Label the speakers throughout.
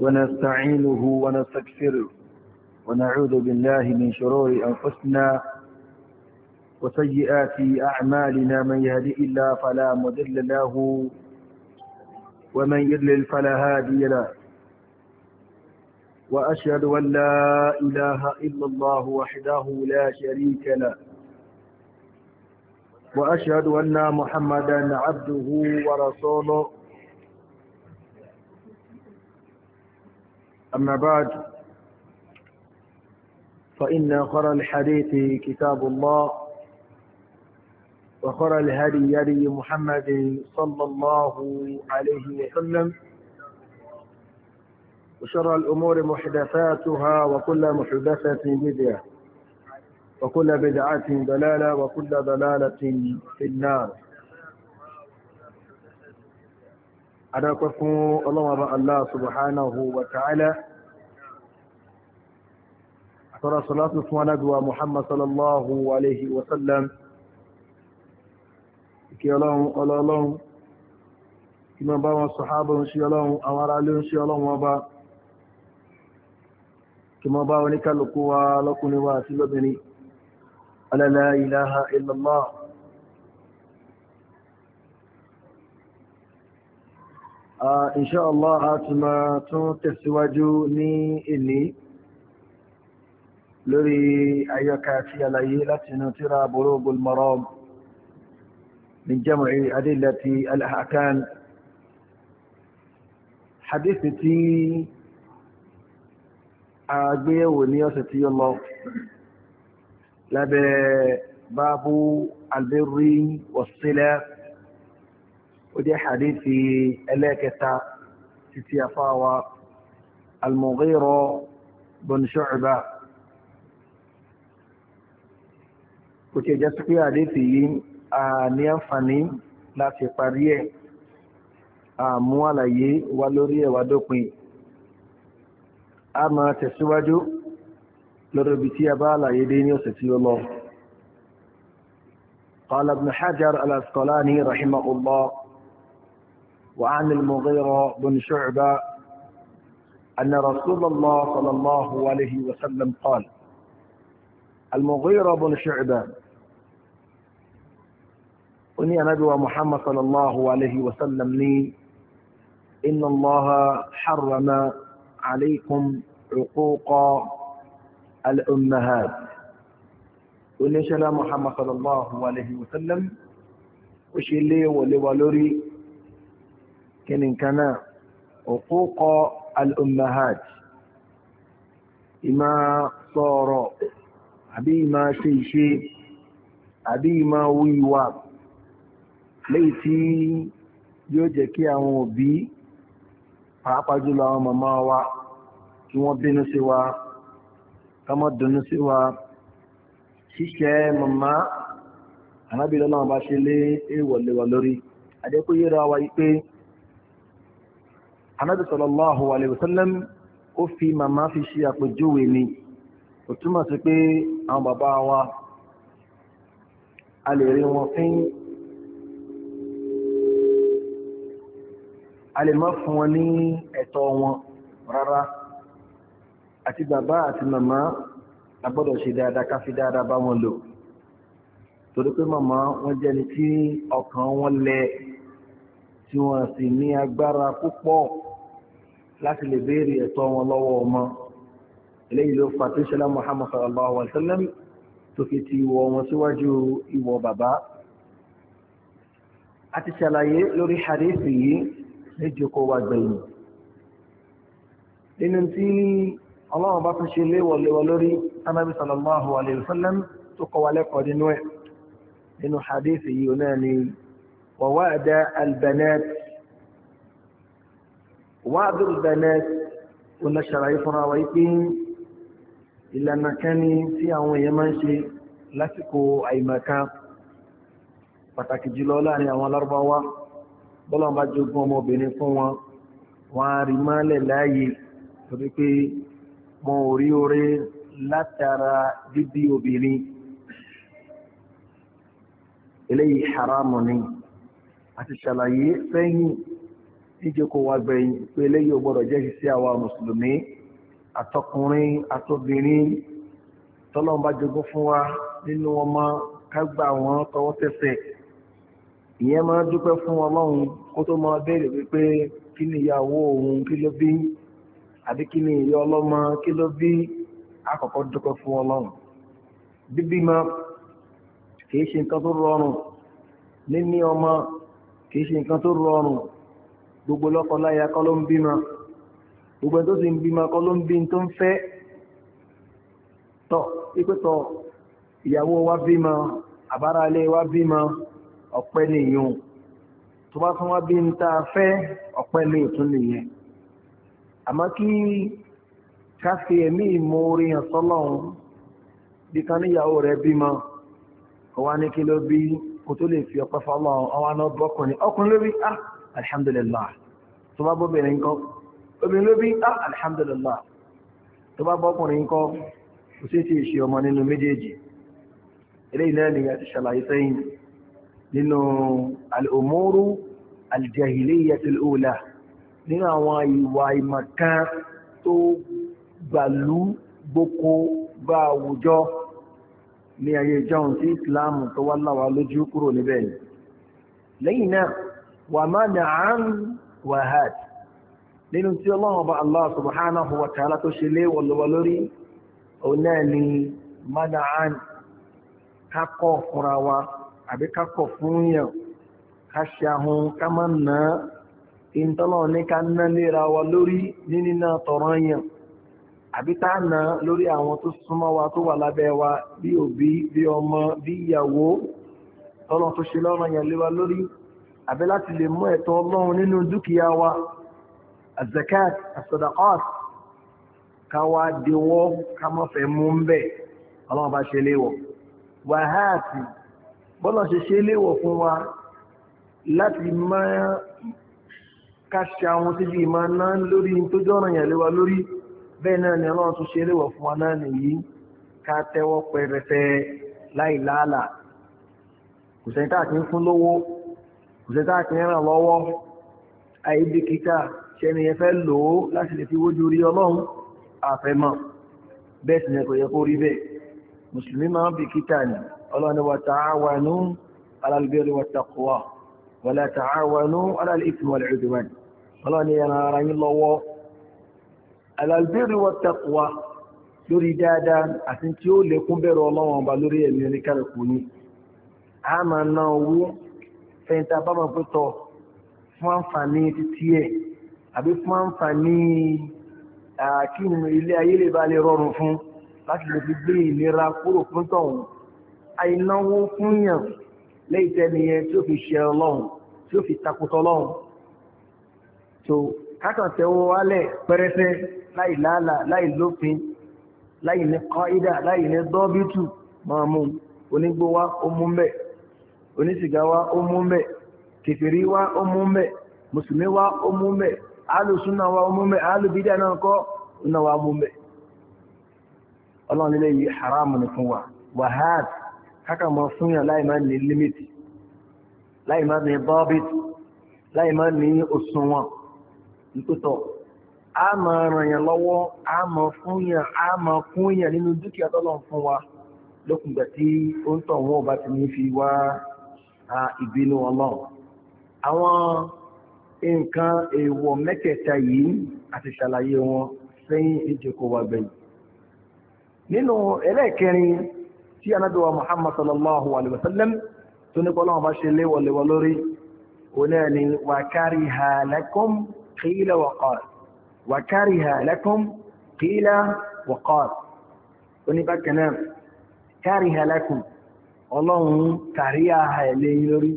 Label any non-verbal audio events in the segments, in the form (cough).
Speaker 1: ونستعينه ونستكفره ونعوذ بالله من شرور أنفسنا وسيئات أعمالنا من يهدئ الله فلا مضل له ومن يضلل فلا هادي له وأشهد أن لا إله إلا الله وحده لا شريك له وأشهد أن محمدا عبده ورسوله أما بعد فإن خر الحديث كتاب الله وخر الهدي يدي محمد صلى الله عليه وسلم وشر الأمور محدثاتها وكل محدثة بدعة وكل بدعة ضلالة وكل ضلالة في النار adápẹ́ fún ọlọ́wọ́ba Allah subhanahu wa ta'ala àtọ́rọ salatu fún anábíwa Muhammad sallallahu alaihi wasallam ìkẹ́ ọlọ́run ọlọ́run ìmọ̀ bá wọn sọ̀hábọ̀ ń ṣe ọlọ́run àwọn ará lé ń ṣe ọlọ́run ọba kí mọ́ bá wọn ní آه، ان شاء الله اتما تو تسواجو ني اني لوري ايوكا في الايلة نترى بلوغ المرام من جمع ادلة الاحكام حديثتي اجبيه ونيوسة الله لابي باب البر والصلاه ó jẹ́ hadithi ẹlẹ́kẹta títí afáwa al-Mughira bin Shu'ba kò tí ẹjẹ́ sípé hadithi yìí a ní àǹfààní láti parí ẹ̀ àmú àlàyé wa lórí ẹ̀wà dópin a máa tẹ̀síwájú lórí ibi tí a bá àlàyé dé ní ọ̀sẹ̀ tí ó lọ قال ابن حجر الأسقلاني رحمه الله وعن المغيرة بن شعبة أن رسول الله صلى الله عليه وسلم قال المغيرة بن شعبة أني ندوى محمد صلى الله عليه وسلم لي إن الله حرم عليكم عقوق الأمهات شاء الله محمد صلى الله عليه وسلم وشي لي ولي ولوري kí ni nǹkan náà òkúkọ al-ummahat ìmá sọ̀rọ̀ àbí ìmá ṣe ìṣe àbí ìmá wíwà léyìí tí yóò jẹ́ kí àwọn òbí pàápàá jùlọ àwọn màmá wa kí wọ́n bínú sí wa kọ́mọ́ dùnú sí wa ṣíṣẹ́ màmá anábìlọ́lọ́wọ́ bá ṣe lé èèwọ̀lẹ́wà lórí adékúyẹ́ra wa yí pé anábì sallallahu alayhi wa sallam ó fi màmá fi ṣe àpèjúwe ni ó túmọ̀ sí pé àwọn bàbá wa a lè rí wọn fín a lè má fún wọn ní ẹ̀tọ́ wọn rárá àti bàbá àti màmá a gbọ́dọ̀ ṣe dáadáa ká fi dáadáa bá wọn lò torí pé màmá wọn jẹ́ ni tí ọkàn wọn lẹ tí wọ́n sì ní agbára púpọ̀ láti lè béèrè ẹ̀tọ́ wọn lọ́wọ́ ọmọ eléyìí ló fà tó ṣẹlẹ̀ Muhammad sallallahu alaihi wa sallam tó fi ti ìwọ wọn síwájú ìwọ bàbá a ti ṣàlàyé lórí hadithi yìí ní jókòó wa gbẹ̀yìn nínú tí ọlọ́run bá tún ṣe léwọ̀léwọ̀ lórí anábì sallallahu alaihi wa sallam tó kọ́ wa lẹ́kọ̀ọ́ nínú ẹ̀ nínú hadithi yìí náà ni wa wa'ada wáàbí ìbẹ̀lẹ̀ oníṣàlàyé fúnra wa pé ìlànà kan ni tí àwọn èèyàn máa ń ṣe lásìkò àìmọ̀ká pàtàkì jùlọ láàrin àwọn alárúbáwá bọ́lá bá jogún ọmọbìnrin fún wọn wọn á rí mọ́lẹ̀ láàyè torí pé wọn ò rí oore látara bíbí obìnrin eléyìí haramu ni àti ṣàlàyé sẹ́yìn níjókòó wa gbẹ̀yìn pé eléyìí ò gbọ́dọ̀ jẹ́ ìṣe àwa mùsùlùmí àtọkùnrin àtobìnrin tọ́lọ́run bá jogún fún wa nínú ọmọ ká gbà wọ́n tọwọ́ tẹsẹ̀ ìyẹn máa dúpẹ́ fún ọlọ́run kó tó máa béèrè wípé kí ni ìyàwó òun kí ló bí àbí kí ni ìyá ọlọ́mọ kí ló bí àkọ́kọ́ dúpẹ́ fún ọlọ́run bíbímọ kìí ṣe nǹkan tó rọrùn níní ọmọ kìí ṣe nǹkan tó rọrùn gbogbo lọ́kọláya kọ́ ló ń bímọ gbogbo tó sì ń bímọ kọ́ ló ń bí tó ń fẹ́ tọ̀ ipé tọ̀ ìyàwó wa bima àbáralé wa bima ọ̀pẹ́ nìyẹn tó bá fún wa bí ta fẹ́ ọ̀pẹ́ ní ìtún nìyẹn àmọ́ kí ká ẹ̀mí ìmoore hàn bí kan níyàwó ní kí ló bí alhamdulillah tó bá bóbìnrin kọ́ obìnrin ló bí á ah, alhamdulillah tó bá bọ́kùnrin kọ́ kò sí ti ṣe ọmọ nínú méjèèjì ilé ilẹ̀ ni a ti ṣàlàyé sẹ́yìn nínú al'umuru aljahiliyyatul ula nínú àwọn ìwà ìmọ̀kan tó gbàlú gboko bá àwùjọ ní ayé jọun sí ìsìláàmù tó wá láwà lójú kúrò níbẹ̀ lẹ́yìn náà wà má nà án wà hàd nínú tí ọlọ́run ọba allah subhanahu wa ta'ala tó ṣe lé wọlọwọ lórí òun náà ni má nà án kákọ̀ fúnra wa àbí kákọ̀ fún yàn ká ṣe ahun ká má nà á ìntọ́lọ́ ní ká ná léra wa lórí ní níná tọ̀rọ̀ yàn àbí tá a ná lórí àwọn tó súnmọ́ wa tó wà lábẹ́ wa bí òbí bí ọmọ bí ìyàwó tọ́lọ́ tó ṣe lọ́rọ̀ yàn léwa lórí àbí láti lè mú ẹ̀tọ́ ọlọ́run nínú dúkìá wa azakat asadakat ká wá diwọ́ ká má fẹ́ mú ń bẹ̀ ọlọ́run bá ṣe léwọ̀ wàhálàtì bọ́lá ṣe ṣe léwọ̀ fún wa láti máa ká ṣe àwọn síbi ìmọ̀ náà lórí tó jọ́ràn yàn léwa lórí bẹ́ẹ̀ náà ni ọlọ́run tún ṣe léwọ̀ fún wa náà nìyí ká tẹ́wọ́ pẹrẹsẹ láìláàlà kò sẹ́ni tá ti ń fún lówó òṣèta kì í ràn lọ́wọ́ àìbìkítà ṣẹni ẹ fẹ́ lò ó láti lè fi wójú rí ọlọ́run àfẹ́mọ̀ bẹ́ẹ̀ sì ni kò yẹ kó rí bẹ́ẹ̀ mùsùlùmí máa ń bìkítà ni ọlọ́run wa ta'awanu ala al-birri wat-taqwa wa la ta'awanu ala al fẹ́ntà bá máa pé tọ fún àǹfààní títí ẹ̀ àbí fún àǹfààní kí ilé ayé lè bá lè rọrùn fún láti lè fi gbé ìlera kúrò fún tọ̀hún àìnáwó fún yàn lẹ́yìn tẹ́ni yẹn tí ó fi ṣe ọlọ́run tí ó fi takùtọ̀ ọlọ́run tó kákan tẹ́wọ́ wálẹ̀ pẹrẹsẹ láì làálà láì lófin láì ní kọ́ ìdá láì ní dọ́bítù máa mú onígbówá ó mú mẹ́ẹ̀. onísìgá wa omume mú mẹ́ kèfèrí mùsùlùmí wá ó alùsùnà alùbídà náà kọ́ ọ̀nà haram ni fún wa wahad káka mọ fún yàn láì máa ní límìtì láì máa ní bọ́bìtì láì máa ní òṣùwọ̀n a máa ràn yàn a máa fún yàn a máa fún yàn nínú dúkìá fún wa lókùngbà tí ìbínú ọlọ́run àwọn nǹkan èèwọ̀ mẹ́kẹ̀ẹ̀ta yìí àti ṣàlàyé wọn sẹ́yìn ìjókòó wa gbẹ̀yìn nínú ẹlẹ́ẹ̀kẹrin tí anábíwa muhammad sallallahu alaihi wasallam tó ní kọ́lọ́wọ́ bá ṣe léwọ̀lẹ́wọ̀ lórí onáni wàkàríhà lakum qila wa qal wàkàríhà lakum qila wa qal oníbákanáà kàríhà lakum ọlọ́run kàríyàhà ẹ̀lẹ́ lórí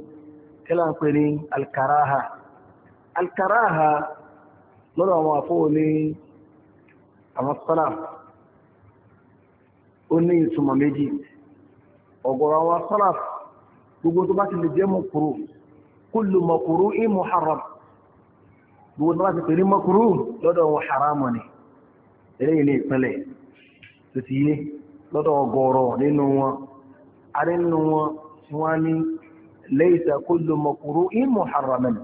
Speaker 1: kílá ń pè ní alkaraha alkaraha lọ́dọ̀ àwọn àfóò ní àwọn sọ́là ó ní ìtumọ̀ méjì ọ̀gọ̀rọ̀ àwọn sọ́là gbogbo tó bá ti lè jẹ́ mọ̀kúrú kullu mọ̀kúrú í muharram gbogbo tó bá ti pè ní mọ̀kúrú lọ́dọ̀ àwọn haramu ni eléyìí ní ìpínlẹ̀ tó ti yé lọ́dọ̀ ọ̀gọ̀rọ̀ nínú wọn arínú wọn tí wọ́n ní laysa kullu makru'in muharraman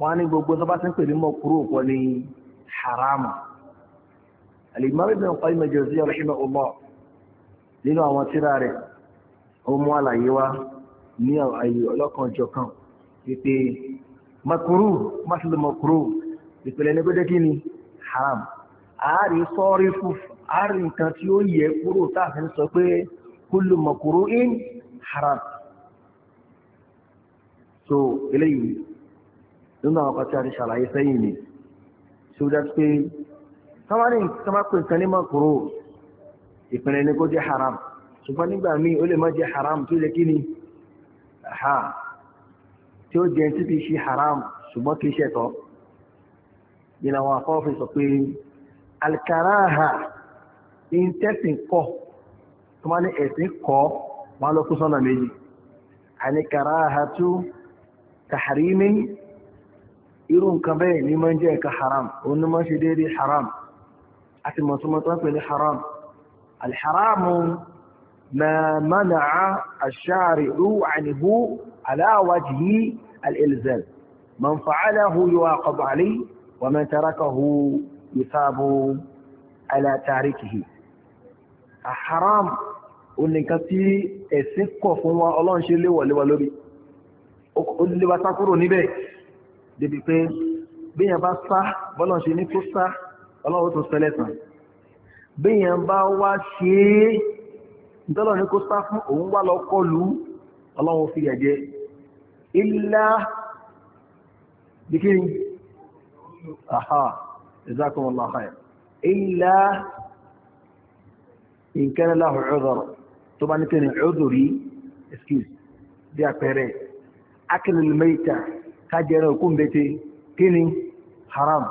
Speaker 1: wọ́n ní gbogbo tó bá ti ń pè ní makru'u kọ́ ní haramu al-imam ibn qayyim al-jawziyya rahimahullah nínú àwọn tírà rẹ̀ ó mú àlàyé wá ní àyè ọlọ́kanjọ̀kan wípé makru'u maslu makru'u ìpìlẹ̀ ní gbẹ́dẹ́ kí ni haram àárín sọ́ọ́rí fún àárín nǹkan tí ó yẹ kúrò táàfin sọ pé kullu makuru'in haram so eléyìí nínú àwọn pàtí àti ṣàlàyé sẹ́yìn ni so that pé sáwárí sábàpè nǹkan ní makuru ìpínlẹ̀ ní kó jẹ́ haram ṣùgbọ́n nígbà míì ó lè má jẹ́ haram tó jẹ́ kí ni ha tí ó jẹ́ tí kìí ṣe haram ṣùgbọ́n kìí ṣẹ̀tọ́ nínú àwọn afọ́fẹ́ sọ pé alkaraha intestine kọ́ máa ní ẹ̀sìn kọ́ máa lọ kú sọ́nà méjì àní karahatu tahrimi irú nǹkan bẹ́ẹ̀ ní máa ń jẹ́ nǹkan haram òun ni máa ń ṣe déédé haram àti mọ̀túnmọ̀tún pè tó ni haram alharamu ma mana'a ash-shari'u anhu ala wajhi al-ilzam man fa'alahu yuqab alayhi wa man tarakahu yusabu ala tarikihi الحرام ó ní nǹkan tí ẹ̀sìn kọ̀ fún wa ọlọ́run ṣe léwọ̀ léwa lórí ó léwa sá kúrò níbẹ̀ débi pé béèyàn bá sá bọ́lọ́run ṣe ní kó sá ọlọ́run tó sẹlẹ̀ tán béèyàn bá wá ṣe é ìtọ́lọ̀ ní kó sá fún òun wá lọ kọlù ọlọ́run fi yàjẹ́ ilá bikini aha jazakumullahu khair ilá in kana lahu طبعا كان عذري اسكيز دي ابيري اكل الميتة كاجر يكون بيتي كيني حرام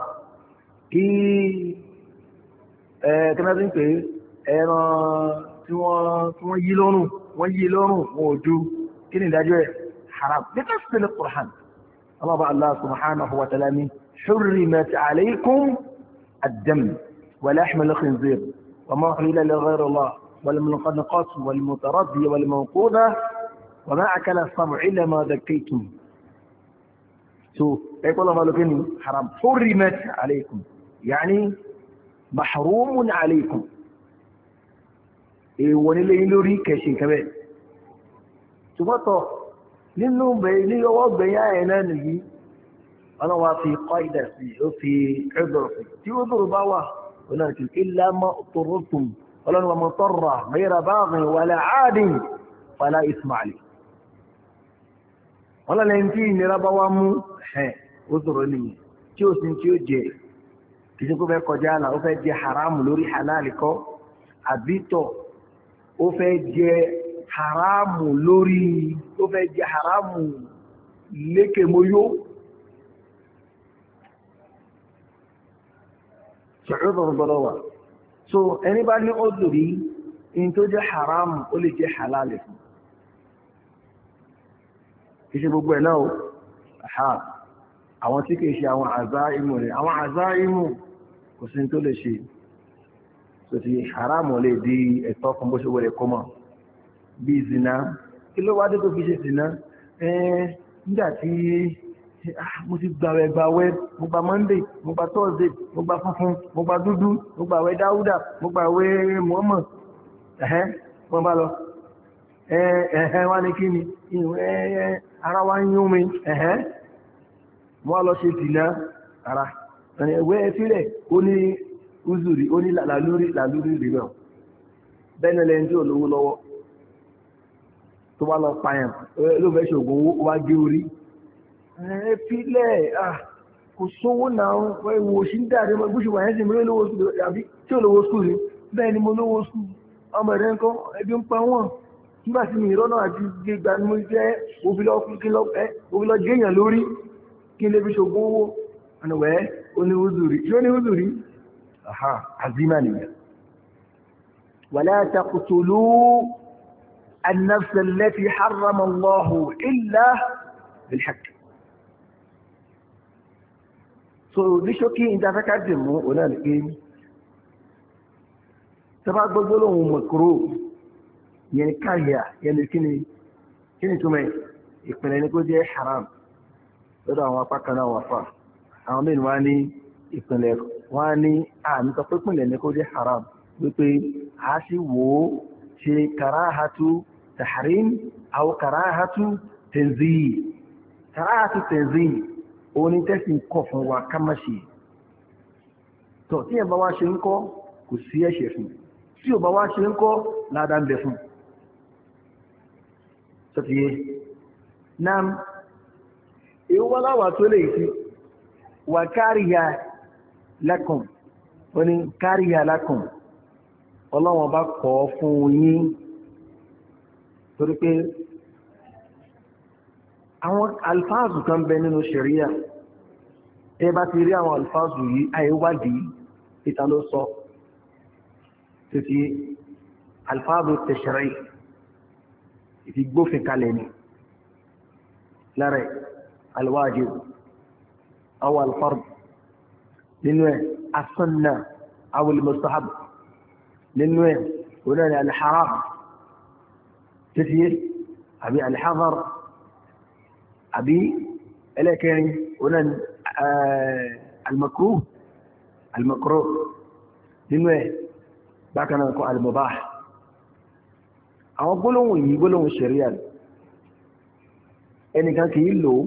Speaker 1: كي ا كما زين كي انا تو تو يلونو ويلونو وجو كيني داجو حرام بس في القران الله الله سبحانه وتعالى حرمت عليكم الدم ولحم الخنزير وما حلل لغير الله والمنخنقات والمتردية والموقوذة وما أكل السبع إلا ما ذكيتم so يقول الله لكن حرام حرمت عليكم يعني محروم عليكم èèwọ̀ nílé yín lórí kẹ̀ṣì kẹ́bẹ̀. ṣùgbọ́tọ̀ nínú ní ọwọ́ gbẹ̀yà ẹ̀ náà nìyí ọlọ́wà fi kọ́ ìdà sí ó fi ẹ̀dọ̀rọ̀ sí tí ó dòrò bá wà ó náà ti ilá mọ́ tòrótùm ọlọ́run ọmọ tọ́rọ̀ mẹ́ra báàrin wàlá àádìn wàlá ismaili wọ́n lọ́lẹ́ tí ìnira bá wá mú ẹ̀ ó sọ̀rọ̀ nìyẹn tí ó sin tí ó jẹ kìí kó fẹ́ kọjá àlà ó fẹ́ jẹ haramu lórí halali kọ́ àbítọ̀ ó fẹ́ jẹ haramu lórí ó fẹ́ jẹ haramu lékèmóyó ṣàkóso gbọdọ̀ wà so ẹni bá ní ọdún rí in tó jẹ́ haram ó lè jẹ́ halal fún kìí ṣe gbogbo ẹ̀ náà ha àwọn tí kìí ṣe àwọn àzá imú rẹ̀ àwọn àzá imú kò sí tó lè ṣe so ti haram lè di ẹ̀tọ́ fún bó ṣe wọlé kó bí zina kí ló wá dé tó fi ṣe zina ẹ́ nígbà pé ah mo ti gbàwẹ̀ gbàwẹ̀ mo gba monday mo gba thursday mo gba funfun mo gba dúdú mo gba àwẹ̀ dáúdà mo gba àwẹ̀ mọ́mọ́ ẹ̀hẹ́ wọ́n bá lọ ẹ̀hẹ́ wá ní kí ni ara wá ń yún mi ẹ̀hẹ́ wọ́n lọ ṣe dìnnà ara ẹ̀wẹ́ ẹ̀fílẹ̀ ó ní uzuri ó ní làlúrí làlúrí rẹ̀ náà bẹ́ẹ̀ ni lẹ́yìn tí ò lówó lọ́wọ́ tó wá lọ pààyàn ló fẹ́ wá gé orí ẹ pílẹ̀ kò sówó náà ìwò òsì ń dàdé mọ́ bó ṣe wà ẹ́sìn mìíràn lówó sùn àbí tí ò lówó sùn bẹ́ẹ̀ ni mo lówó sùn ọmọ rẹ̀ ńkọ́ ẹbí ń pa wọ́n nígbà tí mi ìrọ́nà àti gbégbá ni mo jẹ́ òfin lọ géèyàn lórí kí n lè fi ṣògùn owó ànàwẹ́ oníhùzùrí ṣé oníhùzùrí aha azima nìyẹn wàlá takùtùlù النفس التي حرم الله إلا بالحق so ní ṣókí ìdáfẹ́ká dì mú òun náà nìké tẹ́fà gbogbo lòun mọ̀ kúrò yẹn káyà yẹn kíni kíni túmọ̀ ìpìlẹ̀ ní kó jẹ́ haram lọ́dọ̀ àwọn apá kan náà wà fà àwọn mìíràn wá ní ìpìlẹ̀ wá ní àmì sọ pé ìpìlẹ̀ ní kó jẹ́ haram wípé a sì wò ó ṣe karahatu tahrim àwọn karahatu tanzih karahatu tanzih orin tẹ́sí ń kọ̀ fún wa ká má ṣe tọ̀ tí ẹ̀bá wá ṣe ń kọ́ kò sí ẹ̀ṣẹ̀ fún tí ò bá wá ṣe ń kọ́ ládàá ń bẹ fún sọ́tìyẹ náà èyí wá láwà tó lè sí wà káríyà lákùn ó ní káríyà lákùn ọlọ́wọ́n bá kọ́ fún yín torí pé àwọn alfáàzù kan bẹ nínú ṣẹ̀ríyà ẹ bá ti rí àwọn alfáàsù yìí àìwádìí ìta ló sọ títí alfáàsù tẹ̀ṣẹ̀rẹ̀ ìfi gbófin kalẹ̀ ni lára alwájib àwọn alfard nínú ẹ̀ asọ́nà àwọn mustahab nínú ẹ̀ onáni alharam títí àbí alhazar àbí ẹlẹ́kẹrin onáni alimakuru alimakuru nínú ẹ̀ bákan náà kọ́ alimọba àwọn gbólóhùn yìí gbólóhùn ṣẹ̀ríà ẹnìkan kì í lò ó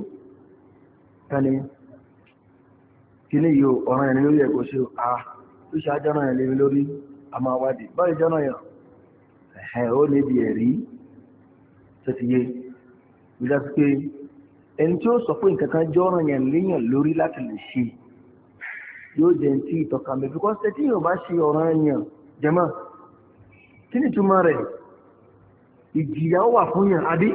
Speaker 1: tani kí ní yóò ọ̀ràn ẹni lórí ẹ̀kọ́ sí a tó ṣe ajọ́nà ẹni lórí a báyìí ẹni tí ó sọ pé nǹkan kan jọ ọ̀ràn yẹn léèyàn lórí láti lè ṣe yóò jẹ́ ti ìtọ́ka mi because tẹ́tí yóò bá ṣe ọ̀ràn yẹn jẹ́mọ́ kí ni túmọ̀ rẹ̀ ìjìyà wà fún yàn àbí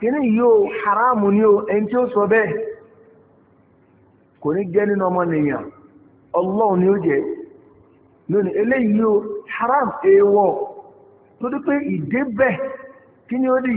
Speaker 1: kíní yóò haramu ni o ẹni tí ó sọ bẹ́ẹ̀ kò ní jẹ́ nínú ọmọnìyàn ọlọ́run ni ó jẹ́ lónìí eléyìí yóò haram èèwọ̀ tó dé pé ìdébẹ̀ kí ni ó dì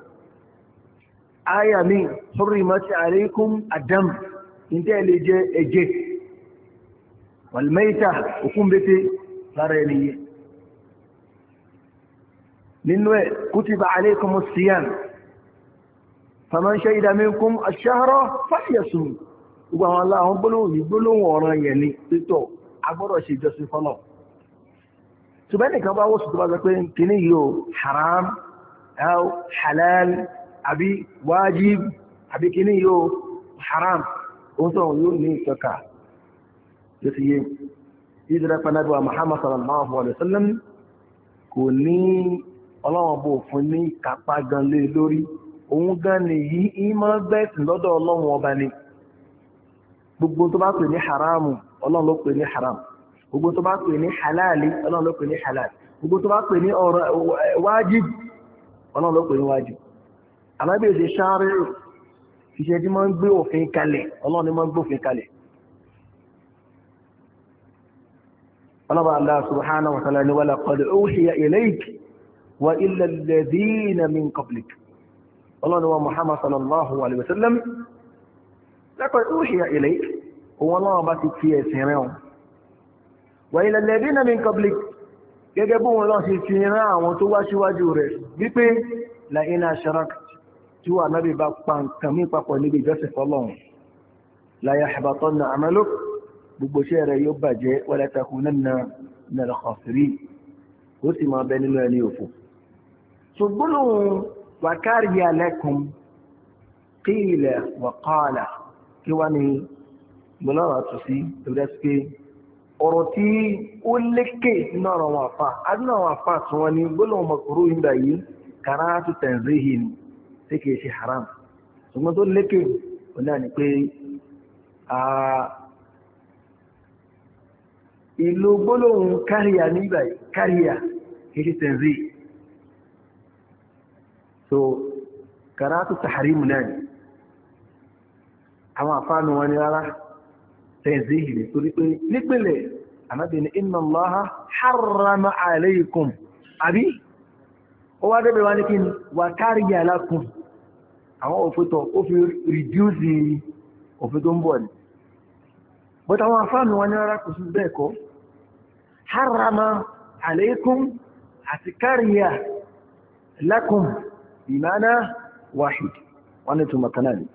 Speaker 1: aya mi hurrimat alaykum adam inte le jẹ ẹ̀jẹ̀ wal mayta okun bete lára ẹniyẹ nínú ẹ̀ kutiba alaykum as-siyam faman shahida minkum ash-shahra falyasum gbogbo àwọn aláwọn gbólóhùn yìí gbólóhùn ọ̀ràn yẹn ni pétọ agbọ́dọ̀ ṣe ìjọsìn fọlọ ṣùgbọ́n nìkan bá wọ́n sùn tó bá sọ pé kìnnìyí o haram halal àbí wájib àbí kíní yóò haram ó sọ yóò ní ìtọ́ka tó ti yé ìdíra Muhammad sallallahu alaihi wasallam kò ní ọlọ́wọ́n bò fún ní kápá gan lé lórí òun gan ni yí ìmọ̀ gbẹ̀sìn lọ́dọ̀ ọlọ́wọ́n ọba ni gbogbo tó bá pè ní haramu ọlọ́run ló pè ní haram gbogbo tó bá pè ní halali ọlọ́run ló halal gbogbo tó bá pè ní wájib ọlọ́run ló pè ní wájib àmábèsè ṣáárẹ̀rù iṣẹ́ tí máa ń gbé òfin kalẹ̀ ọlọ́run ni máa ń gbé òfin kalẹ̀ ọlọ́ba Allah subhanahu wa ta'ala ni wala qad uhiya ilayka wa illa alladhina min qablik ọlọ́run wa Muhammad sallallahu alayhi wa sallam laqad uhiya ilayka òun ọlọ́run bá ti fi ẹ̀sìn rẹ̀ wọn wa tí wà nábì bá pa nǹkan mí papọ̀ níbi ìjọsìn fọlọ́run la yahbatanna amaluk gbogbo iṣẹ́ rẹ̀ yóò bàjẹ́ wala takunanna min al-khasirin ó sì máa bẹ nínú ẹni òfò. ṣùgbọ́n wa kariha lakum qila wa qala kí wá ní gbọ́lọ́rọ̀ àtúnṣí ìrẹsìké ọ̀rọ̀ tí ó lékè nínú ọ̀rọ̀ wọn àfà adúnà tí kìí ṣe haram ṣùgbọ́n tó lékè ò náà ni pé ìlú gbólóhùn káríyà ní ìbàyí kìí ṣe tẹ̀sí so karatu taharimu náà ni àwọn àfáànù wọn ni rárá tẹ̀sí ìrìn torí pé nípìnlẹ̀ ànábìnrin inna Allaha harrama alaykum àbí ó wá débẹ̀ wá ní kí ni wà káríyà lakum àwọn òfótọ̀ ó fi reduce òfin tó ń bọ̀ ní but àwọn afáàmì wọn ní rárá kò sí bẹ́ẹ̀ kọ́ harama aleikum àti káríyà lakum ìmáná wahid wọn ni túnmọ̀ kanáà ní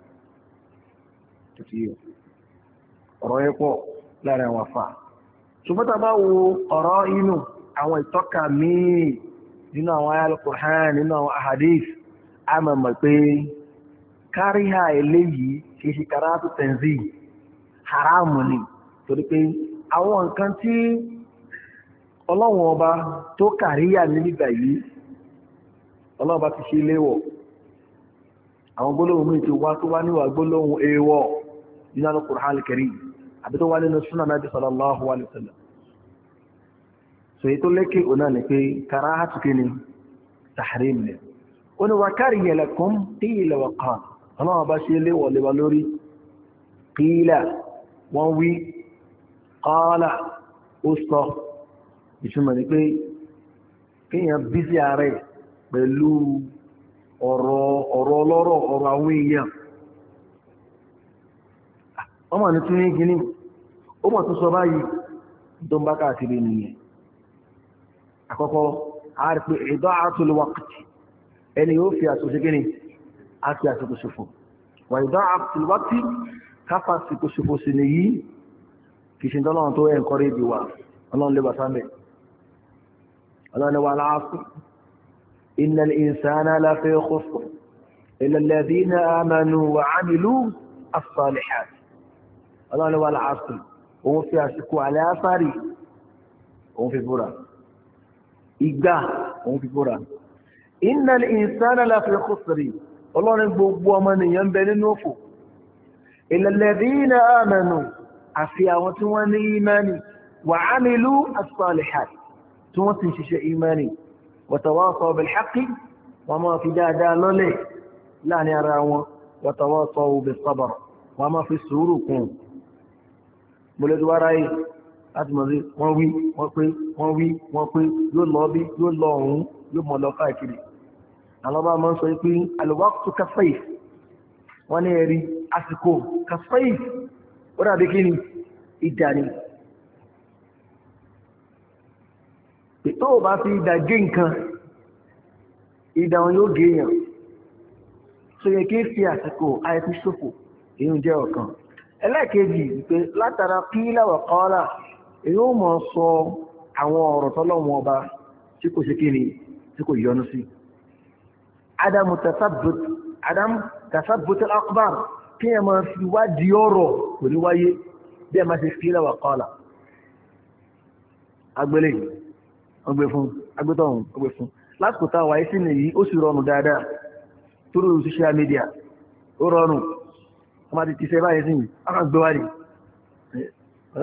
Speaker 1: títí yìí ọ̀rọ̀ yẹ pọ̀ láàrin àwọn afáà ṣùgbọ́n tá a bá wo ọ̀rọ̀ inú àwọn ìtọ́ka míì nínú àwọn ayálùkùrán nínú àwọn ahadith a mọ̀ pé káríhà eléyìí kì í ṣe kàràtù haramu ni torí ọlọ́wọ̀n ọba tó nígbà yìí ọlọ́wọ̀n ọba ti ṣe léwọ̀ àwọn gbólóhùn mi ti wá tó wá níwà gbólóhùn èèwọ̀ nínú Al-Qur'an àbí tó wá nínú súnà Nabi sallallahu alaihi wasallam sèyí tó lékè ọ̀nà ni pé kàràtù kí ni tàhírìm ni ó ní wà kàríyà lakum qila wa ọlọ́wọ́ bá ṣe lé wọ̀lẹ́wà lórí kíílà wọ́n wí kọ́ọ́lá ó sọ ìtumọ̀ ní pé kíyàn bísí ààrẹ pẹ̀lú ọ̀rọ̀ ọlọ́rọ̀ ọ̀rọ̀ àwọn èèyàn wọ́n mà ní tún ní gíní ó mọ̀ tó sọ báyìí tó ń bá káàkiri nìyẹn àkọ́kọ́ a pé ìdọ́ àtúlùwàkìtì ẹni yóò fi àtúnṣe gíní á fi àsìkò ṣòfò wà ìdá àtìlúwátì káfà àsìkò ṣòfò sí ni yìí kì í ṣe tọ́lọ́run tó ẹ̀ńkọ́rẹ́ ìdí wa ọlọ́run lè wà sáńbẹ̀ ọlọ́run ni wà láàásù innal insana láfẹ́ khusr illa alladhina amanu wa amilu as-salihat ọlọ́run ni wà òun fi àsìkò àlẹ́ àsárì òun fi búra ìgbà ọlọ́rin gbogbo ọmọ nìyàn ń bẹ nínú òfò illalladhina amanu àfi àwọn tí wọ́n ní imani wa amilu as-salihat tí wọ́n ti ṣiṣẹ́ imani wa tawasaw bil haqqi wọ́n máa fi dáadáa lọ́lẹ̀ láàrin ara wọn wa tawasaw bis wọ́n máa fi sùúrù kún mọ̀lẹ́dúwárá yìí láti mọ̀ sí wọ́n wí wọ́n pé wọ́n wí wọ́n pé yóò lọ bí yóò lọ ọ̀hún yóò mọ̀ lọ káàkiri àwọn bá mọ́ sọ pé alwaqtu kafayf wọ́n ní ẹ̀rí àsìkò kafayf ó dàbí kí ni ìjà ni tó o bá fi ìdà gé nǹkan ìdà wọn yóò gé èèyàn tó yẹ kí fi àsìkò àìfi ṣòfò èèyàn jẹ́ ọ̀kan ẹlẹ́ẹ̀kejì pé látara qila wa qala èyí ó mọ̀ sọ àwọn ọ̀rọ̀ tọ́lọ́wọ́n ọba tí kò ṣe kí ni tí kò yọnu sí i adamu tasabut Adam tasabut al-akbar kí ẹ máa fi wádìí ọ̀rọ̀ kò ní wáyé bí ẹ máa ṣe fi lẹ́wà kọ́ọ̀là agbélé ọgbẹ fún agbétọ̀hún ọgbẹ fún lásìkò táwa ẹsìn nìyí ó sì rọrùn dáadáa torí oṣù social media ó rọrùn ọmọ àti tìṣẹ́ báyìí sí àwọn àgbẹ̀ wá ní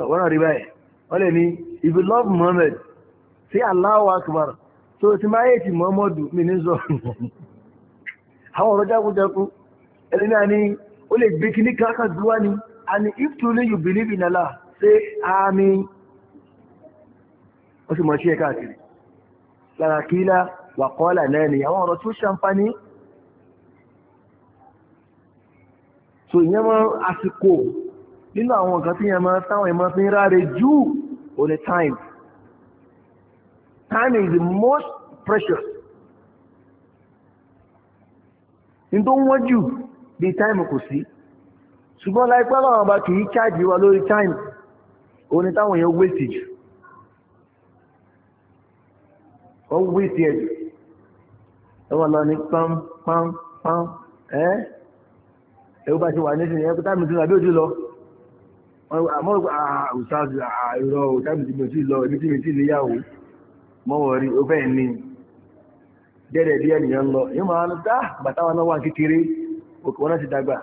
Speaker 1: wọ́n náà rí báyìí wọ́n lè ní if you love Muhammad say Allahu Akbar so ti máa yé Muhammadu mi ní sọ (laughs) àwọn ọ̀rọ̀ jákújákú ẹni náà ni ó lè gbé kíní káàkà zuwa ni and if truly you believe in Allah say amin ó sì mọ̀ sí ẹ̀ka àkiri lára kílá wà kọ́là náà ni àwọn ọ̀rọ̀ tó ṣàǹfààní so ìyẹn mọ́ àsìkò nínú àwọn nǹkan tí yẹn mọ́ táwọn ẹ̀mọ́ fi ń ráre jù ó ní time time is the most precious ní tó wọ́n jù bí táìmù kò sí ṣùgbọ́n láìpẹ́ láwọn ọba kì í chájì wa lórí táìmù ó ní táwọn èèyàn wéṣì jù ó wéṣì ẹ̀ jù ẹ wọ́n lọ ní pam pam pam ẹ́ ẹ bá ṣe wà nísìnyí ẹ kó táìmù tó tàbí ojú lọ àmọ́ àrùsáàrùsáà ìrọ̀ táìmù tí mo ti lọ ibi tí mi ti lè yàwó mọ́wọ́ rí ó fẹ́ ní dẹ́rẹ̀ bí ènìyàn lọ yóò máa ń dá bàtàwọn náà wà kékeré òkè wọn náà ti dàgbà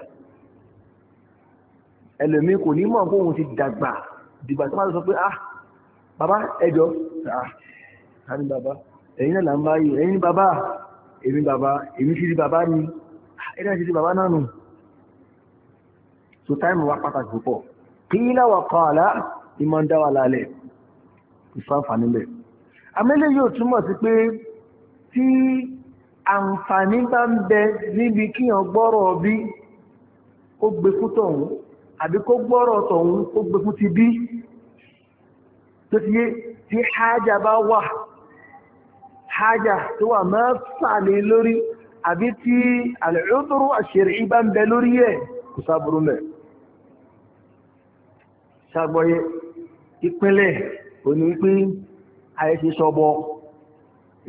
Speaker 1: ẹlòmíì kò ní mọ̀ kóhun ti dàgbà dìgbà tó máa sọ pé ah bàbá ẹjọ́ ah ta ni bàbá ẹ̀yin náà là ń bá yìí ẹ̀yin bàbá èmi bàbá èmi ti di bàbá ni ah, ẹ̀yin náà ti di bàbá náà nù so táìmù wa pàtàkì púpọ̀ kílá wà kọ́ àlá ìmọ̀ ń dá wà lálẹ́ ìfáǹfà nílẹ̀ amẹ́lẹ́ yóò túmọ̀ sí pé tí àǹfààní bá ń bẹ níbi kí yàn gbọ́rọ̀ bí kó gbé fún tọ̀hún àbí kó gbọ́rọ̀ tọ̀hún kó gbé fún ti bí tó ti yé tí hájà bá wà hájà tó wà máa sàlẹ̀ lórí àbí tí àlẹ́rọ́dọ́rọ́ àṣẹ̀rẹ̀ bá ń bẹ lórí ẹ̀ kò sáburú mẹ́ ṣàgbọ́yé ìpínlẹ̀ òní pín àyẹ̀ṣẹ́ sọ́bọ̀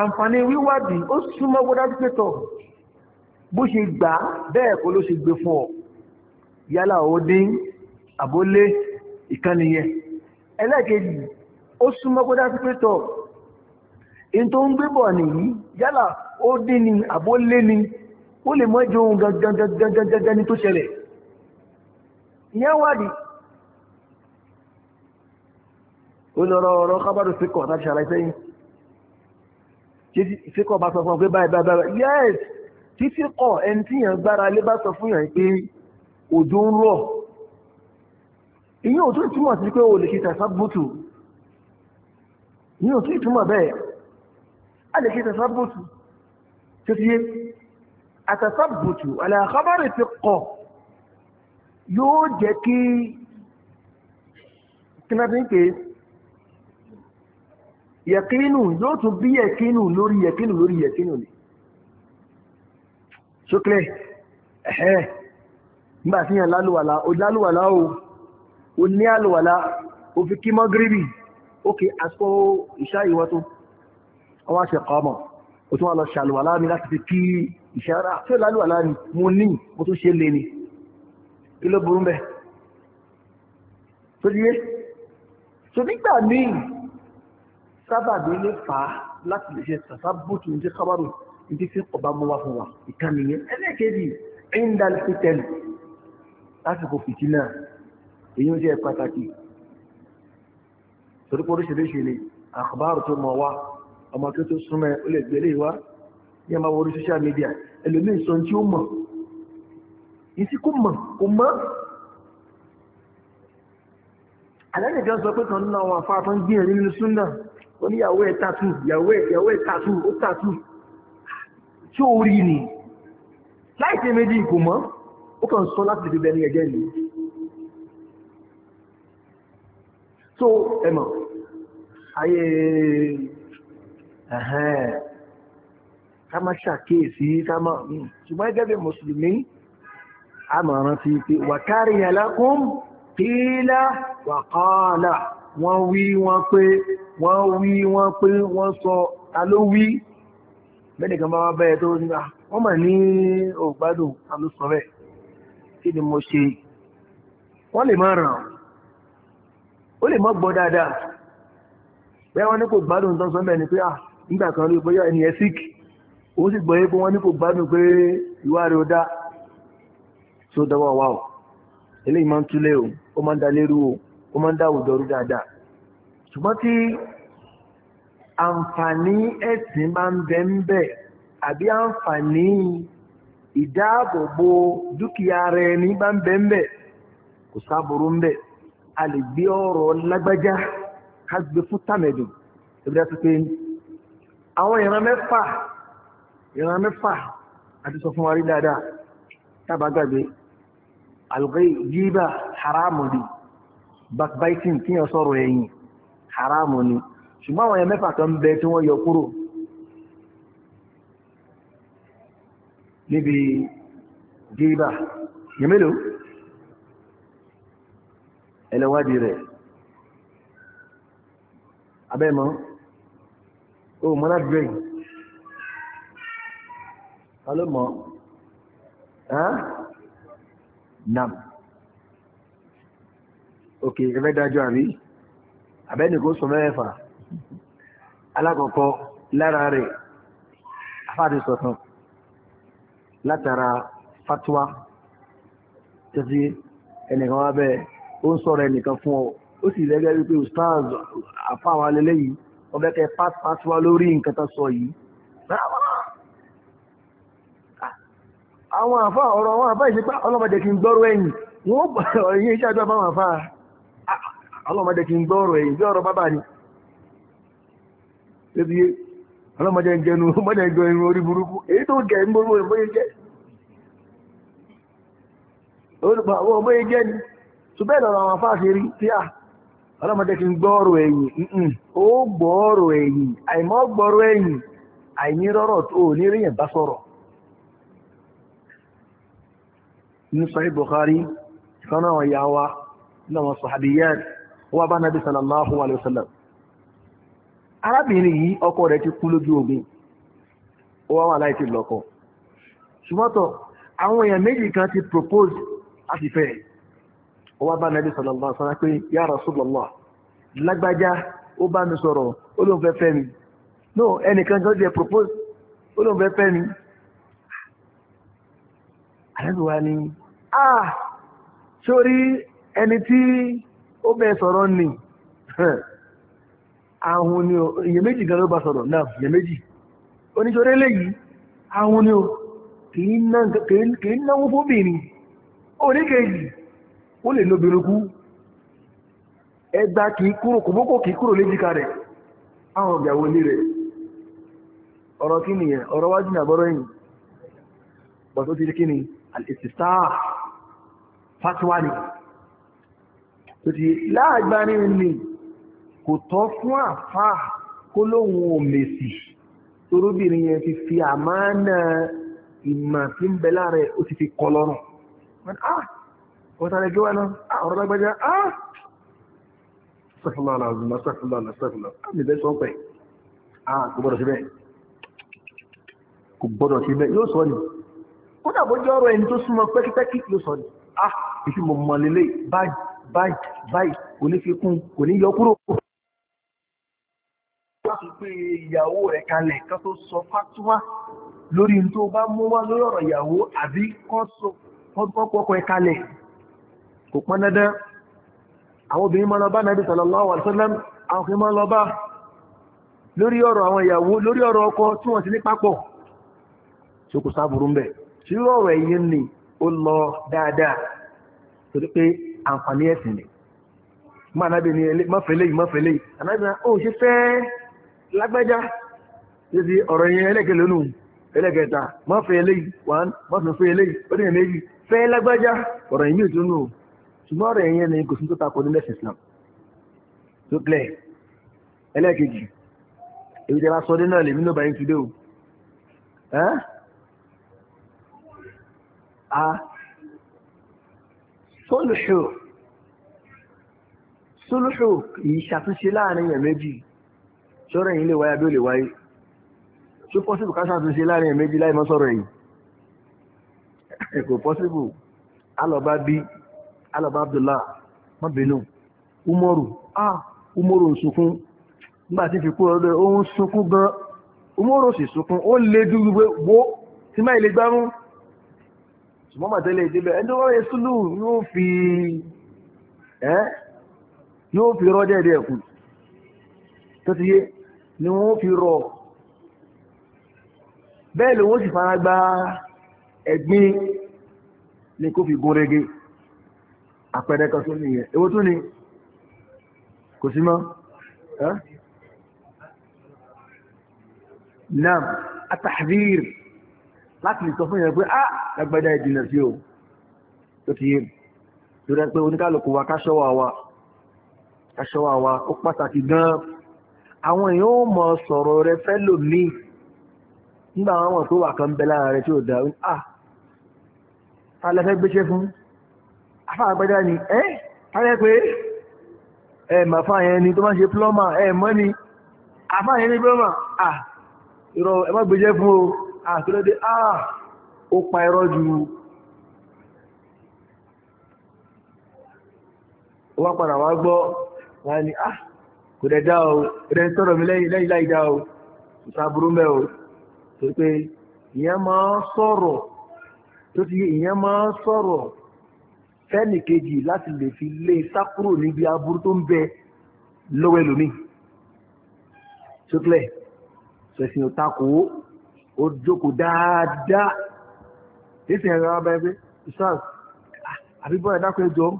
Speaker 1: àǹfààní wíwádìí ó súnmọ́ gbọ́dájú pé tọ̀ bó ṣe gbà bẹ́ẹ̀ kó ló ṣe gbé fún ọ yálà ó dín àbólé ìkànnìyẹn ẹlẹ́ẹ̀kejì ó súnmọ́ gbọ́dájú pé tọ̀ in tó ń gbé bọ̀ nìyí yálà ó dín ni àbólé ni ó lè mọ́ jẹ ohun gangan ní tó ṣẹlẹ̀ ìyẹn ó lọ́rọ̀ ọ̀rọ̀ kábàdùn láti ṣàlàyé sẹ́yìn fíkọ̀ bá sọ fún ọ pé báyìí báyìí báyìí yes tí fíkọ̀ ẹni tí yàn gbára lé bá sọ fún yàn pé òjò ń rọ̀ ìyẹn ò tún túmọ̀ sí pé o lè ṣe tàṣàbùtù ìyẹn ò tún túmọ̀ bẹ́ẹ̀ a lè ṣe tàṣàbùtù tó ti yé àtàṣàbùtù àlàkábàrì ti kọ̀ yóò jẹ́ kí kí náà fi ń pè é yẹ̀kínù yóò tún bí yẹ̀kínù lórí yẹ̀kínù lórí yẹ̀kínù ni ṣókèlè ẹ̀hẹ́ nígbà tí yàn lálùwàlá o lálùwàlá o o ní àlùwàlá o fi kí mọ́gírìbì ókè àsìkò ìṣá ìwọ́tún ọwọ́ àṣẹ kọ́mọ̀ o tún wà lọ ṣàlùwàlá mi láti fi kí ìṣára tí ó lálùwàlá ni mo ní mo tún ṣe lè ni kí ló burú bẹ́ẹ̀ tó díye so nígbà míì sábàbí lè fà á láti lè ṣe sàfàbùtù ní kábàrù ní fi kọba mọ́ wá fún wa ìkànnìyàn ẹlẹ́kẹ̀ẹ́dì ẹ̀ńdà fìtẹ́lì lásìkò fìtínà èyí ń jẹ́ pàtàkì torí pé oríṣiríṣi ni àkàbàrù tó mọ̀ wá ọmọ tó tó súnmọ́ ẹ̀ ó lè gbélé wá ní ọmọ orí social media ẹlòmíì sọ tí ó mọ̀ ìsí kò mọ̀ kò mọ̀ alẹ́ nìkan sọ pé kan nínú àwọn afáàtọ́ ń gbìyànjú nínú súnà oníyàwó ẹ̀ tàtù ìyàwó ẹ̀ tàtù ó tàtù tí ó rí ni láìsí méjì kò mọ́ ó kàn sọ láti fi bẹni ẹ̀gẹ́ ni so ẹmọ̀ ayé ẹ̀hẹ́n ká má ṣàkíyèsí ká má hmm. ṣùgbọ́n gẹ́gẹ́ bí mùsùlùmí a mọ̀ rántí pé wàkárí yàlákùn qila wa qala wọ́n wí wọ́n pé wọ́n wí wọ́n pé wọ́n sọ alówí bẹ́ẹ̀ kan bá wá bẹ́ẹ̀ tó nígbà ah, wọ́n mà ní ògbádùn alósọ̀rẹ́ kí ni mo ṣe wọ́n lè má ràn ó lè má gbọ́ dáadáa bẹ́ẹ̀ wọ́n ní kò gbádùn tán sọ́mẹ́ ni pé à ah, nígbà kan ló bóyá ẹni ẹ̀ síkì òun sì gbọ́ yé pé wọ́n ní kò gbádùn pé ìwà rẹ̀ ó dá tó dọ́wọ́ wa o eléyìí máa ń túlẹ̀ o ó máa ń dalérú o ó máa ń dá àwùjọ rú dáadáa ṣùgbọ́n tí àǹfààní ẹ̀sìn máa ń bẹ ń bẹ àbí àǹfààní ìdáàbòbò dúkìá rẹ ní bá ń bẹ ń bẹ kò sáàbòrò ń bẹ a lè gbé ọ̀rọ̀ lágbájá ká gbé fún tàmẹ̀dù ìbílẹ̀ tó pé àwọn ìran mẹ́fà ìran mẹ́fà àti sọ fún wa rí dáadáa tábàgbàgbé àlùkò yìí jíìbà haramu ni backbiting kí yẹn sọ̀rọ̀ ẹ̀yìn haramu ni ṣùgbọ́n àwọn yẹn mẹ́fà kan bẹ tí wọ́n yọ kúrò níbi gíríbà yẹn mélòó ẹlẹ́wádìí rẹ̀ abẹ́mọ́ o mọ́lá greg ta ẹ́ nam òkè ẹfẹ́ dájọ́ àrí àbẹ́nìkó sọ mẹ́fà alákọ̀ọ́kọ́ lára rẹ̀ afáàdì sọ̀tàn látara fatwa tẹ́tí ẹnìkan wá bẹ́ẹ̀ ó ń sọ̀rọ̀ ẹnìkan fún ọ ó sì lẹ́gẹ́ wípé ustaz àfáwọn alẹ́lẹ́ yìí wọ́n bẹ́ẹ̀ kẹ́ fatwa lórí nǹkan tó sọ yìí àwọn àfá ọ̀rọ̀ àwọn àfá ìṣẹ́pá ọlọ́mọdé kí n gbọ́rọ̀ ẹ̀yìn wọ́n ọ̀rọ̀ yìí ṣáájú àbáwọn àfá ọlọ́mọdé kí n gbọ́rọ̀ èyí bí ọ̀rọ̀ bábà ni lébi ọlọ́mọdé ń gẹnu ọmọdé ń gẹnu orí burúkú èyí tó gẹ̀ ń gbóró ìbóyé jẹ́ orúkọ àwọn ọmọye jẹ́ ni ṣùgbẹ́ ìlọ́rọ̀ àwọn afáàṣẹ rí tí à ọlọ́mọdé kí n gbọ́rọ̀ ẹ̀yìn ó gbọ́rọ̀ ẹ̀yìn àìmọ́ gbọ́rọ̀ ẹ̀yìn Bukhari kanáà ìyá wa náà sọ̀hábíyàtì wá bá nàbí sallallahu alayhi wa sallam arábìnrin yìí ọkọ rẹ̀ ti kú lójú ogun ó wá wà láìsí lọ́kọ ṣùgbọ́tọ̀ àwọn èèyàn méjì kan ti propose àti fẹ́ ó wá bá nàbí sallallahu alayhi wa sallam pé ya Rasulullah lágbájá ó bá mi sọ̀rọ̀ ó ló ń fẹ́ fẹ́ mi no ẹnìkan kan jẹ́ propose ó ló ń fẹ́ fẹ́ mi àlejò wa ni ah sórí ẹni tí ó bẹ́ẹ̀ sọ̀rọ̀ ni ahun ni o iyèméjì gan ló bá sọ̀rọ̀ náà iyèméjì eléyìí ahun ni o kìí náwó fóbìnrin oníkejì ó lè lóbìnrin kú ẹgbà kìí kúrò kòmókò kìí kúrò léjìká rẹ̀ àwọn ọ̀gbàwó ilé rẹ̀ ọ̀rọ̀ kí nìyẹn ọ̀rọ̀ wájú ní àbọ́rọ̀ yìí bọ̀tó ti rí kí ni al ni tó ti láàgbárí ni kò tọ́ fún àfáà kó lóun ò mèsì torúbìnrin yẹn ti fi àmánà ìmọ̀ tí ń bẹ láàrẹ ó ti fi kọ lọ́rùn wọ́n ah, sáré gíwá náà ah, ọ̀rọ̀ lágbájá sọ́fúnlá aláàzùmá sọ́fúnlá aláàzùmá àmì bẹ́ sọ pẹ̀ ah, kò gbọ́dọ̀ síbẹ̀ kò gbọ́dọ̀ síbẹ̀ báyìí báyìí kò ní fi kún kò ní yọ kúrò. wọ́n ti pé ìyàwó rẹ̀ kalẹ̀ kan tó sọ fatuwa lórí tó bá mú wá lórí ọ̀rọ̀ ìyàwó àbí kọ́kọ́ ẹ̀ kalẹ̀ kò pọn dandan àwọn obìnrin máa lọ bá nàbí sallallahu alaihi wasallam àwọn kìí máa lọ bá lórí ọ̀rọ̀ àwọn ìyàwó lórí ọ̀rọ̀ ọkọ tí wọ́n ti ní papọ̀ tí ó kò sáàbùrú ń bẹ̀ tí ọ̀rọ̀ ẹ̀yìn ni ó lọ dáadáa torí pé àǹfààní ẹ̀sìn ni máa nábì ní mọ́fẹ́lẹ́ yìí mọ́fẹ́lẹ́ yìí ànábì náà ó ṣe fẹ́ lágbájá ṣe ti ọ̀rọ̀ yẹn ẹlẹ́kẹ̀ lónù ẹlẹ́kẹta mọ́fẹ́lẹ́ yìí wọ́n mọ́fẹ́lẹ́ yìí ó dẹ̀ méjì fẹ́ lágbájá ọ̀rọ̀ yẹn yóò tún nù ṣùgbọ́n ọ̀rọ̀ yẹn ni kò sí tó takò ní lẹ́sìn Islam tó plẹ̀ ẹlẹ́kejì èyí tẹ́ bá sọ dé náà lèmi náà báyìí ti dé o sólùṣù sólùṣù kìí ṣàtúnṣe láàrin èèyàn méjì sọ̀rọ̀ yìí lè wáyé bí ó lè wáyé tó pọ́sibù ká ṣàtúnṣe láàrin èèyàn méjì láì mọ́ sọ̀rọ̀ yìí kò pọ́sibù alọ́ba bí alọ́ba Abdullah mọ́bìnú umoru ah umoru sunkún nígbà tí fi kú ọdọ ó ń sunkún gan umoru sì sunkún ó lé dúró gbogbo tí máa ilé gbárùn-ún ṣùgbọ́n màtẹ́lẹ̀ ìdíbẹ̀ ẹni tó wọ́n yẹ súlù yóò fi ẹ́ yóò fi rọ́ dẹ́ẹ̀dẹ́ ẹ̀kù tó ti yé ni wọ́n fi rọ̀ bẹ́ẹ̀ ló wọ́n sì fara gba ẹ̀gbin ní kó fi gún rege àpẹẹrẹ kan tó nìyẹn èwo tún ni kò sí mọ́ náà atahdir láti lè sọ fún yẹn pé á lágbádá ìdìnà sí o tó ti yé tó rẹ pé oníkálùkù wa káṣọ́wà wa káṣọ́wà wa ó pàtàkì gan-an àwọn èèyàn ó mọ sọ̀rọ̀ rẹ fẹ́ lòmí nígbà àwọn ọmọ tó wà kan bẹ lára rẹ tí ò dá ah ta lẹ́fẹ́ gbéṣẹ́ fún afáàgbẹ́dá ni ẹ́ tàbí pé ẹ mà fáyẹn ni tó máa ṣe plọ́mà ẹ mọ́ ni afáyẹn ni ah ìrọ̀ ẹ má gbéṣẹ́ fún o àkílódé ah, ah ó pa irọ́ jù wá padà wá gbọ́ wá ní ah kò dẹ̀ dá o rẹ̀ ń sọ̀rọ̀ mi lẹ́yìn láì dá o ìsàbúrú mẹ́ o tó pé ìyẹn máa sọ̀rọ̀ tó ti yé ìyẹn máa sọ̀rọ̀ fẹ́nì kejì láti lè fi lé e sákúrò níbi aburú tó ń bẹ lọ́wọ́ ẹlòmíì ṣókìlẹ̀ ṣẹ̀sìn ò ó jókòó dáadáa èsì ẹ̀rọ ọba ẹgbẹ́ isaac àbíbọ̀ ẹ̀dákọ̀ ẹjọ́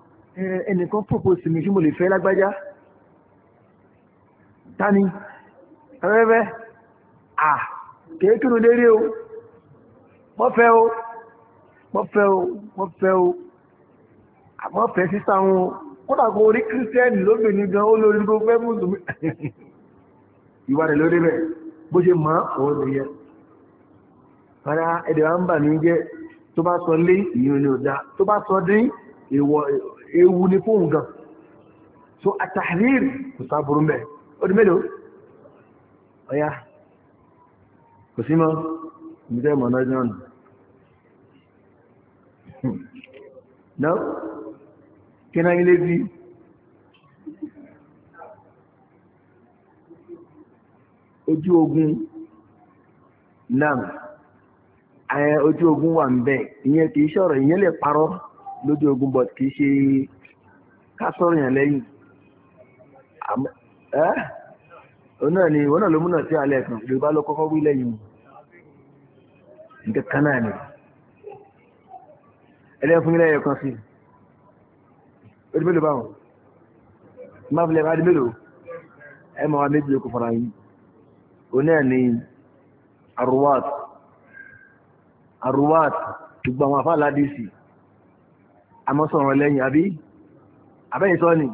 Speaker 1: ẹnìkan pòpòsì mi kí mo lè fẹ́ lágbájá tani ẹ̀rẹ́fẹ́ à kéékìrún lérí o wọ́n fẹ́ o wọ́n fẹ́ o wọ́n fẹ́ o àmọ́ fẹ́ sísá wọn kódà kó orí kírísítẹ́nì lóbìnrin gan ó lórí gbogbo fẹ́ mùsùlùmí (laughs) ìwà rẹ̀ lórí rẹ̀ bó ṣe mọ́ òun nìyẹn. rárá ẹ̀dẹ̀ ń bà mí jẹ́ tó bá sọ lé ìyẹn ni ò tó bá sọ dín ewu so àtàrír kò sáburú mẹ́ ó mélòó ọ̀yá kò sí mọ́ ìmìtẹ́ mọ̀nà john no kí náà ilé bí ogun náà ojú ogun wà ń bẹ ìyẹn kì í ṣọ̀rọ̀ ìyẹn lè parọ́ lójú ogun but kì í ṣe ká sọ̀rọ̀ yẹn lẹ́yìn ẹ́ òun náà ni òun náà ló múnà sí alẹ́ kan yorùbá ló kọ́kọ́ wí lẹ́yìn nǹkan kan náà ni ẹlẹ́yìn fún ilé ẹ̀yọ kan sí ó dé mélòó báwọn má bá dé ẹ máa wá méjì okùn yìí òun náà ni arúwàtò arúwàt gbogbo àwọn afá aládìsí amọ́sọ̀rọ̀ lẹ́yìn àbí abẹ́yìn sọ́ ni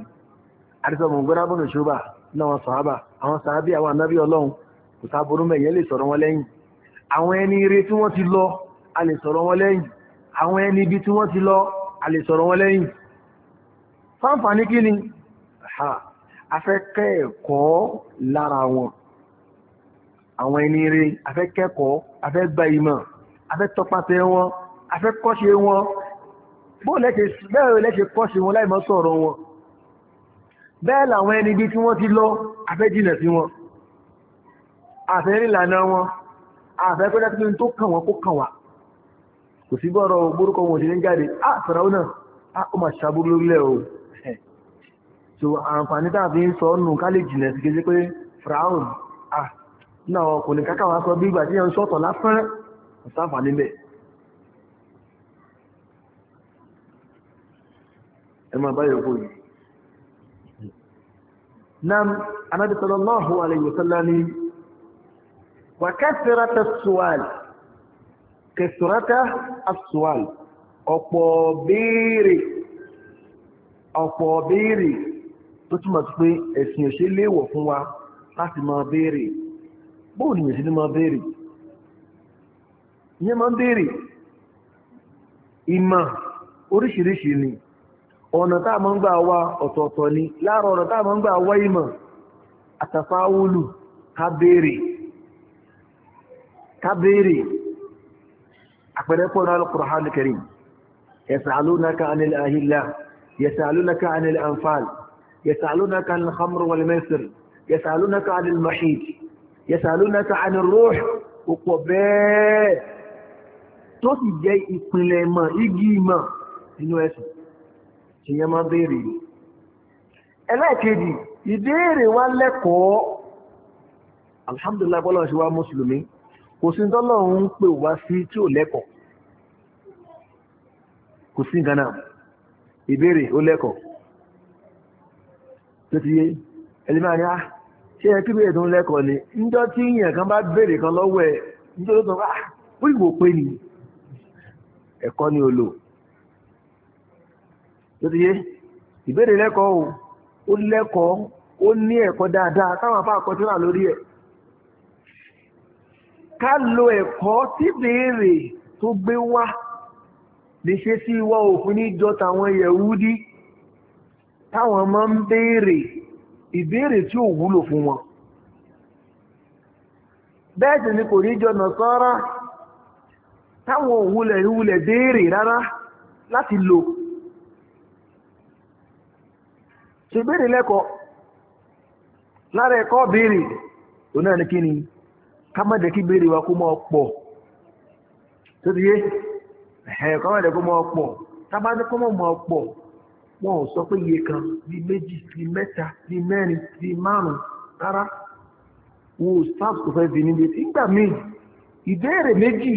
Speaker 1: àdìsọ́ mọ̀gbẹ́rẹ́ bọ́nà ṣọ́bà láwọn sàábà àwọn sàábì àwọn anábì ọlọ́run kò sáàbùrú mẹ́yìn lè sọ̀rọ̀ wọn lẹ́yìn àwọn ẹni ire tí wọ́n ti lọ a lè sọ̀rọ̀ wọn lẹ́yìn àwọn ẹni ibi tí wọ́n ti lọ lára wọn àwọn ẹni ire afẹ́kẹ́kọ̀ọ́ afẹ́gbà ìmọ̀ afẹ́ tọpasẹ̀ wọn afẹ́ kọ́ṣe wọn bó lẹ́ṣẹ̀ lẹ́ṣẹ̀ kọ́ṣe wọn láì mọ́ sọ̀rọ̀ wọn bẹ́ẹ̀ làwọn ẹni bí tí wọ́n ti lọ afẹ́ jìnà sí wọn afẹ́ rìnlànà wọn afẹ́ pẹ́ dákítọ́ tó kàn wọn kó kàn wá kò sí gbọ́rọ̀ gbórúkọ wọn òṣèlú jáde á fẹ̀rẹ̀ náà á ó mà ṣàbúrú lórílẹ̀ o so àǹfààní tàbí ń sọ nù ká lè jìnà sí kejì pé fraun ah náà ọkùnrin kákà wá sọ bí ìgbà tí yẹn ń sọ̀tọ̀ lásán sáfà níbẹ̀ ẹ máa bá yòókù yìí nam anabi sallallahu alayhi wa sallam ni wa kẹsìrata suwal kẹsìrata suwal ọ̀pọ̀ béèrè ọ̀pọ̀ béèrè tó túmọ̀ sí pé ẹ̀sìn òṣèléwọ̀ fún wa láti máa béèrè bóòlù yẹn sí ni máa béèrè ìyẹn ma ń béèrè ìmọ̀ oríṣiríṣi ni ọ̀nà tá ma máa ń gbà wá ọ̀tọ̀ọ̀tọ̀ ni laaro ọ̀nà tá ma máa ń gbà ima ìmọ̀ àtàfáwùlù ká béèrè ká béèrè àpẹẹrẹ pọ̀ náà Al-Qur'an Al-Karim yas'alunaka anil ahillah yas'alunaka anil anfal yas'alunaka anil khamr wal maisir yas'alunaka anil mahid yas'alunaka anil ruh ó tó sì jẹ́ ìpìlẹ̀ ìmọ̀ igi ìmọ̀ nínú ẹ̀sìn tí yẹn máa béèrè ẹlẹ́ẹ̀kejì ìbéèrè wa lẹ́kọ̀ọ́ alhamdulillah bọ́lá ṣe wá mùsùlùmí kò sí tọ́lọ́run ń pè wá sí tí ò lẹ́kọ̀ọ́ kò sí nǹkan náà ìbéèrè ó lẹ́kọ̀ọ́ tó ti yé ẹlẹ́mà ni á ah, ṣé ẹ kí béèrè tó ń lẹ́kọ̀ọ́ ni níjọ́ tí yìnyín kan bá béèrè kan lọ́wọ́ ẹ̀ níjọ́ tó tọ́ ah ó pé nìyí ẹ̀kọ́ ni olò tó ti yé ìbéèrè lẹ́kọ̀ọ́ o ó lẹ́kọ̀ọ́ ó ní ẹ̀kọ́ dáadáa táwọn afá àkọsílà lórí ẹ̀ ká lo ẹ̀kọ́ tí béèrè tó gbé wá lè ṣe sí ìwọ òfin níjọ tàwọn yẹ̀wúdí táwọn máa ń béèrè ìbéèrè tí ò wúlò fún wọn bẹ́ẹ̀ sì ni kò níjọ nàṣọ́rọ́ táwọn òwúlẹ̀ ìwúlẹ̀ béèrè rárá láti lò ṣe béèrè lẹ́kọ̀ọ́ lára ẹ̀kọ́ béèrè tó náà ní kí ni ká má jẹ́ kí béèrè wa kó máa pọ̀ tó ti yé ẹ̀kọ́ má jẹ́ kó máa pọ̀ tá bá ní kó máa pọ̀ wọn sọ pé iye kan bí méjì bí mẹ́ta bí mẹ́rin bí márùn-ún rárá wo staff tó fẹ́ fi níbi ìgbà míì ìbéèrè méjì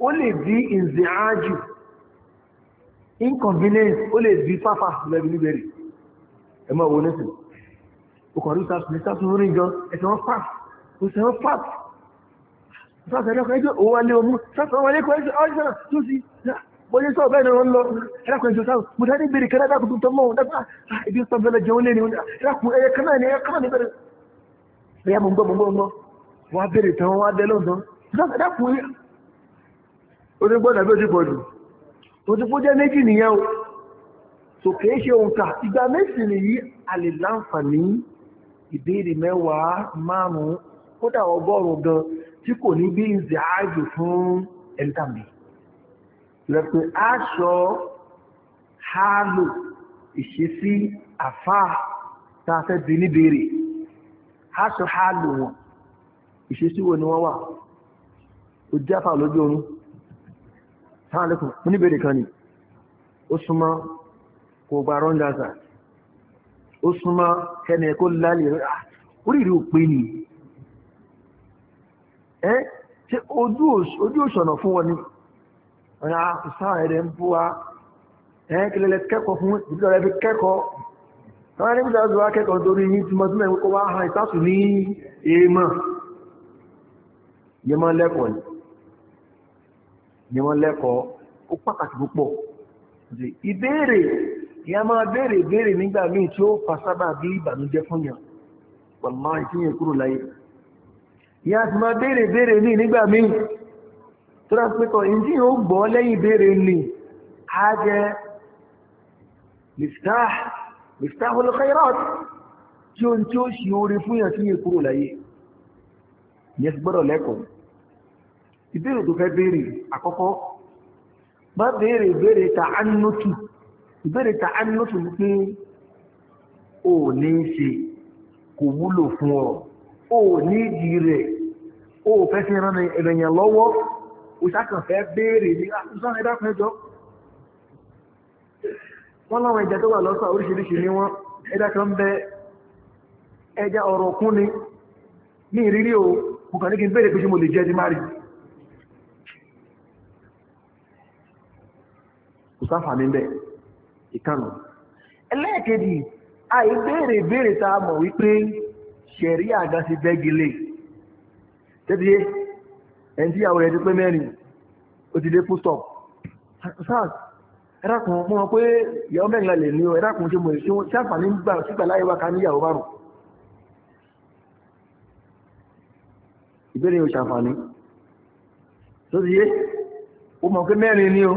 Speaker 1: ó lè bí ìzìájù inconvenience ó lè bí pápá lẹ́bi níbẹ̀rẹ̀ ẹ máa wo nísìn o kàn rí sàtúnṣe sàtúnṣe orin gan ẹ̀sẹ̀ wọn pàt ẹ̀sẹ̀ wọn pàt sàtúnṣe ẹ̀dọ́kọ̀ ẹjọ́ òun wà lé ọmú sàtúnṣe wọn lẹ́kọ̀ọ́ ẹ̀sẹ̀ ọ̀sẹ̀ náà tún sí bó ṣe sọ bẹ́ẹ̀ ni wọ́n lọ ẹ̀dọ́kọ̀ ẹ̀sẹ̀ sáwọn mo dání bèrè kẹ́lá dákùn tuntun mọ́ ah, ọ̀dọ́kọ̀ ah, ibi sọ bẹ́ẹ̀ jẹun lé ni ẹ̀dọ́kùn ah, ẹ̀yẹ kan náà ni ẹ̀yẹ kan náà ni bẹ̀rẹ̀ ẹ̀yà mo ń gbọ́ mo ń gbọ́ mo ń gbọ́ wọ́n á bèrè tán wọ́n á dẹ́ lóǹtán ẹ̀dọ́kùn onígbọ́nà bí ó ti bọ̀dù tó ti fún jẹ́ méjì nìyẹn o tó kìí ṣe ohun ta ìgbà méjì nìyí a lè láǹfààní ìbéèrè mẹ́wàá márùn-ún kódà ọgọ́rùn-ún gan tí kò ní bí ìzẹ̀ ààjò fún ẹ̀ńtàmì lẹ́pẹ́ aṣọ hálò ìṣesí àfáà tá a fẹ́ bí níbèrè aṣọ hálò wọn ìṣesí wo ni wọ́n wà ó jáfà lójú oorun sáàlẹ́kùn mú ní bèèrè kan ni ó súnmọ́ kò gba rọ́ndàsà ó súnmọ́ kẹ́nà ẹ̀kọ́ lálẹ́ rẹ̀ ah, oríire ò pé ni ẹ́ ṣe ojú òṣọ̀nà fún wọn ni ọ̀nà ah, sáà ẹ̀rẹ̀ ń bú wa ẹ́ kílẹ̀lẹ̀ kẹ́kọ̀ọ́ fún ìbílọ̀ rẹ̀ fi kẹ́kọ̀ọ́ ni wọ́n lẹ́kọ̀ọ́ ó pàtàkì púpọ̀ ìbéèrè ìyá máa béèrè ìbéèrè nígbà míì tí ó fa sábà bí ìbànújẹ́ fún yàn wàlá ìtìyàn kúrò láyé ìyá ti máa béèrè ìbéèrè ní nígbà míì tó rà pé kọ ìdí yóò gbọ́ lẹ́yìn ìbéèrè ni á jẹ́ miftah miftah olùkọ́yọ́rọ́t tí ó ń tí ó ṣe oore fún yàn tí yàn kúrò láyé ìyẹn gbọ́dọ̀ lẹ́kọ̀ọ́ ìbéèrè tó fẹ́ béèrè àkọ́kọ́ má béèrè ìbéèrè ta ánútù ìbéèrè ta ánútù pé ò ní ṣe kò wúlò fún ọ ò ní ìdí rẹ̀ ó fẹ́ fi ran ènìyàn lọ́wọ́ òṣàkàn fẹ́ béèrè ní àtúnṣán ah, ẹ̀dá fẹ́jọ́ wọ́n láwọn ẹja tó wà lọ́sà oríṣiríṣi ní wọ́n ẹja kan bẹ ẹja ọ̀rọ̀ kún ni ní ìrírí o kò kàn ní pé ṣe mo lè jẹ́ ní márìí sáfà níbẹ̀ ìkànnì ẹlẹ́ẹ̀kejì àìbéèrè ìbéèrè tá a mọ̀ wípé ṣẹ̀rí àga sí bẹ́gilé tẹ́tí ẹni tí ìyàwó rẹ̀ ti pé mẹ́rin ó ti dé full stop sars ẹ̀rákùn mọ́ pé ìyàwó mẹ́rin lálẹ́ ní ọ ẹ̀rákùn ṣe mọ̀ èṣe tí àǹfààní gbà sígbà láyé wá ká ní ìyàwó bárùn ìbéèrè yóò ṣàǹfààní tó ti yé ó mọ̀ pé mẹ́rin ní o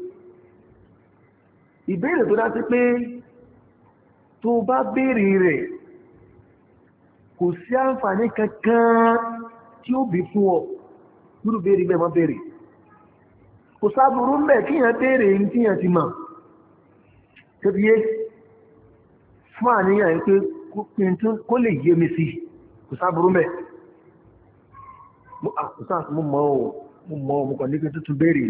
Speaker 1: ìbéèrè tó dá sí pé tó bá béèrè rẹ̀ kò sí àǹfààní kankan tí ó bí fún ọ lúrù béèrè bẹ́ẹ̀ mọ́ béèrè kò sáburú mẹ́ kí yàn béèrè ní tí yàn ti mọ̀ tó bí yé fún àníyàn pé kó lè yé mi sí kò sáburú mẹ́ àkùsà mo mọ̀ ọ́ mo mọ̀ ọ́ kàn ní kí tuntun béèrè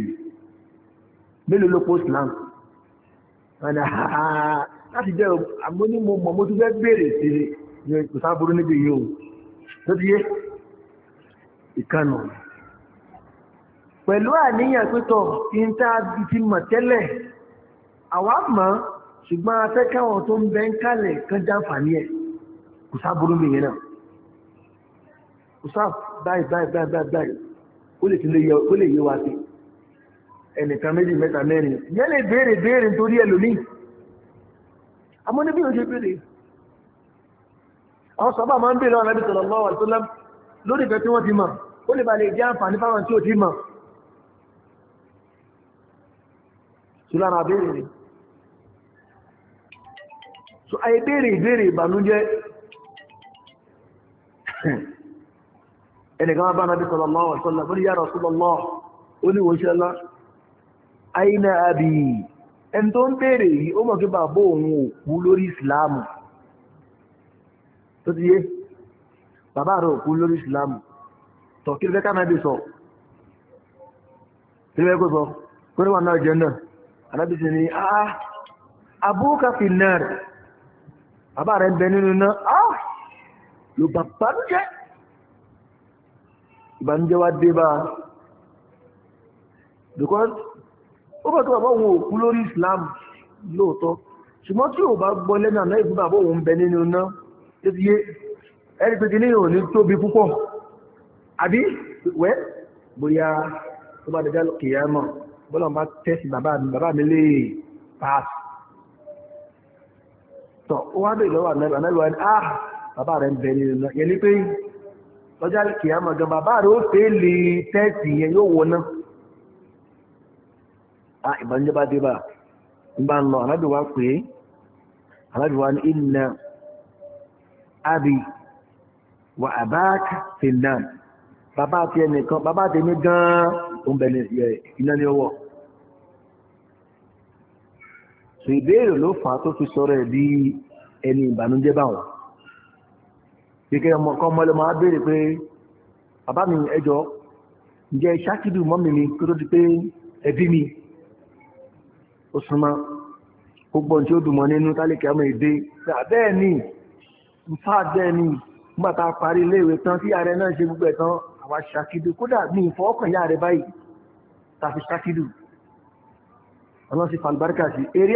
Speaker 1: mélòó ló pọ̀ ọ̀nà láti jẹ́ àmónímọ̀ mo tún fẹ́ bèèrè sí ní ìsáàbúrú níbi yóò tó ti yé ìkànnà pẹ̀lú àníyàn pẹ́tọ̀ kí n tá ti mọ̀ tẹ́lẹ̀ àwa mọ̀ ṣùgbọ́n afẹ́ káwọn tó ń bẹ ń kalẹ̀ kan jàǹfààní ẹ̀ kò sáàbúrú mi yẹn náà kò sáà báyìí báyìí báyìí báyìí ó lè yé wa sí ẹnìkan méjì mẹ́ta mẹ́rin yẹn lè béèrè béèrè nítorí ẹlòmíì àmọ́ níbi yóò ṣe béèrè àwọn sọ́bà máa ń béèrè ọ̀rọ̀ ẹbí sọ̀rọ̀ lọ́wọ́ àtúnlá lórí ìfẹ́ tí wọ́n ti mọ̀ ó lè ba jẹ́ àǹfààní fáwọn tí ò ti mọ̀ ṣùgbọ́n àbéèrè rẹ̀ so àyè béèrè ìbéèrè ìbànújẹ́ ẹnìkan bá nàbí sọ̀rọ̀ lọ́wọ́ àtúnlá ó ní yàrá ọ̀ṣun lọ́wọ́ aina abi ẹni tó ń béèrè yìí ó mọ̀ kí bàbá òun ò kú lórí ìsìláàmù tó ti yé bàbá rẹ̀ ò kú lórí ìsìláàmù tọ̀ kí ló fẹ́ ká náà sọ kí ló fẹ́ kó sọ kó ní wà náà jẹ́ náà anábì sì ni ah abúkà fi náà rẹ̀ bàbá rẹ̀ ń bẹ nínú náà ah ló bá bànújẹ́ ìbànújẹ́ wá dé bá because ó bẹ̀ tó bàbá òun ò kú lórí Islam lóòótọ́ ṣùgbọ́n tí ò bá gbọ́ lẹ́nu àná ìfún bàbá òun bẹ nínú iná tó ti yé ẹni pé kìíní ò ní tóbi púpọ̀ àbí wẹ́ bóyá tó bá dẹjá kìíyà mọ̀ bọ́lá bá tẹ́sí bàbá mi bàbá mi lè pass tọ̀ ó wá bèèrè lọ́wọ́ àná àná ìwà ni ah bàbá rẹ̀ ń bẹ nínú iná yẹn ni pé lọ́jà kìíyà mọ̀ gan bàbá rẹ̀ ó fẹ́ lè tẹ́sí yẹn yóò wọ náà a ìbànújẹ́ bá dé bá ń bá ń lọ alábì wá pé alábì wá ní inna abi wa abaka finnan bàbá àti ẹnìkan bàbá àti ẹni gan-an ó ń bẹ iná ní ọwọ́ so ìbéèrè ló fà á tó fi sọ̀rọ̀ ẹ̀ bí ẹni ìbànújẹ́ báwọn kíkẹ́ ọmọ mọ́lẹ́ máa béèrè pé bàbá mi ẹjọ́ ǹjẹ́ ṣákìdù mọ́mì mi kó tó di pé ẹbí mi ó súnmọ́ gbogbo tí ó dùnmọ́ nínú tálíkì àmọ́ èdè bẹ́ẹ̀ ni nfa bẹ́ẹ̀ ni nígbà tá a parí iléèwé tán tí ààrẹ náà ṣe gbogbo ẹ̀ tán àwa ṣàkídù kódà ní ìfọwọ́kàn yá rẹ báyìí tá a fi ṣàkídù ọlọ́run sì falùbáríkà sí eré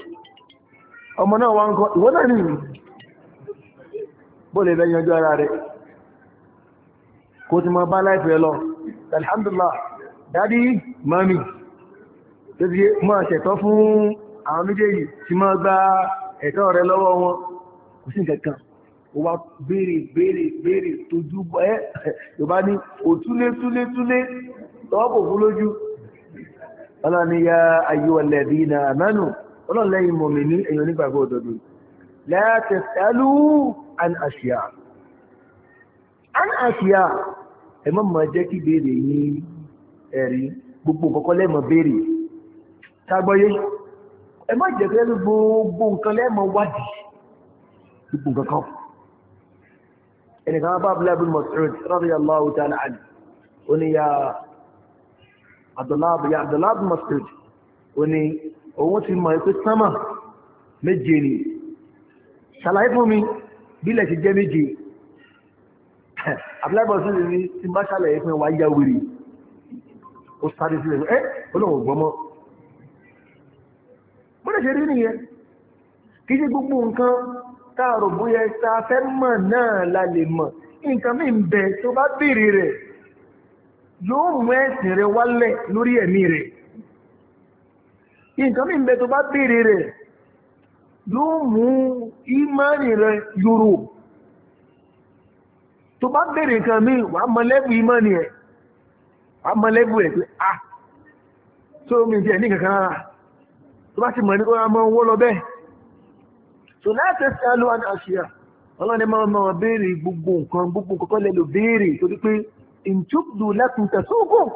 Speaker 1: ọmọ náà wá kọ́ ìwọ náà nìyí bó lè fẹ́ yanjú ara rẹ̀ kó ti máa bá láìpẹ́ lọ alhamdulillah dadi mami tó ti máa ṣẹ̀tọ́ fún àwọn méjèèjì tí máa gba ẹ̀tọ́ rẹ̀ lọ́wọ́ wọn kò sí kankan ó wá béèrè béèrè béèrè tójú bọ́ ẹ́ tó bá ní òtúlé túlé túlé lọ́wọ́ kò ọlọ́lẹ́yìn mọ̀mí ní èyàn nígbàgbọ́ òdodo la tasalu an àṣìyà an àṣìyà ẹ má máa jẹ́ kí béèrè yín ẹ̀rí gbogbo kọ́kọ́ lẹ́mọ̀ béèrè tágbọ́yé ẹ má jẹ́ pé gbogbo nǹkan lẹ́mọ̀ wádìí gbogbo nǹkan kan ẹnìkan bá abúlé abúlé Mas'ud radiyallahu ta'ala anhu ó òun ti mọ̀ pé sánmà méje ni ṣàlàyé fún mi bílẹ̀ ti jẹ́ méje àbúláìbọ̀ (laughs) sí ni ti bá ṣàlàyé fún wa yá wèrè ó sáré sílẹ̀ ẹ́ olóhùn gbọ́mọ́ bọ́dẹ̀ ṣe rí nìyẹn kì í ṣe gbogbo nǹkan táàrò bóyá ta fẹ́ mọ̀ náà la mọ̀ nǹkan mí ń bẹ tó bá béèrè rẹ̀ yóò mú ẹ̀sìn rẹ̀ wálẹ̀ lórí ẹ̀mí rẹ̀ nǹkan ní ìgbẹ́ bá bèèrè rẹ̀ yóò mú ìmánì rẹ̀ yòrò tó bá bèèrè nǹkan mi wà mọ́lẹ́bù ìmánì ẹ̀ wà mọ́lẹ́bù ẹ̀ pé ah tó mi jẹ́ ní kankan rárá tó bá ti mọ̀ ní kọ́ra owó lọ bẹ́ẹ̀ so láti ṣe alúwa ní ọlọ́ni máa gbogbo nǹkan gbogbo nǹkan kọ́lẹ̀ lò béèrè torí pé ìtúbù láti tẹ̀sán ògùn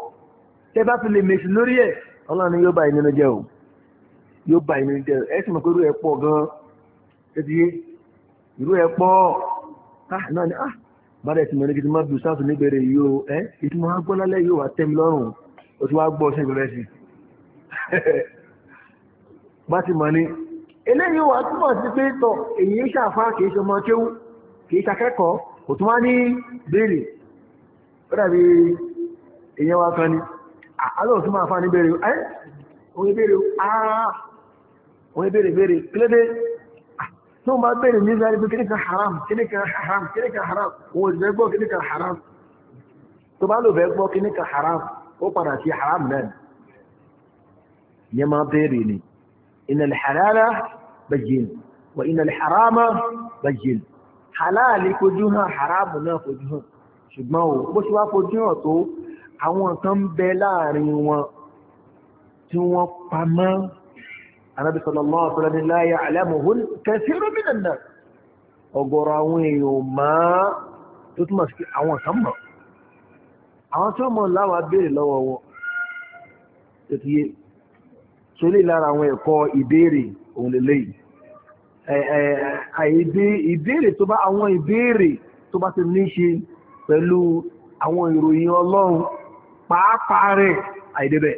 Speaker 1: bá fi lè mèsì lórí ẹ̀ ọlọ́ni yóò bá jẹ́ yóò bá ìmìnì jẹ ẹ sì mọ̀ pé irú ẹ̀ pọ̀ gan-an títí irú ẹ̀ ah náà ni ah bàdà ẹ̀sìn mọ̀ ní kìtìmọ̀ bí sáàsù níbẹ̀rẹ̀ yìí o ẹ ìtumọ̀ wá gbọ́ lálẹ́ yóò wá tẹ́mi lọ́rùn o ti wá gbọ́ ṣe ìbẹ̀rẹ̀ sí (laughs) bá ti mọ̀ ni eléyìí wà túmọ̀ sí pé tọ̀ èyí ń ṣàfá kìí ṣe ọmọ kéwú kìí ṣakẹ́kọ̀ọ́ kò tún wá ní béèrè ó dàbí èèyàn wa kan ni àlọ́ ah, òtún máa fa ní béèrè ẹ́ òun ìbéèrè áá wọ́n bèèrè bèèrè kílódé ah, tó ń bá bèèrè ní ìlànà pé kíníkà haram kíníkà haram kíníkà haram òun ìjẹ́ gbọ́ kíníkà haram tó bá lò bẹ́ gbọ́ kíníkà haram ó padà sí haram náà ní ma bèèrè ni inal halala bayyin wa inal harama bayyin halali kojú hàn haram náà kojú hàn ṣùgbọ́n o bó ṣe wá kojú hàn tó àwọn kan bẹ láàrin wọn tí wọ́n pamọ́ anábì sallallahu alaihi wasallam la ya'lamuhun kathirun minan nas ọ̀gọ̀rọ̀ àwọn èèyàn máa tó túmọ̀ sí àwọn kan mọ̀ àwọn tí wọ́n mọ̀ láwàá béèrè lọ́wọ́ wọn tó ti yé so lè lára àwọn ẹ̀kọ́ ìbéèrè òun lè léyìí ìbéèrè tó bá àwọn ìbéèrè tó bá ti ní ṣe pẹ̀lú àwọn ìròyìn ọlọ́run pàápàá rẹ̀ àìdébẹ̀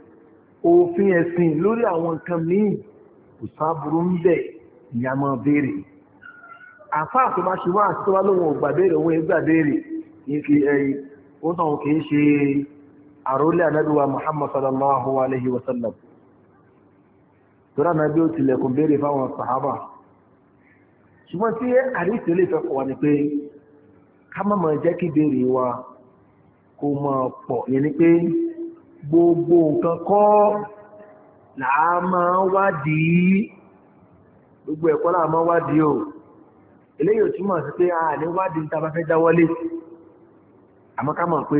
Speaker 1: òfin ẹ̀sìn lórí àwọn nǹkan míì kò sáàbùrú ń bẹ̀ ìyá béèrè àfáà tó bá ṣe wá àti wá lóhun ò gbàbéèrè òun ẹ̀ gbàbéèrè ìfi ẹ̀yìn ó náà kìí ṣe àrólé ànábíwa Muhammad sallallahu alaihi wasallam tó rá náà ó tilẹ̀kùn béèrè fáwọn sàhábà ṣùgbọ́n tí pé ká má máa jẹ́ wa kó máa pọ̀ yẹn ni gbogbo nǹkan kọ́ làá máa wádìí gbogbo ẹ̀kọ́ làá máa wádìí o eléyìí ò túmọ̀ sí pé a ní wádìí níta bá fẹ́ dáwọ́lé àmọ́ ká mọ̀ pé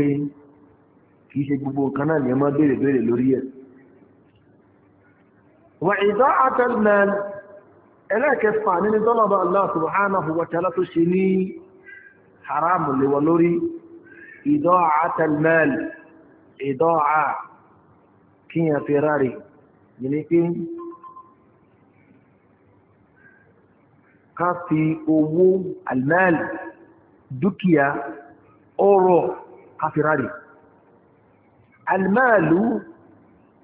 Speaker 1: kì í ṣe gbogbo nǹkan náà ní ẹ máa béèrè béèrè lórí ẹ̀ wà ìdá àtẹ̀lẹ̀ ẹlẹ́ẹ̀kẹfà nínú tọ́lọ́bà Allah subhanahu wa ta'ala tó ṣe ní haramu lè wà lórí ìdá àtẹ̀lẹ̀ ìdọ́ọ̀á kí yàn fi ráre yìí pé ká fi owó alìmáàlì dúkìá ọrọ̀ ká fi ráre alìmáàlù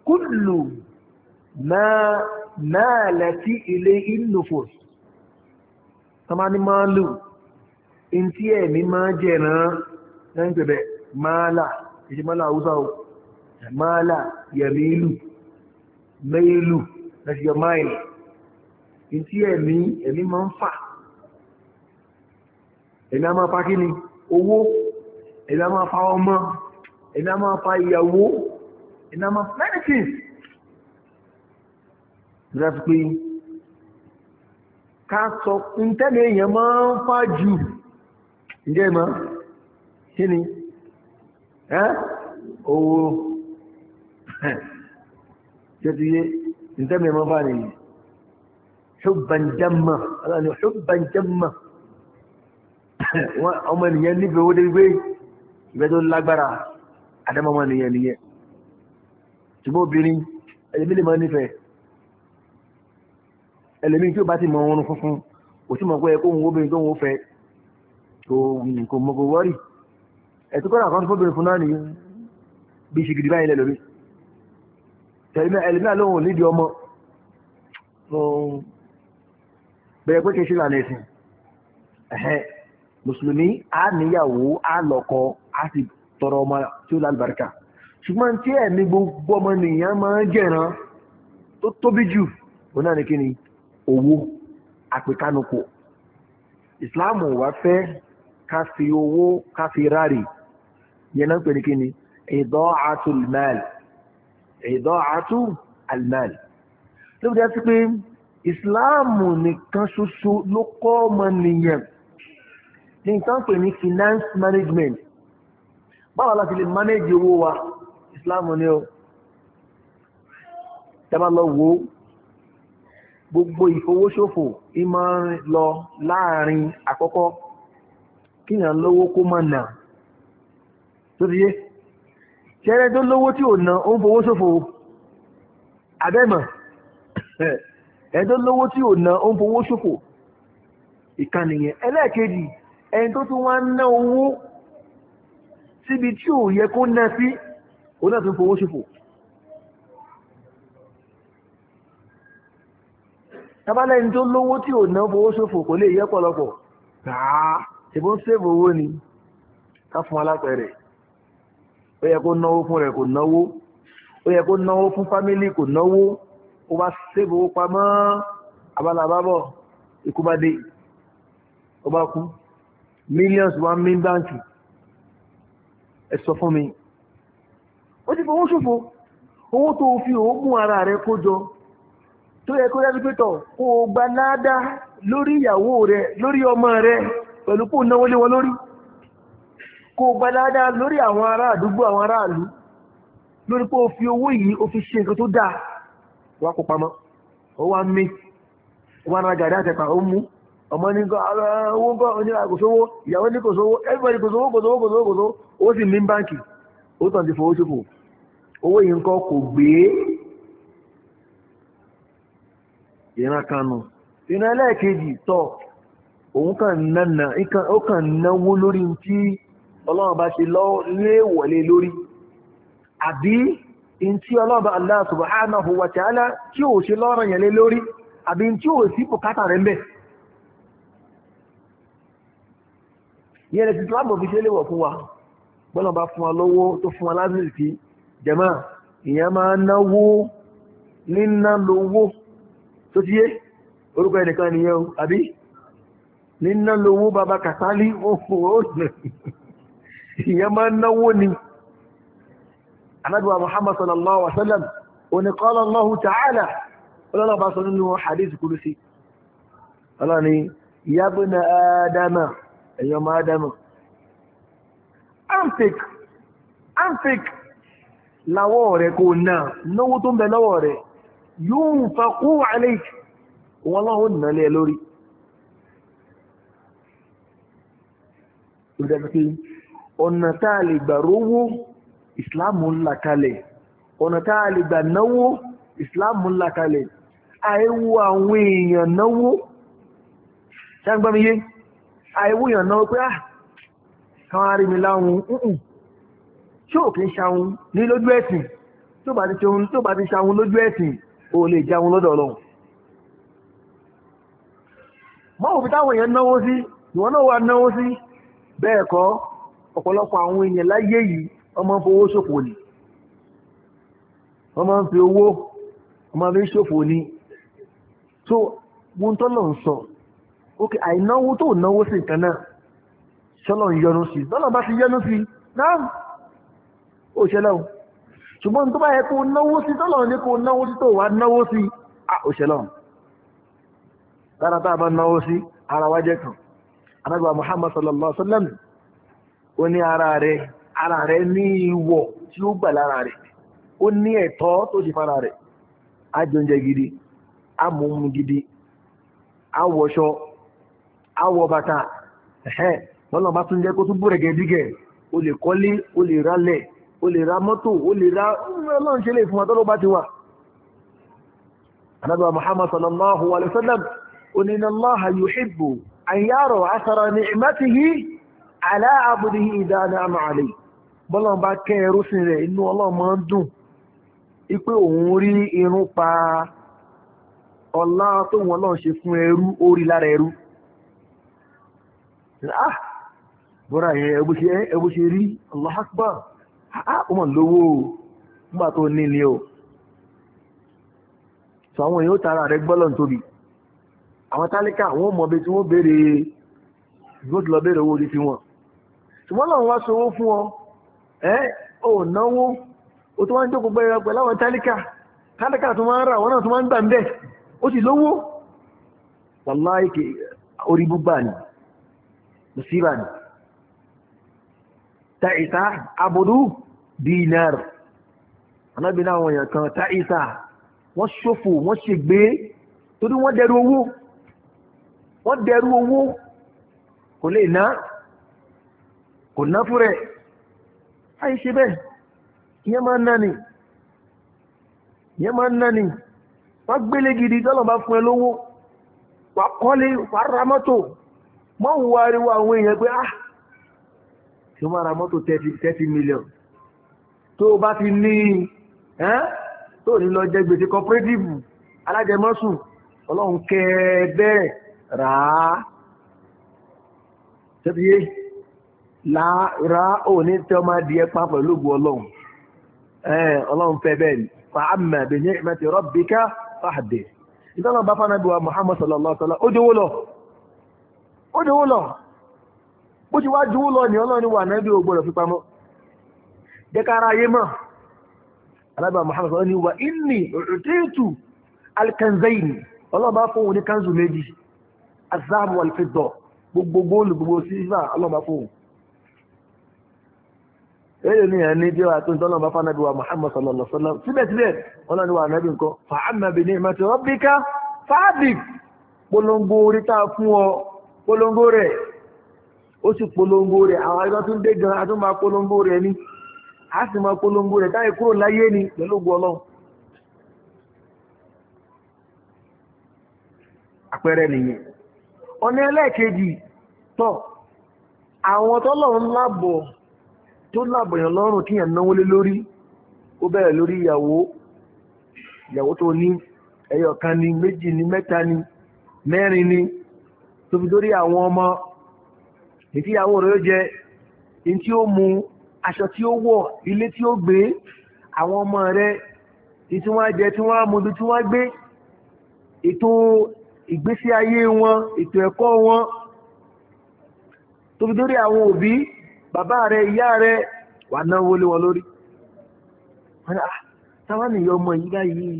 Speaker 1: kúlù máa lẹ́tí ilé ìlúfò tamani máa lù in tí ẹ̀mí máa jẹ́ náà ń pẹ̀bẹ̀ máa láà kìí mọ́lá haúsá o mọ́lá yẹ̀mílù mẹ́ìlù láti yọ máìlì ní tí ẹ̀mí ẹ̀mí máa ń fà ẹ̀mí a máa fa kí ni owó ẹ̀mí a máa fa ọmọ ẹ̀mí a máa fa ìyàwó ẹ̀mí a máa fa many things láti pé ká sọ ń tẹ́lẹ̀ èèyàn máa ń fà jù ǹjẹ́ ìmọ̀ kí ni owó ṣètìyé ìtẹ́mẹ̀ mọ́ bá nìyí ṣùgbọ́n jẹ́mọ̀ aláàlú ṣùgbọ́n jẹ́mọ̀ ọmọ ènìyàn nífẹ̀ẹ́ owó dégbé ìgbẹ́ tó lágbára àdámọ́ ọmọ ènìyàn nìyẹn ṣùgbọ́n obìnrin ẹlẹ́mí lè máa nífẹ̀ẹ́ ẹlẹ́mí tí ó bá ti mọ oorun funfun kò sí mọ̀ pé ẹkọ́ òun obìnrin tó ń fẹ́ kò mọ̀ kò wọ́rì ẹ̀tí kọ́nà kan fóbìnrin fún náà nìyí bí ṣe gidi báyìí lẹ́lọ́rí ẹ̀lẹ́mí àlóhùn nídìí ọmọ bẹ̀rẹ̀ pé kí n ṣe lànà ẹ̀sìn ẹ̀hẹ́ mùsùlùmí á níyàwó á lọ́kọ á sì tọrọ ọmọ tí ó lálùbáríkà ṣùgbọ́n tí ẹ̀mí gbogbo ọmọ nìyàn máa ń jẹ̀ràn tó tóbi jù òun náà ní kí ni owó àpèkánukò ìsìláàmù wá fẹ́ ká fi owó ká fi rárìí yẹn náà pè ní kíni ìdọ́àtú almal ìdọ́àtú almal ló bìí sí pé ìsìláàmù nìkan ṣoṣo ló kọ́ ọmọ nìyẹn ní nǹkan pè ní finance management báwo la ti lè manage owó wa ìsìláàmù ni o tẹ́bá lọ wo gbogbo ìfowóṣòfò ìmọ̀ lọ láàrin àkọ́kọ́ kíyàn lówó kó mọ̀ náà tó ti yé ṣẹ́rẹ́ tó lówó tí ò ná ó ń fowó ṣòfò abẹ́mọ̀ (clears throat) ẹ̀ tó lówó tí ò ná ó ń fowó ṣòfò ìkànnì yẹn ẹlẹ́ẹ̀kejì ẹni tó tún wá ń ná owó síbi tí ò yẹ kó ná sí òun náà tún fowó ṣòfò. tábàlẹ̀ ẹni tó lówó tí ò ná fowó ṣòfò kò lè yẹ pọ̀lọpọ̀ tàá ṣèbó ń ṣèbó owó ni ká fún alápẹ̀rẹ̀ ó yẹ kó náwó fún rẹ̀ kò náwó ó yẹ kó náwó fún fámílì kò náwó ó bá sèbò pamọ́ abalábábọ̀ ikú bá dé ó bá kú millions wá mí báǹkì ẹ sọ fún mi ó ti fowó ṣòfò owó tó fi òógùn ara rẹ̀ kó jọ tó yẹ kó dájú pé tọ̀ kó o gba ládàá lórí ìyàwó rẹ̀ lórí ọmọ rẹ̀ pẹ̀lú kó náwó lé wọn lórí. kó gba dáadáa lórí àwọn ará àdúgbò àwọn ara lórí pé o fi owó yìí o fi ṣe nǹkan tó dáa wá kó pamọ́ ó wá mí o wá ra gàdá àtẹ̀pà ó mú ọmọ ní kọ ah, owó kọ onírà ah, kò sówó ìyàwó ní kò sówó everybody kò sówó kò sówó kò Owo kò sówó owó sì ní báǹkì ó tàn ti fowó ṣòfò owó yìí nǹkan kò gbé ìran kanu ìran ẹlẹ́ẹ̀kejì tọ̀ òun kàn ọlọ́run bá ṣe léèwọ̀lé lórí àbí in tí ọlọ́run Allah subhanahu wa ta'ala tí ò ṣe lọ́rọ̀ yẹn lé lórí àbí in tí ò sí bùkátà rẹ̀ mbẹ̀ yẹn ti Islam fi ṣe léwọ̀ fún wa bọ́lá bá fún wa lọ́wọ́ tó fún wa lásìkò jẹ̀mọ́ ìyẹn máa náwó níná lówó tó bàbá kàtálí (laughs) ó fún ó ìyẹn máa náwó ni anábíwá muhammad sallallahu alaihi wa sallam òní qala Allahu ta'ala ọlọ́run bá sọ nínú hadith kudusi ọlọ́run ni ya buna ádámà ẹ̀yọ́ máa ádámà anfik anfik láwọ́ rẹ̀ kò náà náwó tó ń bẹ lọ́wọ́ rẹ̀ yunfaqu alayk wọn lọ́wọ́ ọ̀nà tá a lè gbà rówó ìsìláàmù ńlá kalẹ̀ ọ̀nà tá a lè gbà náwó ìsìláàmù ńlá kalẹ̀ àìwò àwọn èèyàn náwó ṣágbámiyé àìwò èèyàn náwó pé ah káwọn arí mi láhun ǹkùn ṣé òkè ń ṣahun ní lójú ẹ̀sìn tó bá ti ṣahun tó bá ti ṣahun lójú ẹ̀sìn ò lè jáhun lọ́dọ̀ Ọlọ́run mọ́ òfin táwọn èèyàn náwó sí ìwọ náà wà náwó sí bẹ́ẹ̀ kọ́ ọ̀pọ̀lọpọ̀ àwọn èèyàn láyé yìí ọmọ ń fowó ṣòfò ni ọmọ ń fi owó ọmọ fi ṣòfò ni so wọn tó lọ sọ ok àìnáwó tó náwó sí nǹkan náà sọ́lọ̀ ń yọnu sí sọ́lọ̀ bá ti yọnu sí náà ó ṣẹlẹ̀ o ṣùgbọ́n tó bá yẹ kó náwó sí sọ́lọ̀ ní kó náwó sí tó wà náwó sí ó ṣẹlẹ̀ o dára tá a bá náwó sí ara wájẹ́ kan anábìwá Muhammad sallallahu alaihi wa sallam ó ní ara rẹ̀ ara rẹ̀ ní ìwọ̀ tí ó gbà lára rẹ̀ ó ní ẹ̀tọ́ tó ṣe fara rẹ̀ ajọ́njẹ gidi amóhun gidi awọ bàtà lọ́nà bá tún jẹ́ kó tún o lè kọ́lé o lè ralẹ̀ o lè ra mọ́tò o lè ra ọlọ́run ṣe lè fún ọtọ́lọ́ bá ti wà muhammad sallallahu asara aláàbùdí ìdánimọ̀ àlè bọ́lọ́n bá kẹ́ ẹrúsìn rẹ̀ inú ọlọ́mọ ń dùn ipé òun rí irun pa ọlá tó wọn lọ́n ṣe fún ẹrú orí lára ẹrú ah yẹn ẹbú ṣe rí Allahu ọmọ ah, ah, lówó nígbà tó ní o sọ àwọn èèyàn tara rẹ gbọ́lọ̀ àwọn tálíkà wọn mọ̀ bí tí wọ́n ṣùgbọ́n lọ́run wá sọ̀rọ̀ fún ọ ẹ́ ò náwó o tó máa ń jókòó gbẹ́ra pẹ̀lú àwọn tálíkà tálíkà tó máa ń rà wọ́n náà tó máa ń gbà ń bẹ̀ ó sì lówó wàláì kì orí búgbà ni musíbà ni ta'isa abudu dinar kan ta'isa wọ́n ṣòfò wọ́n ṣègbé torí wọ́n dẹrù owó wọ́n dẹrù owó kò lè ná kò ná fún rẹ̀ àì ṣe bẹ́ẹ̀ ìyẹn máa ń ná ni ìyẹn máa ń ná ni wọ́n gbélé gidi tọ́lọ̀ bá fún ẹ lówó wà kọ́lé wà ra mọ́tò mọ́ ń wá ariwo àwọn èèyàn pé ah tí ó máa ra mọ́tò thirty million tó o bá ti ní ẹ́n tó ní lọ jẹ gbèsè cooperative alájẹmọ́sùn ọlọ́run kẹ́ bẹ́ẹ̀ rà á lára òní tẹ́ ọmọ adìẹ pa pẹ̀lú ògùn ọlọ́run ọlọ́run fẹ́ bẹ́ẹ̀ ni fàámà bi ni'mati rabbika fàdé ìtọ́nà bá fánà bí wa Muhammad sallallahu alaihi wasallam ó dówó lọ ó dówó lọ bó ti wá dúwó lọ ní ọlọ́run wà náà bí o gbọ́dọ̀ fi pamọ́ jẹ́kára ayé mọ̀ alábà Muhammad sallallahu alaihi wasallam ní wa inni òtútù alkanzaini ọlọ́run bá fún ní kanzu méjì azamu alfidọ gbogbo góòlù gbogbo sílvà ẹ̀rẹ́ ní ẹni bí wàá tó ń tọ́lọ́ bá fánàbí wa Muhammad sallallahu síbẹ̀síbẹ̀ wọn ni wà nábì nǹkan fa'amma bi polongo orí tá a ọ polongo rẹ̀ ó sì polongo rẹ̀ àwọn ẹgbẹ́ tó ń dé gan máa polongo rẹ̀ ni a sì máa polongo rẹ̀ táyé kúrò láyé ni pẹ̀lú àpẹẹrẹ nìyẹn ọ̀nà ẹlẹ́ẹ̀kejì tọ̀ àwọn tó lábọ̀yàn lọ́rùn kí yàn náwó lé lórí ó bẹ̀rẹ̀ lórí ìyàwó ìyàwó tó ní ẹyọ kan ni méjì ni mẹ́ta ni mẹ́rin ni tó fi dórí àwọn ọmọ ètí ìyàwó rẹ̀ ó jẹ èyí tí ó mu aṣọ tí ó wọ̀ ilé tí ó gbé àwọn ọmọ rẹ̀ èyí tí wọ́n jẹ tí wọ́n mu ibi tí wọ́n gbé ètò ìgbésí ayé wọn ètò ẹ̀kọ́ wọn tó fi dórí àwọn òbí bàbá rẹ̀ ìyá rẹ̀ wà náwó lé wọn lórí wọ́n ah ọmọ yìí báyìí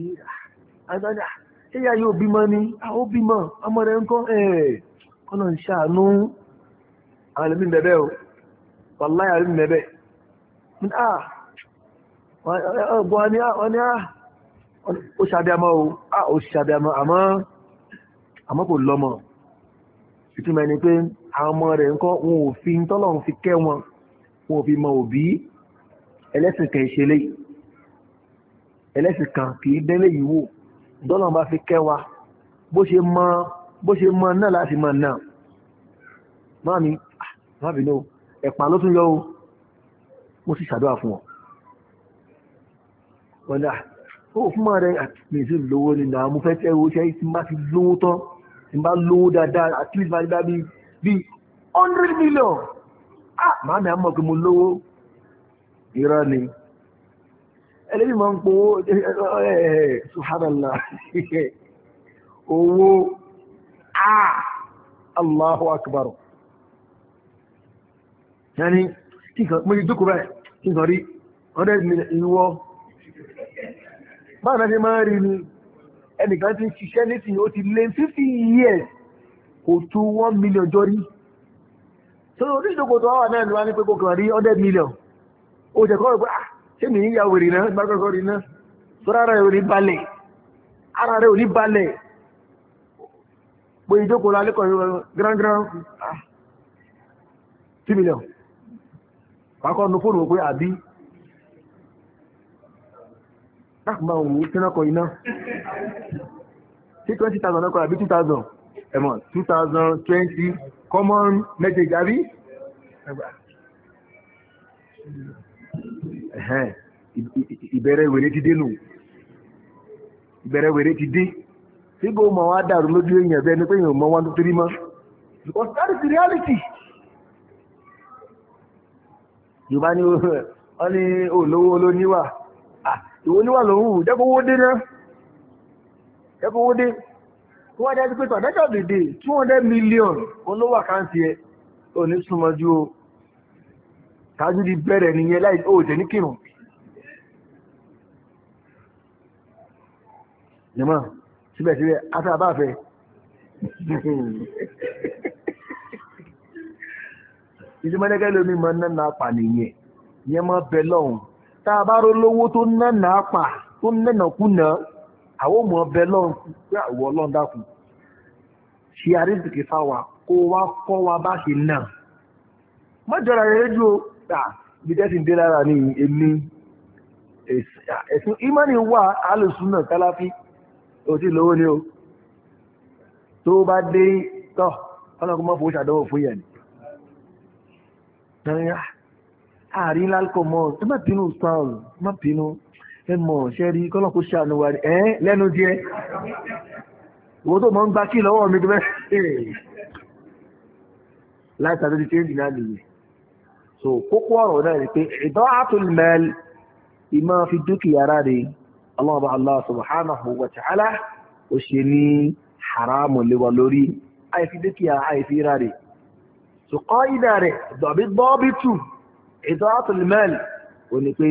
Speaker 1: àgbàdà ẹ̀yà yóò bímọ ni ah, ó bímọ ọmọ rẹ̀ ń kọ́ ẹ̀ ń ṣàánú àwọn bẹ̀bẹ̀ o wàláyà ẹlẹ́mí bẹ̀bẹ̀ ah ọgbọ́n ni ah, ah, ó o ó àmọ́ kò lọ́mọ́ ìtumọ̀ ni pé àwọn ọmọ rẹ̀ ńkọ́ wọn ò fi tọ́lọ́run fi kẹ́ wọn wọn ò fi mọ òbí ẹlẹ́sìn kan ìṣẹ̀lẹ̀ ẹlẹ́sìn kan kì í dẹ́lẹ̀ yìí wò tọ́lọ́run bá fi kẹ́ wa bó ṣe mọ bó ṣe mọ náà láti mọ náà máa mi ah, máa bínú ẹ̀pà ló tún yọ o mo sì ṣàdúrà fún ọ wọ́n dà ah, ó fún mọ́ rẹ̀ àti ah, mi sì lówó nínú àwọn mo fẹ́ tẹ́ owó ṣe é ti má ti lówó tán tí bá lówó dáadáa at least máa dá bíi bíi hundred million ah màá mi àmọ́ pé mo lówó irọ́ ni ẹlẹ́bí máa ń powó subhanallah (laughs) owó ah allahu akbar yẹni kí n kan mo ti dúkùú báyìí kí n kan rí hundred million ìwọ báwo ni ṣe máa rí ni ẹnìkan ti ṣiṣẹ́ nísìnyí ó ti lé fifty years kò tó one million jọrí so oníṣòkòtò àwọn náà ni wọ́n á ní pé kò kàn rí hundred million ó jẹ́ kọ́ ọ̀gbọ́n ah, ṣé mi ń ya wèrè náà bá kọ́kọ́ rí náà sọ́ra rẹ̀ ò ní balẹ̀ ara rẹ̀ ò ní balẹ̀ pé ìjókòó lálẹ́ kọ̀ grand grand ah, two million pàkọ́ nu fóònù pé àbí láàpùmá òun tínákọ̀ iná sí 20,000 lọ́kọ̀ àbí 2,000 ẹ̀mọ̀ 2020 common message àbí ìbẹ̀rẹ̀ wèrè ti dé nù ìbẹ̀rẹ̀ wèrè ti dé tí gbogbo mọ̀ wá dàrú lójú èèyàn bẹ́ẹ̀ ni pé èèyàn mọ̀ wá tó torí mọ́ because that is the reality yorùbá ní olówó olóníwà ìwọ níwà ló ń wù jẹ́kówó dé náà jẹ́kówó dé tó wá jẹ́ pé tàdájọ́ dèdè two hundred million olówó àkáǹtì ẹ̀ ò ní súnmọ́ ju o tájú di bẹ̀rẹ̀ nìyẹn láì ó jẹ́ ní kírun. jẹ́mọ́ síbẹ̀síbẹ̀ ata bá fẹ́ ìdí mọ́lẹ́gẹ́ lómi mọ́ náà pa nìyẹn yẹn mọ́ bẹ lọ́hùn-ún tá a bá rọ lówó tó nánà apà tó nánà kùnà àwọn ọmọ ọbẹ̀ lọ́run pé àwọ̀ ọlọ́run dákun ṣe àrísìkì fáwa kó wá kọ́ wa bá ṣe náà má jọra rédíò tà bí tẹ́sí ń dé lára ní èmi ẹ̀sìn ìmánì wà alùsùn náà kálàfí òtí lówó ni o tó bá dé tọ́ ọlọ́kùnmọ́ fòó ṣàdánwò fún yẹn àárín lálùkọ mọ ẹ má bínú stars ẹ má bínú ẹ mọ ṣe rí kọ́nà kó ṣàánú wa ni ẹ lẹ́nu díẹ̀ wo tó mọ̀ ń gba kí lọ́wọ́ mi tó bẹ́ẹ̀ láti àti change náà nìyẹn so kókó ọ̀rọ̀ náà ni pé ìdán àtúlmẹ́l ìmọ̀ fi dúkìá rárẹ̀ Allah bá Allah subhanahu wa ta'ala ó ṣe ní haramu léwa lórí àìfi dúkìá àìfi rárẹ̀ so kọ́ ìdá rẹ̀ dọ̀bí bọ́ọ̀bí tù ìtọ́wátò mẹ́lì ò ní pé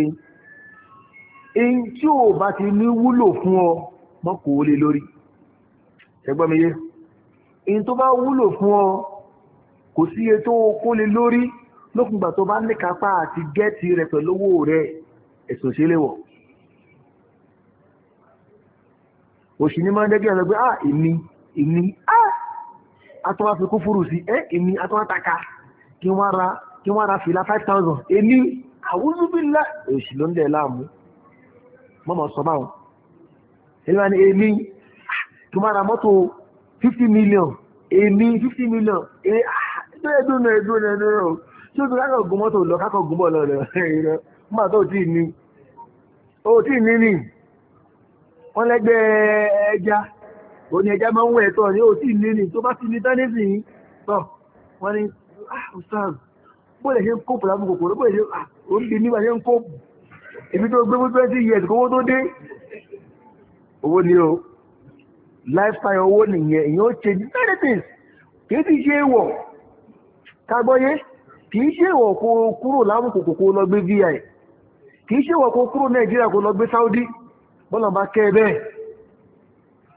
Speaker 1: in tí ò bá ti ní wúlò fún ọ mọ́ kò ó lè lórí ẹgbọ́n mi yé in tó bá wúlò fún ọ kò sí iye tó kó lè lórí lókùngbà tó bá níkápá àti gẹ́ẹ̀tì rẹ pẹ̀lú owó ẹ̀sùn sílé wọ̀ òṣì ní máa ń dẹ́gbẹ́ ọ̀rọ̀ ah èmi èmi ah atọ́wá fi kúfúrú sí ẹ́ èmi atọ́wá taka kí wọ́n ra kí wọ́n ra fìlà five thousand èmi àwùjọbílà èsì ló ń dẹ̀ láàmú mọ́mọ́ sọ báwọn èmi wà ní èmi kí wọ́n ra mọ́tò fifty million èmi fifty million èmi ẹ̀dùn ẹ̀dùn ẹ̀dùn ẹ̀dùn ẹ̀dùn tí o ti kákọ̀ gun mọ́tò lọ kákọ̀ gun bọ̀ lọ rẹ̀ rẹ̀ mọ́ àtọ́ òtí ní òtí ní ní wọ́n lẹ́gbẹ́ ẹja ò ní ẹja máa ń wẹ̀ tọ́ ní òtí ní ní tó bá ti ní tánẹ́sì yìí tọ́ wọ́n ní ah ustaz bóyá ṣe ń kó pẹ̀lú kòkòrò bóyá ṣe ah, ó ń di nígbà ṣe ń kó ibi tó gbé fún twenty years kówó tó dé owó ni o lifestyle owó nìyẹn èyàn ó change many things kì í ti ṣe é wọ̀ kagbọ́yé kì í ṣe ìwọ̀ kó kúrò lámùkòkò kó lọ gbé vi kì í ṣe ìwọ̀ kó kúrò nàìjíríà kó lọ gbé saudi bọ́lá bá kẹ́ bẹ́ẹ̀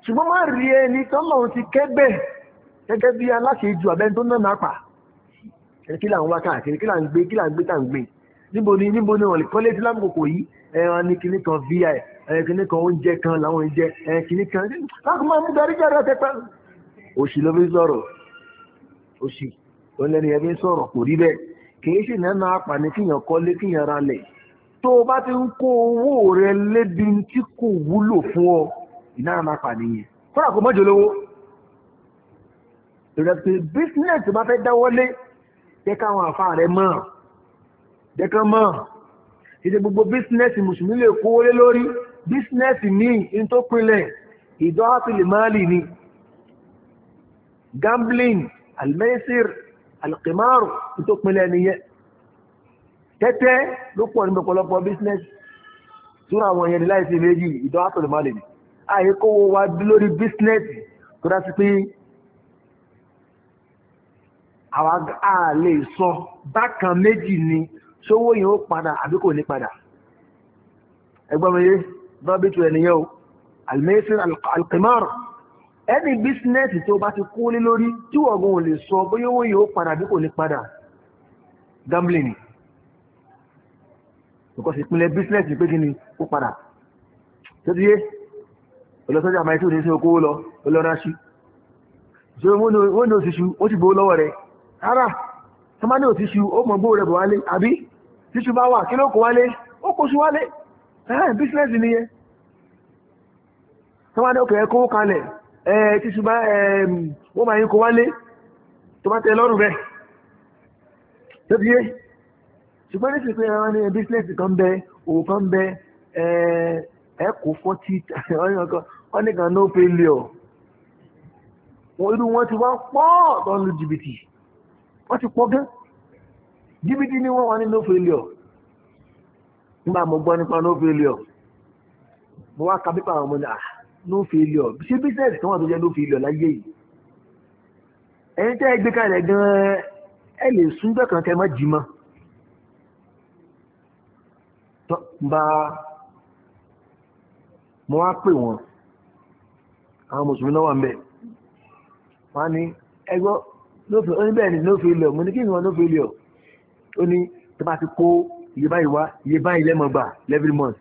Speaker 1: ṣùgbọ́n má rí ẹni tọ́lọ́run ti kẹ́ bẹ́ẹ̀ gẹ́gẹ́ bí aláṣejù abẹ́ni tó náà nàpà kí là ń wá káàkiri kí là ń gbé kí là ń gbé tà ń gbé níbo ni níbo ni wọn lè kọ́lé tí lámùkòkò yìí ẹran ní kinní kan vi ẹ kinní kan oúnjẹ kan làwọn oúnjẹ ẹ kinní kan láti máa mú darí jáde ọ̀tẹ́ pẹ́. òṣì ló fi sọ̀rọ̀ òṣì olórí ẹbí sọ̀rọ̀ kò rí bẹ́ẹ̀ kì í sì nánà apàní kíyàn kọ́lé kíyàn ra lẹ̀ tó o bá ti ń kó owó rẹ lébi tí kò wúlò fún ọ ìnáàmà apàní yẹn kọ́ra kò mọ́jọ lówó. ìrẹsì bísínẹ̀sì bá fẹ́ dáwọ́lé jẹ́ káwọn àfa rẹ mọ̀ jẹ́ kán mọ̀ ìdí gbogbo bísínẹ́sì mùsùlùmí lè kówó lé lórí bísínẹ́sì míì in tó pinlẹ̀ ìdọ́ àtìlẹ́mọ́lì ni gambling almesir alqimaru in tó pinlẹ̀ nìyẹn tẹ́tẹ́ ló pọ̀ ní ọ̀pọ̀lọpọ̀ bísínẹ́sì tún àwọn yẹn ní láìsí méjì ìdọ́ àtìlẹ́mọ́lì ni àyíkówó wa lórí bísínẹ́sì tó dá sí pé àwa a lè sọ bákan méjì ni ṣówó yẹn ó padà àbí kò ní padà ẹgbọ́n mi yé bábítù ẹnìyẹn o alimẹ́sìn alkimar ẹni bísínẹ́sì tó bá ti kú lé lórí tí ọ̀gbọ́n ò lè sọ bóyá owó yẹn ó padà àbí kò ní padà gambling because ìpínlẹ̀ bísínẹ́sì pé kí ni ó padà tó ti yé ọlọ́sọ́jà máa ń tó ní sí okòwò lọ ọlọ́ra sí so wọ́n ní oṣù ṣu ó sì bó lọ́wọ́ rẹ̀ ara tọ́mánì ò tíṣù ó mọ̀ gbóò rẹ̀ bọ̀ wálé àbí tíṣù bá wà kí ló kó wálé ó kó sí wálé ẹ̀hẹ́n bísínẹ́sì nìyẹn tọ́mánì òkè kó kalẹ̀ ẹ̀ tíṣù bá wọ́n máa yín kó wálé tó bá tẹ lọ́rùn rẹ̀ tó fi yé ṣùgbọ́n ní ṣùgbọ́n ẹran ní bísínẹ́sì kan bẹ òwò kan bẹ ẹ̀ kó fọ́tí ọ̀nìkan no failure irú wọn ti wá pọ̀ tó ń wọ́n ti pọ̀ gẹ́ jìbìtì ni wọ́n wà ní no failure nígbà mo gbọ́ nípa no failure mo wá ka pípa àwọn ọmọ náà ah, no failure ṣé bísẹ̀sì kan wà tó jẹ́ no failure láyé yìí ẹ̀yin tẹ́ ẹ gbé kalẹ̀ gan-an ẹ lè súnjọ́ kan kẹ́ ẹ má jì mọ́ bá mo wá pè wọ́n àwọn mùsùlùmí náà wà ń bẹ̀ wọ́n á ní ẹgbọ́n lófin ó ní bẹ́ẹ̀ ni lófin ilẹ̀ mo ní kí ni wọn lófin ilẹ̀ ó ní tó bá ti kó iye báyìí wá iye báyìí lẹ́mọ̀ gbà every month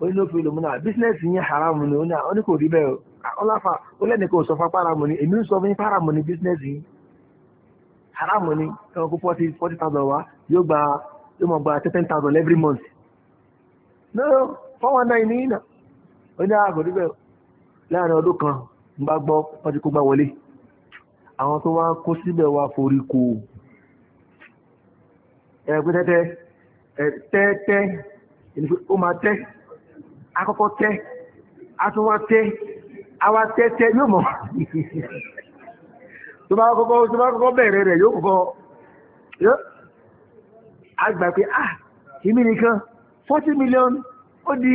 Speaker 1: ó ní lófin ilẹ̀ mo náà ah, business yẹn haramu ni ah, ó ní kò rí bẹ́ẹ̀ ọláfà ah, ó lẹ́nu kò sọ fún apáramu ni èmi ń sọ fún apáramu ni business yìí haramu ni ẹ̀wọ̀n kó forty forty thousand wá yóò gba yóò mọ̀ gba ten thousand every month no four one nine ní ìnà ó ní àgọ̀dí bẹ́ẹ̀ láàrin ọdún kan ń bá gbọ́ wọ́n ti kó gbá wọlé àwọn tó wá kó síbẹ̀ wá forí kò ẹgbẹ́ tẹ́tẹ́ tẹ́tẹ́ ó máa tẹ́ akọ́kọ́ tẹ́ atúnwá tẹ́ àwa tẹ́tẹ́ yóò mọ̀ tó bá kọ́kọ́ bẹ̀rẹ̀ rẹ̀ yóò kọ́kọ́ àgbà pé ah ìmí nìkan forty million ó di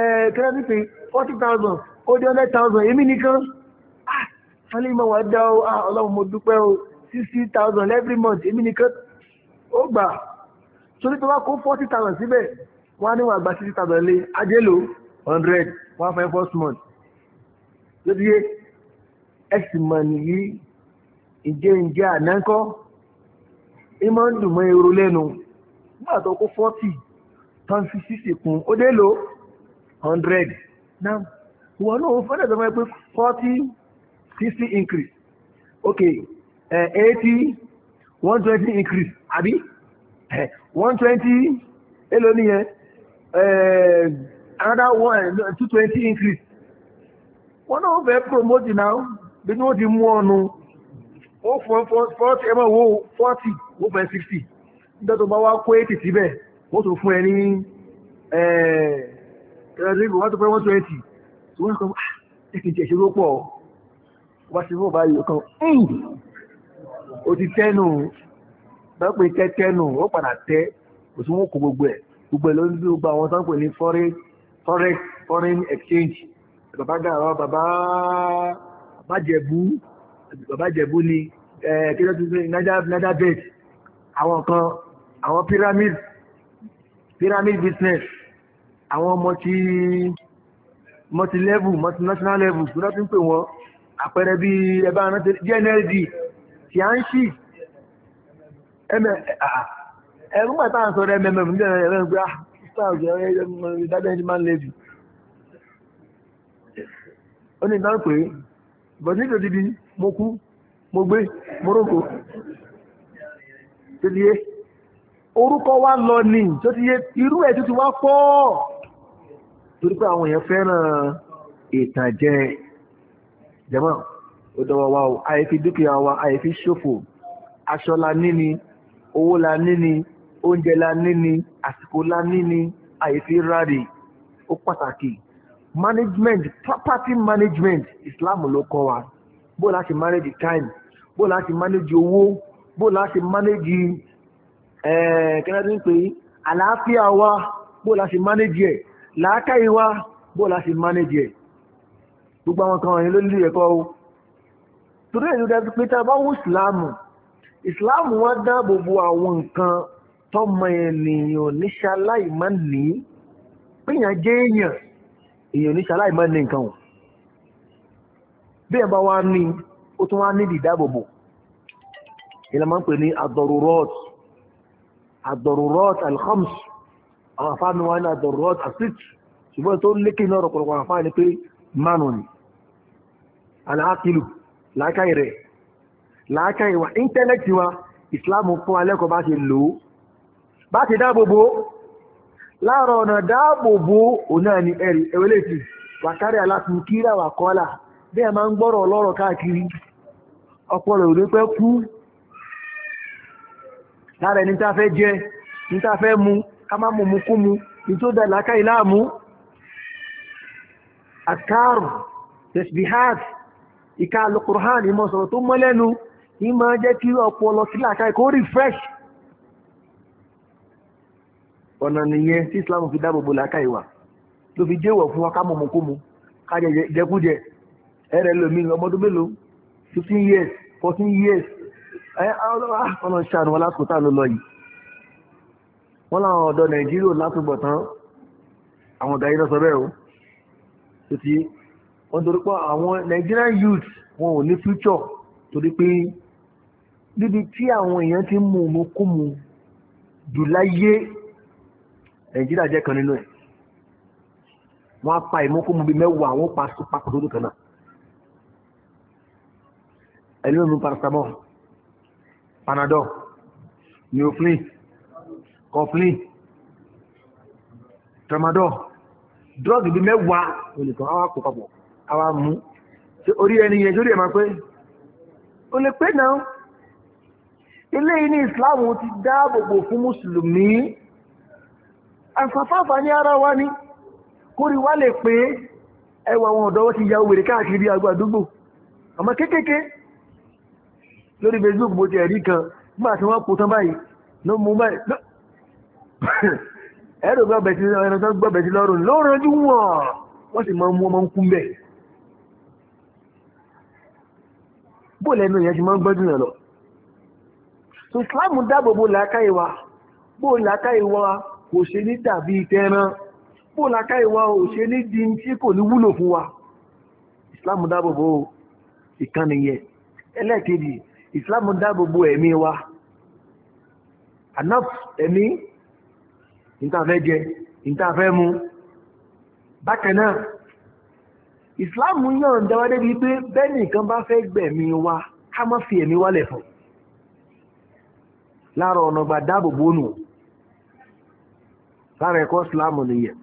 Speaker 1: ẹ̀ẹ́dẹ́gbẹ̀rún forty thousand ó di hundred thousand ìmí nìkan wọ́n lè mọ̀ wá dá o ah, ọlọ́run mo dúpẹ́ o sixty thousand every month èmi nìkan ó gbà torí tó bá kó forty thousand síbẹ̀ wọ́n á níwọ̀n àgbà sixty thousand lé ajé lò hundred one five four month lóbi yé ẹ̀sìn mọ̀ nìyí ìjẹ́ ìjẹ́ ànáńkọ́ ìmọ̀ ń dùn mọ́ èrò lẹ́nu nígbà tó kó forty tán fi sísè kún ó dé lò hundred náà ìwọ náà ó fẹ́rẹ̀ tó máa pé forty. 60 increase okay uh, 80 120 increase àbí 120 èló nìyẹn another one 220 increase wọ́n náà fẹ́ promote now bí wọ́n ti mú ọ̀nù ó fọ́ 40 ẹmọ wo 40 ó fẹ́ 60 nígbà tó bá wá kó 80 síbẹ̀ ó tó fún ẹ ní ẹ̀ẹ́dẹ́gbẹ̀rún wọ́n tó fẹ́ 120 tó wọ́n kọ́ ẹ̀kìntì ẹ̀ṣẹ́ ló pọ̀ ọ́ wá sí fún báyìí kan ó ti tẹ́nu bá pé tẹ́ tẹ́nu ó padà tẹ́ kò gbogbo ẹ̀ gbogbo ẹ̀ ló ń bí gbogbo àwọn tó ń pè ní foreign exchange bàbá gàrọ bàbá bàjẹ̀bú bàbá ni eh, kí ló ti sọ náírà bed àwọn kan àwọn pyramid pyramid business àwọn multi multi level multinational level kí ló ti ń pè wọ́n àpẹẹrẹ bí ẹbá rántí gnld tí a ń ṣì ẹgbùn pàtà ń sọ̀rọ̀ mmm ní ẹ̀rọ ẹgbẹ́ ìdájọ́ ẹni máa ń lẹ́bi ó ní ìdáhùn pé bọ̀dé tó dìdí mo kú mo gbé mo rókò tó díye orúkọ wa lọ ní tó díye irú ẹ̀ tó ti wá pọ̀ torí pé àwọn èèyàn fẹ́ràn ìtànjẹ jẹ́mọ́ ó dọwọ́ wa o àyè fi dúkìá wa àyè fi ṣòfò aṣọ la owó la níni oúnjẹ la níni àsìkò la níni àyè ráre ó pàtàkì management property management Islam ló kọ́ wa bó la ṣe manage time bó la ṣe manage owó bó la ṣe manage kẹ́lẹ́ tó ń pè é àlàáfíà wa bó la ṣe manage ẹ̀ làákàyè wa bó la ṣe manage ẹ̀ gbogbo àwọn kan wọ̀nyí ló lè ẹ̀kọ́ o torí èyí dájú pé tá a bá wò ìsìláàmù ìsìláàmù wọn dá gbogbo àwọn nǹkan tọmọ ènìyàn níṣẹ́ aláìmọ́ ní péyàn jẹ́ èèyàn èèyàn níṣẹ́ aláìmọ́ ní nǹkan o bí ẹ̀ bá wá ní ó tún wá nídìí ìdáàbòbò ìlànà máa ń pè ní adọ̀rọ̀rọ̀t adọ̀rọ̀rọ̀t alhams àwọn afáàmì wa ní adọ̀rọ̀rọ̀t asit ṣùgbọ́n tó lékè náà rọ̀pọ̀lọpọ̀ àfáà ni pé mánu ni aláàkìlù làákàyè rẹ̀ làákàyè wa íńtẹ́lẹ́kì wa ìsìláàmù fún alẹ́kọ̀ọ́ bá ṣe lò ó bá ṣe dáàbòbò láàrọ̀ ọ̀nà dáàbòbò òun náà ni ẹ̀rì ẹ̀wẹ́lẹ́sì wàkárí aláàfin kíra wà kọ́là bí ẹ máa ń gbọ́rọ̀ ọlọ́rọ̀ káàkiri ọpọlọ òní pẹ́ kú lára ẹni tá fẹ́ jẹ ní tá fẹ́ mu ká má mú mu kú mu ní tó dá làákàyè láàmú àkárù tẹ̀sibíháàtì ìka alukur'an ìmọ̀ sọ̀rọ̀ tó mọ́ lẹ́nu ìmọ̀ jẹ́ kí ọpọlọ sílẹ̀ àká ìkó refresh ọ̀nà nìyẹn tí islam fi dáàbò bò làákà ìwà ló fi jẹ́wọ̀ fún wa ká mọ̀ mọ̀kó mu ká jẹ jẹkújẹ ẹ̀rẹ̀ lomi ọmọdún mélòó fifteen years fourteen years ẹ ọ̀nà ṣàánú wọn lásìkò tá a ló lọ yìí wọ́n láwọn ọ̀dọ́ nàìjíríà látúbọ̀ tán àwọn ọ̀gá yìí lọ sọ bẹ́ẹ̀ o wọ́n torí pé àwọn Nigerian youth wọn ò ní future torí pé níbi tí àwọn èèyàn ti ń mú un kú mu jù láyé Nàìjíríà jẹ́ kan nínú ẹ̀ wọ́n á pa ìmúkúmu bíi mẹ́wàá àwọn pa pápá tó kan náà ẹni ló ń mu paracetamol panadol neoflin coflin tramadol drug bíi mẹ́wàá olùkọ́ àwọn àpò papọ̀ àwa mú orí ẹni yẹn sórí ẹ̀ máa pé o lè pé náà ilé yìí ní Islam ti dáàbòbò fún mùsùlùmí àǹfààfà ní ara wa ni kórí wá lè pé ẹwà àwọn ọ̀dọ́ ti ya òwèrè káàkiri àgbà àdúgbò àmọ́ kéékèèké lórí Facebook mo ti ẹ̀rí kan nígbà tí wọ́n kó tán báyìí ló mú báyìí (laughs) ẹ̀rọ gbọ́bẹ̀ sí lọ́rùn lọ́rùn ojú wọn wọ́n sì máa mú ọmọ ń kú bẹ́ẹ̀ bó lẹ́nu yẹn ti máa ń gbọ́dún yẹn lọ. so islam dáàbò bo làákàyè wa bó làákàyè wa kò ṣe ní dàbí tẹran bó làákàyè wa ò ṣe ní di tí kò ní wúlò fún wa islam dáàbò bo ìkànnì yẹn ẹlẹ́ẹ̀kejì islam dáàbò bo ẹ̀mí wa anaf ẹ̀mí níta fẹ́ jẹ níta fẹ́ mu bákan náà islam yàn dáwà débi pé bẹ́ẹ̀ nìkan bá fẹ́ gbẹ̀mí wa ká má fi ẹ̀mí wálẹ̀ fún lára ọ̀nà gbà dáàbò bónú lára ẹ̀kọ́ islam nìyẹn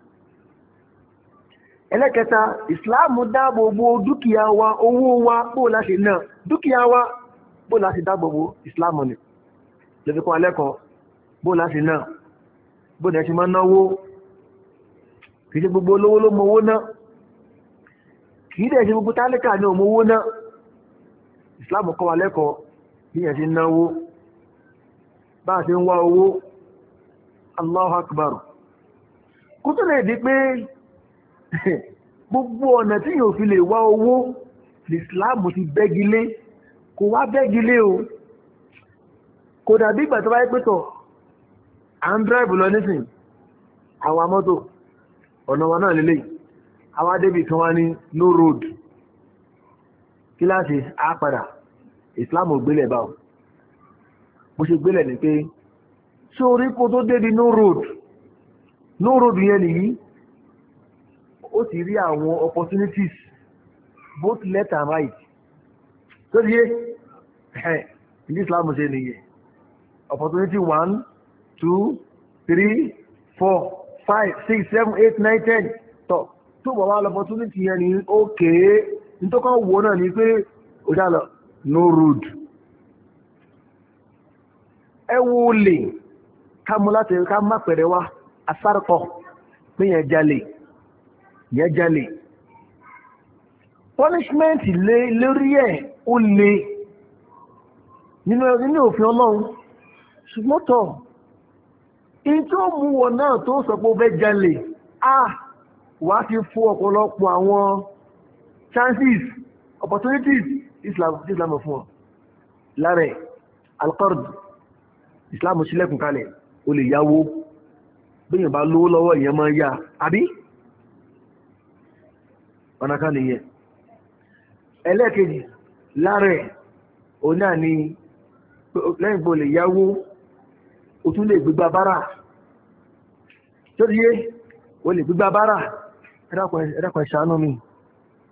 Speaker 1: ẹlẹ́kẹta islam dáàbò bo dúkìá wa owó wa bó láti náà dúkìá wa bó láti dáàbò bo islam ni lẹ́fikọ́ alẹ́kọ̀ọ́ bó láti náà bó dẹ̀ ti máa náwó kìí ṣe gbogbo olówó ló mọ owó náà kìí dẹ̀ ṣe gbogbo tálíkà ní ọmọ owó náà islam kọ́ wa lẹ́kọ̀ọ́ bí yẹn náwó bá ṣe ń wá owó allahu akbar kó tó lè di pé (laughs) gbogbo ọ̀nà tí yóò fi lè wá owó islam ti bẹ́gilé kò wá bẹ́gilé o kò dàbí ìgbà tó bá yẹ tọ̀ à ń dráìbù lọ nísìn àwọn amọ́tò ọ̀nà wa náà lélẹ́yìí àwọn adébì kan wá ní no road kíláàsì á padà islam ò gbélẹ̀ báwọn bó ṣe gbélẹ̀ ni pé ṣé orí kó tó débi no road no road yẹn nìyí ó ti rí àwọn opportunities both left and right tó di yé ní islam ṣe nìyẹn opportunity one two three four five six seven eight nine ten tọ́. tó bọ̀ wá lọ opportunity yẹn ni ó kéé nítọ́kọ́ wò náà ni pé ó no road ẹ wo lè ká mú láti ká má pẹ̀rẹ̀ wá asárpọ̀ pé yẹn jalè yẹn jalè punishment lé lórí ẹ̀ ó le nínú òfin ọlọ́run ṣùgbọ́n tọ̀ èyí mú wọ náà tó sọ pé ó fẹ́ jalè ah wà á ti fún ọ̀pọ̀lọpọ̀ àwọn chances opportunities islam islam fún ọ lára alqard islam sílẹ̀kùn kalẹ̀ o lè yáwó bíyàn bá lówó lọ́wọ́ ìyẹn máa yá àbí ọ̀nà kan nìyẹn ẹlẹ́ẹ̀kejì lára òun náà ni lẹ́yìn bó lè yáwó o tún lè gbégbá bára tó díye o lè gbégbá bára ẹ̀dàkùn ẹ̀ṣánú mi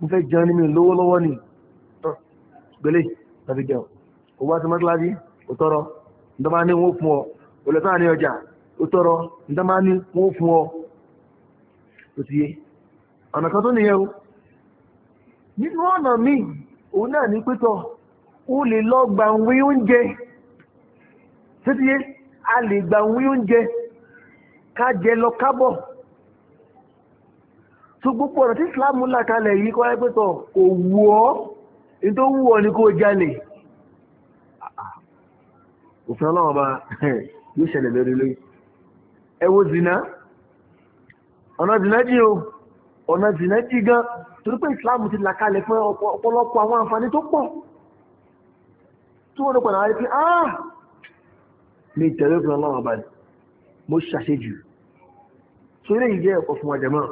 Speaker 1: ń fẹ́ jẹun ní mi lówó lọ́wọ́ ni gbélé tàbí jẹun owó àti mọ́tíláàbí ọ olùtọ́ àní ọjà ó tọrọ ọ tó ti yé ọ̀nà o nínú ọ̀nà mi, òun náà ní pẹ́tọ̀ ó lè lọ gbàǹwé oúnjẹ títí a lè gbàǹwé oúnjẹ ká jẹ lọ kábọ̀ so gbogbo ọ̀rọ̀ tí islam là kalẹ̀ yìí kọ́ ẹgbẹ́tọ̀ kò wù ọ́ ní tó wù ọ́ ní kó jalè òfin ọlọ́wọ́ bá (laughs) yóò ṣẹlẹ̀ lórí lórí ẹ zina ọ̀nà zina jí o ọ̀nà zina jí gan torí pé islam ti là kalẹ̀ fún ọ̀pọ̀lọpọ̀ àwọn àǹfààní tó pọ̀ tí wọ́n lọ́pọ̀ náà wáyé pé ah mi tẹ̀lé òfin ọlọ́wọ́ bá mo ṣàṣejù sórí èyí jẹ́ ẹ̀kọ́ fún ọjà mọ́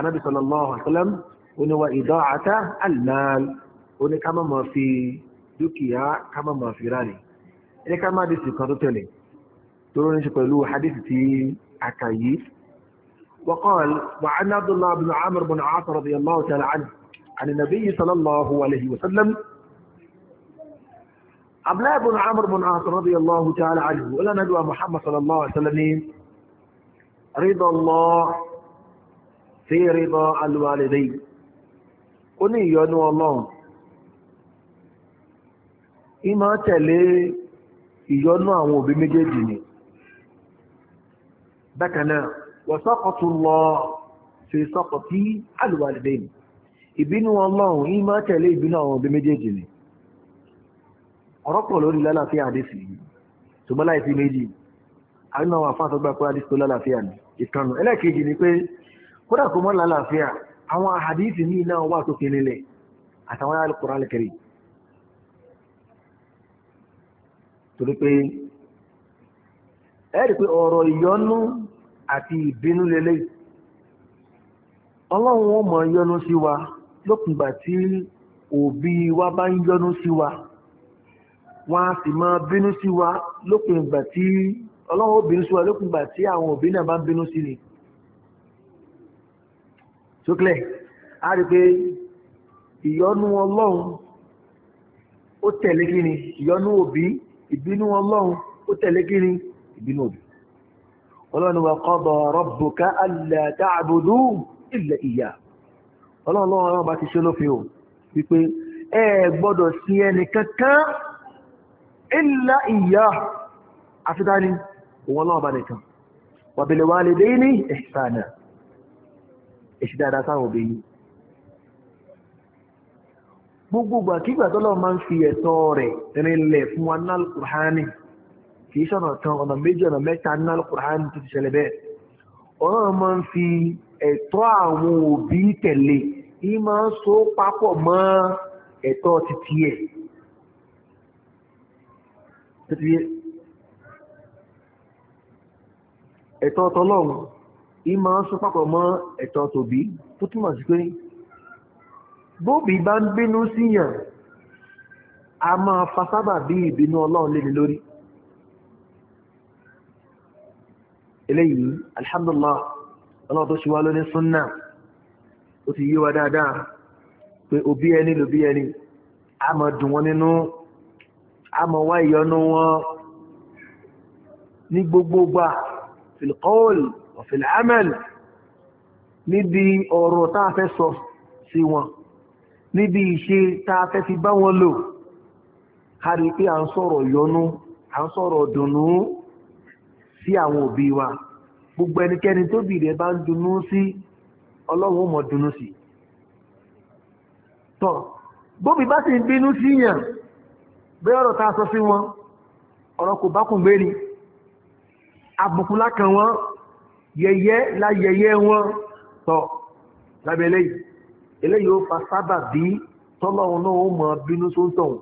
Speaker 1: النبي صلى الله عليه وسلم وني وإضاعة المال وني كما ما في دوكيا كما ما في راني إني كما دي سيكون تولي تولي شكولو حديث تي أكايف وقال وعن عبد الله بن عامر بن عاص رضي الله تعالى عنه عن النبي صلى الله عليه وسلم عبد الله بن عامر بن عاص رضي الله تعالى عنه ولا ندوى محمد صلى الله عليه وسلم رضى الله fi ríbọ alùwàlèdè ó ní ìyọnú ọlọ́run ìmọ̀ tẹ̀lé ìyọnú àwọn òbí méjèèjì ni bákan náà wọ̀sọ́kọ̀tù lọ fi sọ́kọ̀ tí alùwàlèdè ìbínú ọlọ́run ìmọ̀ tẹ̀lé ìbínú àwọn òbí méjèèjì ni ọ̀rọ̀pọ̀ lórí lálàáfíà àdìsí ṣùgbọ́n láì fi méjì àwọn àwọn àfáàsọgbà pé àdìsí tó lálàáfíà ní ìkànnù ẹlẹ́ẹ̀kejì ni pé kódà kó mọ́ lálàáfíà àwọn àhàdìsì ní iná wà tó kìnnìlẹ̀ àtàwọn al-Qur'an al-Karim torí pé ẹ̀rì pé ọ̀rọ̀ ìyọnú àti ìbínú lélẹ̀ ọlọ́run wọn mọ̀ yọnú sí wa lókùngbà tí òbí wa bá ń yọnú sí wa wọn a sì máa bínú sí wa lókùngbà tí ọlọ́run ó bínú sí wa lókùngbà tí àwọn òbí náà bá ń bínú sí ni sókèlè a rí pé ìyọ́nú ọlọ́run ó tẹ̀lé kí ni ìyọ́nú òbí ìbínú ọlọ́run ó tẹ̀lé kí ni ìbínú òbí ọlọ́run wa qada rabbuka alla ta'budu illa iya ọlọ́run lọ́wọ́ ọlọ́run bá ti ṣe lófin èsì dáadáa sáwọn òbí yìí gbogbogbò àkígbà tọ́lọ́ máa ń fi ẹ̀tọ́ rẹ̀ rinlẹ̀ fún wa náà kùránì kì í sọ̀nà kan ọ̀nà méjì ọ̀nà mẹ́ta náà kùránì tó ti ṣẹlẹ̀ bẹ́ẹ̀ ọ̀nà máa ń fi ẹ̀tọ́ àwọn òbí tẹ̀lé ní máa ń so papọ̀ mọ́ ẹ̀tọ́ títí ẹ̀ ẹ̀tọ́ tọ́lọ́run ìmọ̀ ń sún papọ̀ mọ́ ẹ̀tọ́ tòbí tó túmọ̀ sí pé bóbi bá ń bínú síyàn a máa fa sábà bí ìbínú ọlọ́run lé ní lórí eléyìí alhamdulillah ọlọ́run tó ṣe wá lóní súnnà ó ti yé wa dáadáa pé òbí ẹni lòbí ẹni a máa dùn wọn nínú a máa wá ìyọnu wọn ní gbogbo gbà fìlkọ́ọ̀lù وفي العمل níbi ọ̀rọ̀ táa fẹ́ sọ sí wọn níbi ìṣe táa fẹ́ fi bá wọn lò a rí pé à ń sọ̀rọ̀ yọnú à ń sọ̀rọ̀ dùnú sí àwọn òbí wa gbogbo ẹnikẹ́ni tóbi rẹ̀ bá ń dùnú sí ọlọ́run mọ̀ dùnú sí tọ́ bóbi bá sì ń bínú síyàn bí ọ̀rọ̀ táa sọ sí wọn ọ̀rọ̀ kò bá kùn gbérí àbùkù lákàn wọn yẹyẹ láyẹyẹ wọn tọ̀ lábẹ́lẹ́ yìí eléyìí ó fa sábà bí tọ́lọ́run náà ó mọ̀ bínú sóńtọ̀hún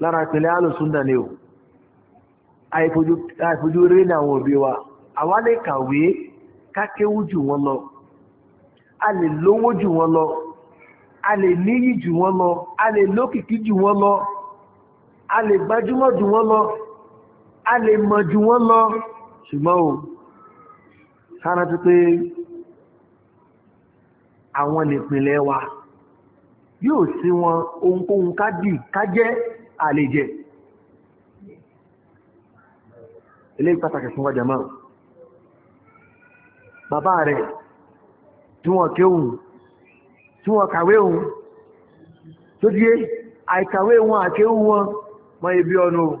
Speaker 1: lára ìpínlẹ̀ alùsúndà ni o àìfojú rí ní àwọn òbí wa àwa lè kàwé kákéwú jù wọn lọ a lè lówó jù wọn lọ a lè níyì jù wọn lọ a lè lókìkí jù wọn lọ a lè gbajúmọ̀ jù wọn lọ a lè mọ̀ jù wọ́n lọ ṣùgbọ́n o sára tó pé àwọn nìpínlẹ̀ wa yóò sí wọn ohunkóhun ká dì ká jẹ́ àlejẹ̀ eléyìí pàtàkì fún wájà máa bàbá rẹ̀ tí wọ́n kéhùn tí wọ́n kàwé òun tó díé àìkàwé wọn àkéhùn wọn mọ́ ibi ọ̀nà òun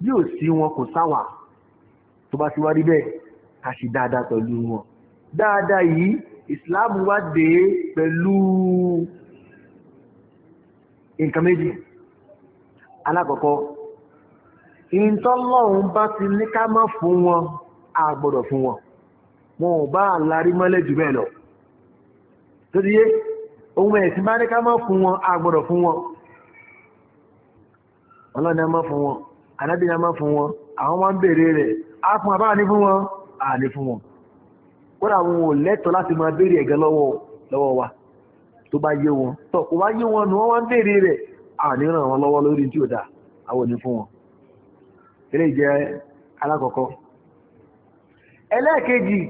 Speaker 1: bí ò sí wọn kò sáwà tó bá ti wá rí bẹ́ẹ̀ ká ṣe dáadáa pẹ̀lú wọn dáadáa yìí islam wá dé pẹ̀lú nǹkan méjì alákọ̀ọ́kọ́ ìtọ́lọ́run bá ti ní ká má fún wọn a gbọ́dọ̀ fún wọn wọn ò bá lárí mọ́lẹ̀ jù bẹ́ẹ̀ lọ tó ti yé ohun ẹ̀sìn bá ní ká má fún wọn a gbọ́dọ̀ fún wọn ọlọ́ni a má fún wọn ànábì náà máa fún wọn àwọn máa ń béèrè rẹ̀ á fún abáà ní fún wọn à ní fún wọn kódà wọn ò lẹ́tọ̀ọ́ láti máa béèrè ẹ̀gẹ́ lọ́wọ́ lọ́wọ́ wa tó bá yé wọn tọ̀ kò bá yé wọn ni wọ́n wá ń béèrè rẹ̀ à ní ràn wọn lọ́wọ́ lórí tí ò dáa àwọn ò ní fún wọn eléyìí jẹ́ alákọ̀ọ́kọ́ ẹlẹ́ẹ̀kejì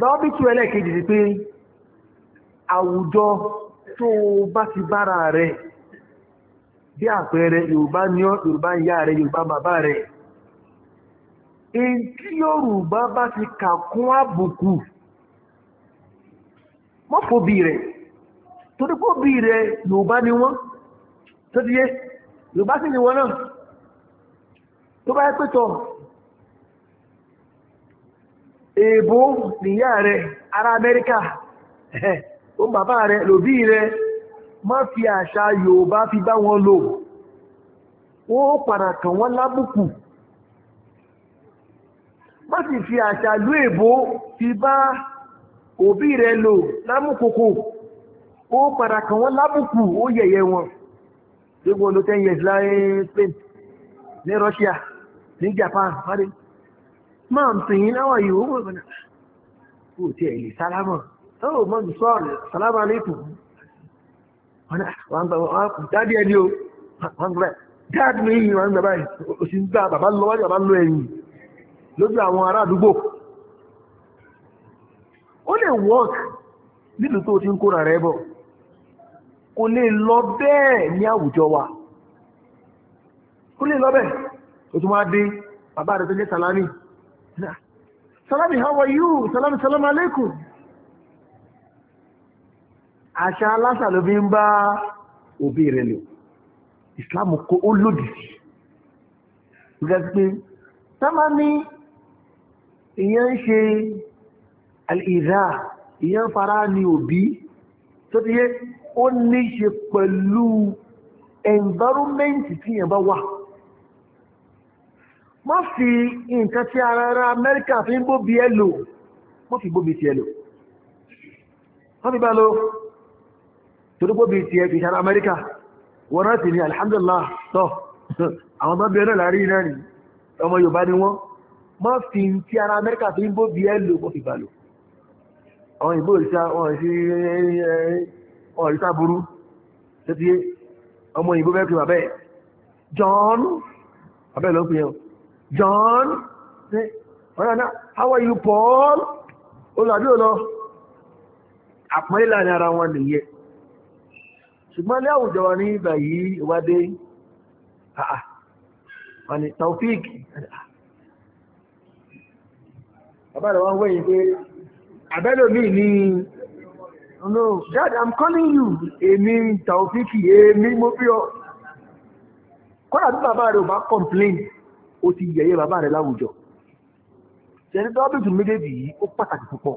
Speaker 1: lọ́bítù ẹlẹ́ẹ̀kejì ni pé àwùjọ tó bá ti bára rẹ̀ bí àpẹẹrẹ yorùbá ní yorùbá ń yá rẹ̀ yorùbá bàbá rẹ̀ èyí tí yorùbá bá ti kà kún àbùkù mọ́fòbí rẹ̀ torí kó bí rẹ yorùbá ni wọ́n tó ti yorùbá ni wọ́n náà tó bá yẹ tọ̀ èèbó nìyá ará amẹ́ríkà (laughs) ó bàbá má fi àṣà Yorùbá fi bá wọn lò ó padà kàn wọ́n lábùkù má sì fi àṣà ìlú èbó fi bá òbí rẹ lò lámùkòkò ó padà kàn wọ́n lábùkù ó yẹ̀yẹ́ wọn gbogbo ló ten years láàrin Spain ní Russia ní Japan parí máa ń pè yín láwọn yìí ó wọ̀ bọ̀nà kò tiẹ̀ lè sálámọ̀ ó mọ̀ sọ́ọ̀rọ̀ sálámọ̀ alékùn wọ́n gbà wọ́n dáadé ẹni o wọ́n gbà dáadé ní ìyìn wọ́n gbà báyìí o sì ń gbà bàbá lọ wájú bàbá lọ ẹ̀yìn lójú àwọn ará àdúgbò ó lè work nílùú tó ti ń kóra rẹ bọ̀ kò lè lọ bẹ́ẹ̀ ní àwùjọ wa kò lè lọ bẹ́ẹ̀ o tún máa dé bàbá rẹ jẹ́ salami salami how are you salami salami alaikum àṣà aláṣà ló fi ń bá òbí rẹ̀ lò islam kó ó lòdì sí nígbà pé sábà ní ìyẹn ń ṣe àlìdá ìyẹn fara ni òbí tó ti yẹ ó ní ṣe pẹ̀lú environment tí yẹn bá wà má fi nǹkan tí ara ara amẹ́ríkà fi ń bóbi ẹ lò má fi bóbi ti ẹ lò má fi bá lọ torípò bíi tiẹ̀ kìí ṣára amẹ́ríkà wọ́n rántí ní alhamdulillah tọ́ àwọn tó bẹ̀rẹ̀ láàrin náà ni ọmọ yorùbá ni wọ́n má fi ń tí ara amẹ́ríkà fi ń bó bí ẹ lò kó fi bà lò àwọn ìbò ìṣá ọ̀rìṣà burú títí ọmọ ìbò bẹ́ẹ̀ fi bàbẹ́ John John how are you Paul olùdàdúró lọ àpọ́nlé láàrin ara wọn nìyẹn ṣùgbọ́n ní àwùjọ ní ìgbà yìí ìwádé ààrẹ taufik àbára wọn wẹ́yìn pé àbẹ́lò mi ní no dad i'm calling you èmi taufik èmi mo fi ọ kọ́nà bí bàbá rẹ̀ bá complain ó ti yẹ̀yẹ́ bàbá rẹ̀ láwùjọ ṣẹ̀rí dọ́bìtì méjèèjì yìí ó pàtàkì púpọ̀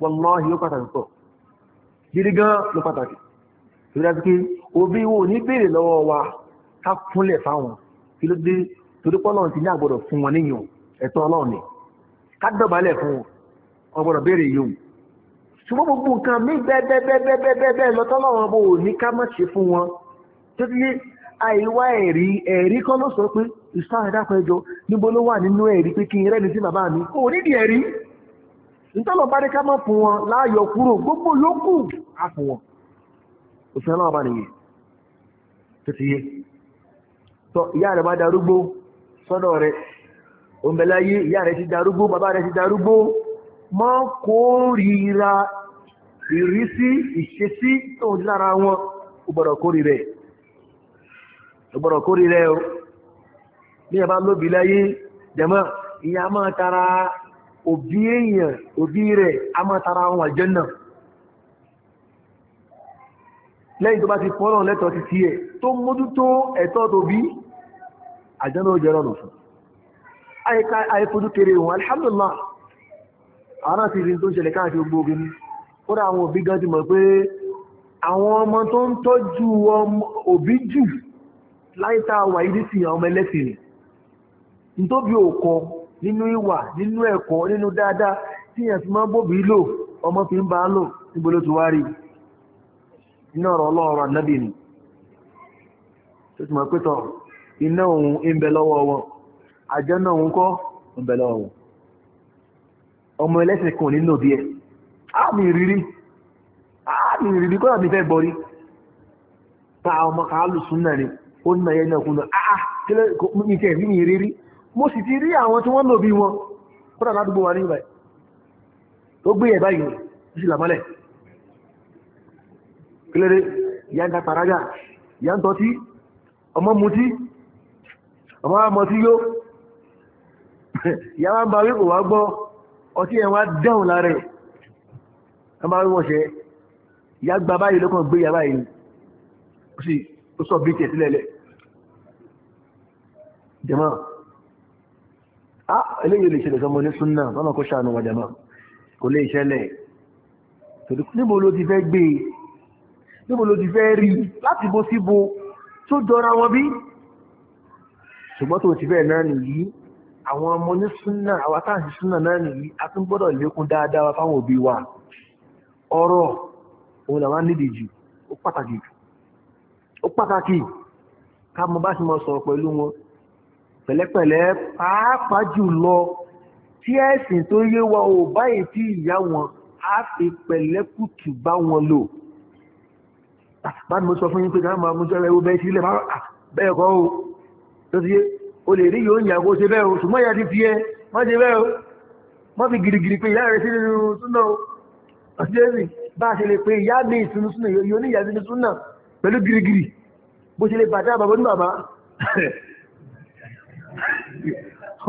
Speaker 1: wallahi ó pàtàkì púpọ̀ gidi gan ló pàtàkì ìrẹ́sì pé òbí wo ní béèrè lọ́wọ́ wa ká kúnlẹ̀ fáwọn kí ló dé torí pé ọlọ́run ti ní àgbọ̀dọ̀ fún wọn níyàn ẹ̀tọ́ ọlọ́run ni ká dọ̀bálẹ̀ fún wọn wọn gbọ́dọ̀ béèrè yòówù ṣùgbọ́n gbogbo nǹkan mí bẹ́ẹ̀bẹ́ẹ̀bẹ́ẹ̀bẹ́ẹ̀ lọ́tọ́lọ́wọ́n bò ní ká má ṣe fún wọn tó ti àìwá ẹ̀rí ẹ̀rí kan ló sọ pé ìsáàdápọ̀ ẹjọ́ níbo ló wà nínú ẹ̀rí pé kí n rẹ́ni sí bàbá òfin ọlọ́wọ́ bá nìyẹn tó ti yé tọ́ ìyá rẹ̀ bá darúgbó sọ́dọ̀ rẹ̀ òǹbẹ̀láyé ìyá rẹ̀ ti darúgbó bàbá rẹ̀ ti darúgbó mọ́ kórìíra ìrísí ìṣesí tó ń lára wọn ó gbọ́dọ̀ kórìíra ó gbọ́dọ̀ kórìíra o ní ẹ̀bá lóbi láyé jẹ̀mọ́ ìyá rẹ̀ lẹ́yìn tó bá ti fọ́nà lẹ́tọ̀ ti tí ẹ̀ tó mójútó ẹ̀tọ́ tó bí àjánà ó jẹ́rọ̀ nù fún àìfojú kéré alhamdulillah àwọn ti rí tó ń ṣẹlẹ̀ káàkiri gbogbo ogun kódà àwọn òbí gan ti pé àwọn ọmọ tó ń tọ́jú òbí jù wà ọmọ ẹlẹ́sìn òkọ nínú ìwà nínú ẹ̀kọ́ nínú dáadáa máa ń lò iná ọ̀rọ̀ ọlọ́ọ̀rọ̀ ànábì ni tó ti mọ̀ pé tọ̀ iná òun ń bẹ lọ́wọ́ wọn àjẹ́ náà òun kọ́ ń bẹ lọ́wọ́ wọn ọmọ ẹlẹ́sìn kan nínú òbí ẹ̀ àmì ìrírí àmì ìrírí kọ́nà mi fẹ́ bọ̀rí ta ọmọ kàálù súnà ni ó nà yẹn náà kún lọ àà kílẹ̀ mi tẹ̀ mí ìrírí mo sì ti rí àwọn tí wọ́n lò bí wọn kọ́nà ládùúgbò wa ní ìbàyẹ̀ tó gbé ẹ̀ báyìí ó sì làmọ́lẹ̀ kílẹ̀rẹ́ ya ń ta tàrájà ya ń tọ́tí ọmọ mutí ọmọ mọtí yó ya wá ń ba wí kò wá gbọ́ ọtí ẹ̀ wá dáhùn lára ẹ̀ a máa wọ́n ṣe ya gba báyìí lọ́kàn gbé ya báyìí ó sì ó sọ bí tẹ̀sílẹ̀lẹ̀ jẹ́mọ́ ah eléyìí lè ṣẹlẹ̀ sọmọ ní súnà lọ́nà kó ṣàánú wa jẹ́mọ́ níbo ló ti fẹ́ rí láti bo síbo tó jọra wọn bí ṣùgbọ́n tó ti bẹ́ẹ̀ náà nìyí àwọn ọmọ ní súnà àwọn táàsì súnà náà nìyí a tún gbọ́dọ̀ lékún dáadáa wa fáwọn òbí wa ọ̀rọ̀ òun làwọn nídìí jù ó pàtàkì ó pàtàkì ká mo bá ti mọ sọ̀rọ̀ pẹ̀lú wọn pẹ̀lẹ́pẹ̀lẹ́ pàápàá jùlọ tí ẹ̀sìn tó yé wa ò báyìí tí ìyá wọn á fi pẹ̀lẹ́kùtù bá wọn lò bá mi sọ fún yín pé ká máa mú sọ́rọ̀ ẹwọ bẹ́ẹ̀ sílẹ̀ bẹ́ẹ̀ kọ́ o tó ti yé o lè rí yóò ń yàgò ṣe bẹ́ẹ̀ o ṣùgbọ́n ìyá ti fi ẹ má ṣe bẹ́ẹ̀ o má fi gìrìgìrì pé ìyá rẹ̀ sí nínú súnà o àti jẹ́rì bá a ṣe lè pe ìyá mi ìsinú súnà yóò ní ìyá sínú súnà pẹ̀lú gìrìgìrì bó ṣe lè bàtà bàbá ní bàbá ó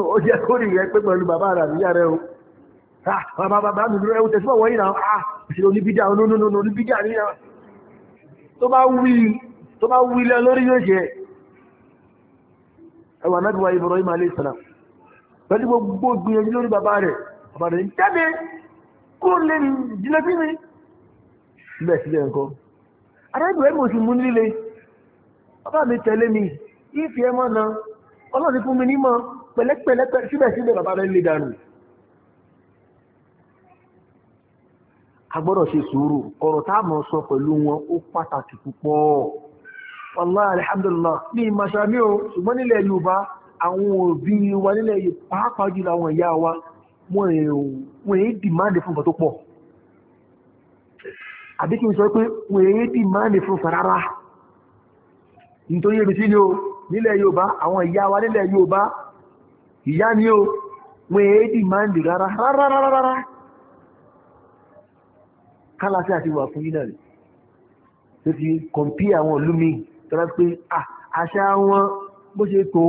Speaker 1: jẹ́ tó bá wí tó bá wí lẹ́ lórí yóò jẹ́ ẹwà náàbíwá Ibrahim alayhi salam pẹ̀lú gbogbo gbìyànjú lórí bàbá rẹ̀ bàbá rẹ̀ jáde kúrò lè jìnà sí mi síbẹ̀ síbẹ̀ nǹkan arábìwá ìmọ̀ sí mú nílé bàbá mi tẹ̀lé mi ìfì ẹmọ náà ọlọ́run fún mi nímọ̀ pẹ̀lẹ́pẹ̀lẹ́ síbẹ̀síbẹ̀ bàbá rẹ̀ lè dànù a gbọ́dọ̀ ṣe sùúrù ọ̀rọ̀ tá mọ̀ sọ pẹ̀lú wọn ó pàtàkì púpọ̀ wallahi alhamdulillah ní ìmọ̀ṣàmí o ṣùgbọ́n nílẹ̀ yorùbá àwọn òbí wa nílẹ̀ pàápàá jùlọ àwọn ìyá wa wọ́n èé dìmáàdì fún nǹkan tó pọ̀ àbí kí n sọ pé wọ́n èé dìmáàdì fún nǹkan nítorí èmi sí ni o nílẹ̀ yorùbá àwọn ìyá wa nílẹ̀ yorùbá ìyá ni o wọ́n èé dìmáàdì rárá rárá rárá kálásí àti wà fún yínà rẹ̀ tó fi kọ̀mpí àwọn olúmi tọ́lá pé àṣà wọn bó ṣe tó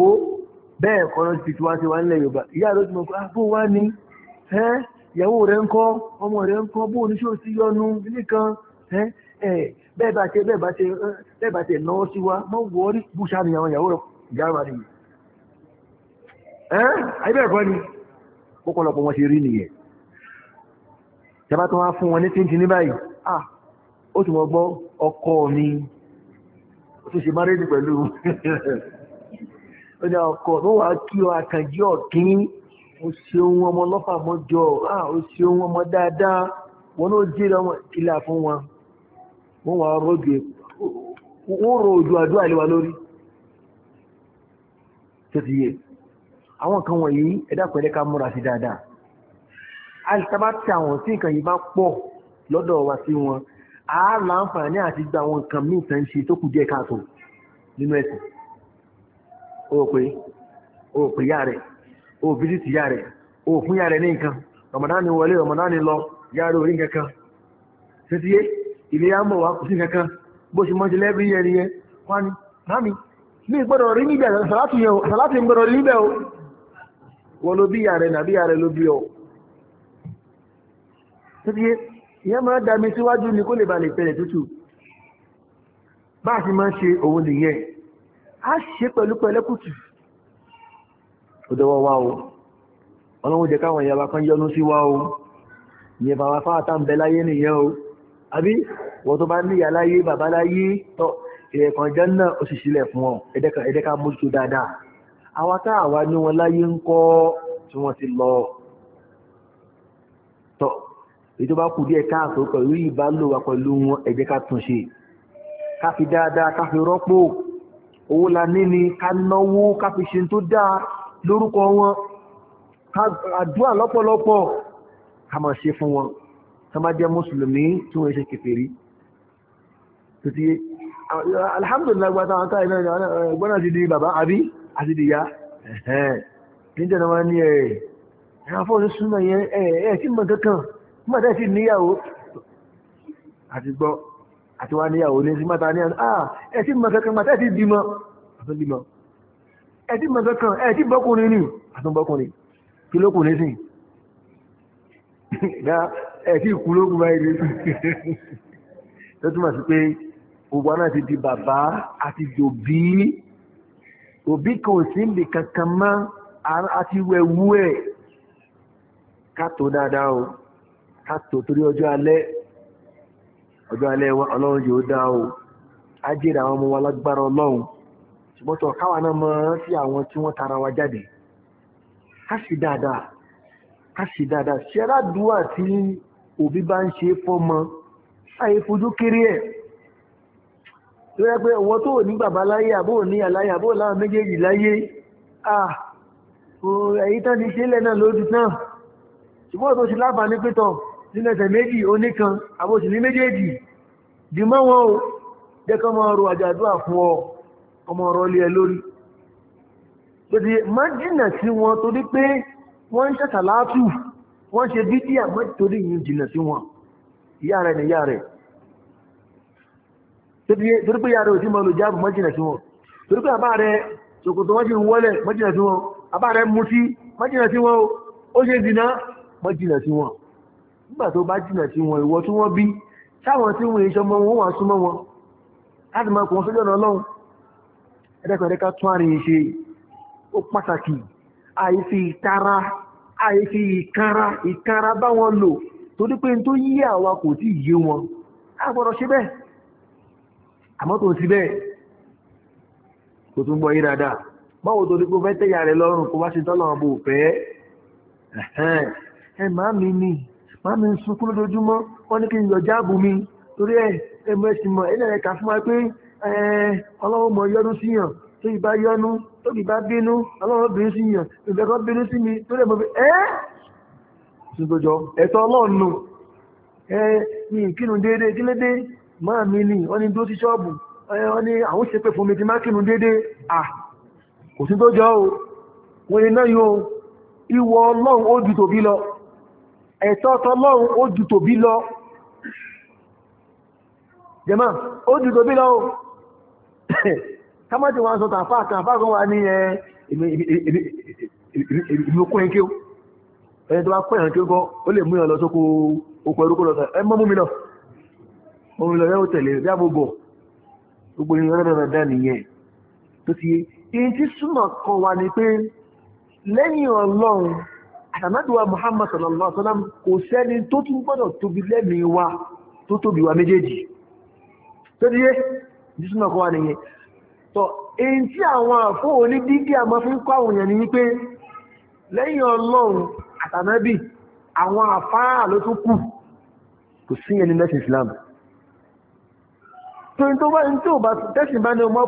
Speaker 1: bẹ́ẹ̀ kọ́nà ti tiwa ti wá nílẹ̀ Yorùbá ìyá rẹ̀ ti mọ̀ pé àbó wá ní ẹ́ ìyàwó rẹ̀ ń kọ́ ọmọ rẹ̀ ń kọ́ bó oníṣòwò sí yọnu nìkan ẹ́ ẹ́ bẹ́ẹ̀ bá ṣe bẹ́ẹ̀ bá ṣe bẹ́ẹ̀ bá ṣe náwó sí wa mọ́ wọ́ rí bùṣà ni àwọn ìyàwó rẹ̀ ìyá rẹ̀ ẹ́ àyíbẹ̀ ẹ̀kọ́ ni ó wọn ṣe rí nìyẹn tẹ́bá tó wá fún wọn ní tíntì ní báyìí ah ó tún mọ́ gbọ́ ọkọ mi ó tún ṣe márèdì pẹ̀lú (laughs) ó ní ọkọ tó wà kí ọ àkànjí ọ̀kín ó ṣe ohun ọmọ lọ́fà mọ́jọ ah ó ṣe ohun ọmọ dáadáa wọn ó jẹ́ ọmọ ìlà fún wọn wọ́n wà rọ́jò wọ́n rọ òjò àdúrà lé lórí tó ti yẹ àwọn kan wọ̀nyí ẹ̀dá pẹ̀lẹ́ ká múra sí dáadáa àìsàbá tí àwọn tí nǹkan yìí bá pọ̀ lọ́dọ̀ wa sí wọn a láǹfààní àti gba àwọn nǹkan míì tán ṣe tó kù díẹ̀ káàtó nínú ẹ̀sìn o rò pé o rò pé yá rẹ̀ o rò fíjìtì yá rẹ̀ o rò fún yá rẹ̀ ní nǹkan Ramadan ni wọlé Ramadan ni lọ yá rẹ̀ orí nǹkan kan títí yé ilé yá ń bọ̀ wá kù sí nǹkan kan bó ṣe mọ́ ṣe lẹ́bí yẹn nìyẹn wá ní rámi mi gbọ́dọ̀ rí níbẹ̀ sàlátì yẹn o sàlátì gbọ́dọ̀ rí níbẹ̀ o wọ́n ló bí yá rẹ̀ nàbí yá rẹ̀ ló bí ọ títí ìyẹn máa dami síwájú ní kó lè balẹ̀ ìpẹ̀lẹ̀ tútù bá a sì máa ṣe òun nìyẹn a ṣe pẹ̀lú pẹ̀lẹ́kùtù ọdọ́wọ́ o ọlọ́run jẹ́ káwọn ìyàwó kan yọnu sí wa o ìyẹn bàbá fáwátà ń bẹ láyé nìyẹn o àbí wọ́n tó bá ní ìyá láyé bàbá láyé tọ́ ìrẹ̀kan jẹ́nà ó sì sílẹ̀ fún ọ ẹ̀dẹ́ka mójútó dáadáa àwọn tá àwa èyí tó bá kù díẹ̀ káàtó pẹ̀lú ìbálò wa pẹ̀lú wọn ẹ jẹ́ ká tún ṣe ká fi dáadáa ká fi rọ́pò owó la níní ká náwó ká fi ṣe tó dáa lórúkọ wọn ká àdúrà lọ́pọ̀lọpọ̀ ká máa ṣe fún wọn tó bá jẹ́ mùsùlùmí tí wọ́n ṣe kèfèrí títí alhamdulillah gbata wọn táyì náà gbọ́nà ti di bàbá àbí àti di ìyá níjẹ́ ni wọ́n ní ẹ̀ yẹn ẹ̀ ẹ̀ kí mọ̀ kankan mọ́tẹ́ sí níyàwó àti gbọ́ àti wá níyàwó ní sí mọ́ta ní àà ah, ẹ̀tí mọ́kankan mọ́tẹ́ sí bímọ àtúndímọ ẹ̀tí mọ́kankan ẹ̀tí bọ́kùnrin ní àtúnbọ́kùnrin kí ló kù ní sìn ìdá ẹ̀tí ìkú ló kù báyìí tó túmọ̀ sí pé gbogbo náà ti di bàbá àti dòbí òbí kan ò sí níbi kankan mọ́ àti wẹ̀wú ẹ̀ ká tó dáadáa o kátó torí ọjọ́ alẹ́ ọjọ́ alẹ́ ọlọ́run yóò dá o ajẹ́rẹ́ àwọn ọmọ wa lágbára ọlọ́run ṣùgbọ́n tó káwa náà mọ sí àwọn tí wọ́n tara wa jáde ká sì dáadáa ká sì dáadáa ṣe aládùúwà tí òbí bá ń ṣe fọ́mọ láyé fojú kéré ẹ̀ tó yẹ pé ọwọ́ tó ní bàbá láyé àbó ní àláyé àbó láwọn méjèèjì láyé ah tán ti ṣe lẹ́nà lójú náà ṣùgbọ́n tó ṣe láǹfààní pé tán nínú ẹsẹ̀ méjì kan àbòsì ní méjèèjì dìmọ́ wọn o jẹ́ kọ́ máa ro àjàdúrà fún ọ ọmọ ọ̀rọ̀ ilé ẹ lórí tòdì má jìnà sí wọn torí pé wọ́n ń ṣẹ̀ṣà látù wọ́n ṣe bídíà má torí yìí jìnà sí wọn ìyá rẹ̀ nìyá rẹ̀ torí pé ìyá rẹ̀ ò sí mọ́ lò jáàbù má jìnà sí wọn torí pé àbá rẹ̀ ṣòkòtò wọ́n ṣe ń wọ́lẹ̀ má sí wọn àbá rẹ̀ mutí má jìnà sí wọn ó ṣe zìnà má sí wọn nígbà tó bá jìnà sí wọn ìwọ tí wọ́n bí sáwọn tí wọ́n èso mọ́ wọn wà súnmọ́ wọn láti máa kùn sójú ọ̀nà ọlọ́run ẹ̀dẹ́kan ẹ̀dẹ́ka tún àárín ṣe ó pàtàkì àìfi ìtara àìfi ìkara ìkara bá wọn lò torí pé tó yí àwa kò tí yé wọn a gbọ́dọ̀ ṣe bẹ́ẹ̀ àmọ́ tó ń ti bẹ́ẹ̀ kò tún gbọ́ yí dáadáa báwo torí pé ó fẹ́ tẹ̀yà rẹ̀ lọ́rùn kó bá ṣe tọ́lọ́run bò fẹ́ ẹ̀ máa mi ni máa mi sunkún lójoojúmọ́ wọ́n ní kí n yọ jáàbù mi torí ẹ̀ ẹmọ ẹ̀sìn mọ̀ ẹ̀lẹ́ rẹ̀ kà fún wa pé ọlọ́run mọ̀ yọnu sí yàn tó ìbá yọnu tó ìbá bínú ọlọ́run bínú sí yàn ìbẹ̀kọ́ bínú sí mi tó lè mọ̀ pé ẹ́ ṣùgbọ́jọ́ ẹ̀tọ́ ọlọ́run nù ẹ ní ìkírun déédéé kí máa mi nì wọ́n ní dúró sí ṣọ́ọ̀bù wọ́n ní àwọn ṣe pé fún mi ti má kírun déédéé à kò sí tó jọ o wọ́n ní yóò ìwọ ọlọ́run ó ju tòbí lọ ẹ̀tọ́ tọlọ́run ó ju tòbí lọ jẹmọ́ ó ju tòbí lọ o (coughs) kámọ́tí wọn sọ tàfà tàfà kan wà ní èmi okun ẹ̀kẹ́ o ẹni tó bá kọ́ ẹ̀hàn kí ó gọ́ ó lè mú ìyàn lọ sóko oko ẹrú kó lọ sọ ẹ mọ́ mú mi lọ mọ́ mi lọ yẹ́wò tẹ̀lé bí àbúgbọ̀ gbogbo ìyàn rẹ̀ dá nìyẹn tó ti yé èyí tí súnmọ̀ kan wà ní pé lẹ́yìn ọlọ́run àtàmádùwà Muhammad sallallahu alaihi wasallam kò sẹ́ni tó tún gbọ́dọ̀ tóbi lẹ́mìí wa tó tóbi wa méjèèjì tó díye jísúnà kọ́ wa tọ́ èyí tí àwọn àfọ́ òní dídí àmọ́ fi kọ́ àwọn ni pé lẹ́yìn ọlọ́run àtànábì àwọn àfáà ló tún kù kò sí yẹn lẹ́sìn Islam tó ń tó bá ń tó bá tẹ́sìn bá ní ọmọ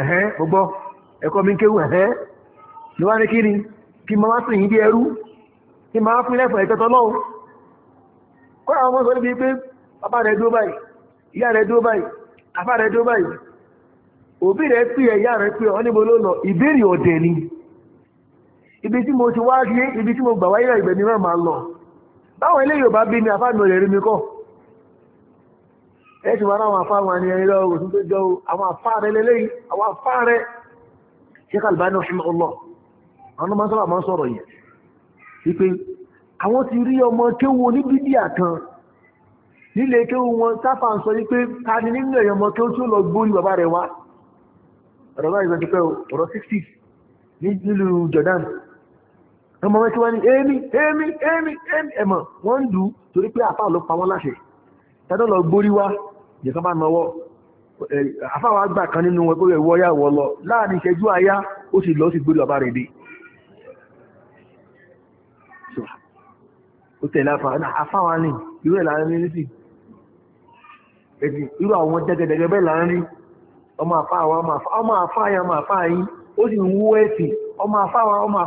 Speaker 1: Ehe, gbogbo ẹ̀kọ́ mi kéwù ẹ̀hẹ́ ló wá ní kí ni kí máa sìn yín bí ẹrú kí wá fún ilẹ̀ fẹ̀ẹ́ tẹ́tọ́ lọ́wọ́ kọ́ àwọn ọmọ sọ níbi pé bàbá rẹ̀ báyìí ìyá rẹ̀ báyìí àfá rẹ̀ báyìí òbí rẹ̀ ni ibi tí mo ti wá sí ibi tí mo gbà wáyé ẹ̀ẹ́sì wọn àwọn afá wọn ni ẹni lọ òsùn tó jọ àwọn afá rẹ lélẹ́yìn àwọn afá rẹ Sheikh Albani rahimahullah àwọn ọmọ sábà máa ń sọ̀rọ̀ yìí wípé àwọn ti rí ọmọ kéwu oníbídíà kan nílé kéwu wọn sáfà ń sọ wípé ta ni nínú ẹ̀yọ́ ọmọ kéwu tí ó lọ gbórí bàbá rẹ̀ wá ọ̀rọ̀ báyìí lọ ti pẹ́ ọ̀rọ̀ 60 nílùú Jordan ọmọ wọn wọ́n ní èmi èmi èmi ẹ̀mọ̀ wọ́n ń dù torí pé àfà ló pa láṣẹ tẹ́tọ́ lọ gbórí wá nìkan bá nọwọ́ afáwọn àgbà kan nínú wọn ìwọ lọ láàrin ìṣẹ́jú àyá ó sì lọ sí gbé lọ bá rẹ̀ dé ó tẹ̀lé afáwọn ní irú ẹ̀ láàrin ní sí irú àwọn dẹ́gẹ̀dẹ́gẹ́ bẹ́ẹ̀ láàrin ọmọ ọmọ ọmọ ó sì ń wú ẹ̀sìn ọmọ ọmọ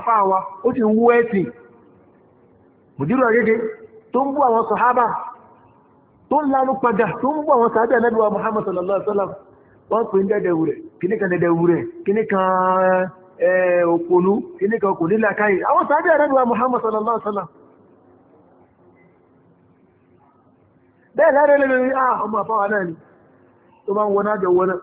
Speaker 1: ó sì ń wú tó lanu padà tó ń bọ̀ wọn sàábì ànábì muhammad sallallahu alaihi wọ́n pè ń dẹ́dẹ̀ wúrẹ̀ kíní kan dẹ́dẹ̀ wúrẹ̀ kíní kan òpònú kíní kan àwọn muhammad sallallahu alaihi wa bẹ́ẹ̀ lẹ́rẹ̀ lórí ah ọmọ àfáwà náà ni tó bá ń wọ náà jọ wàlá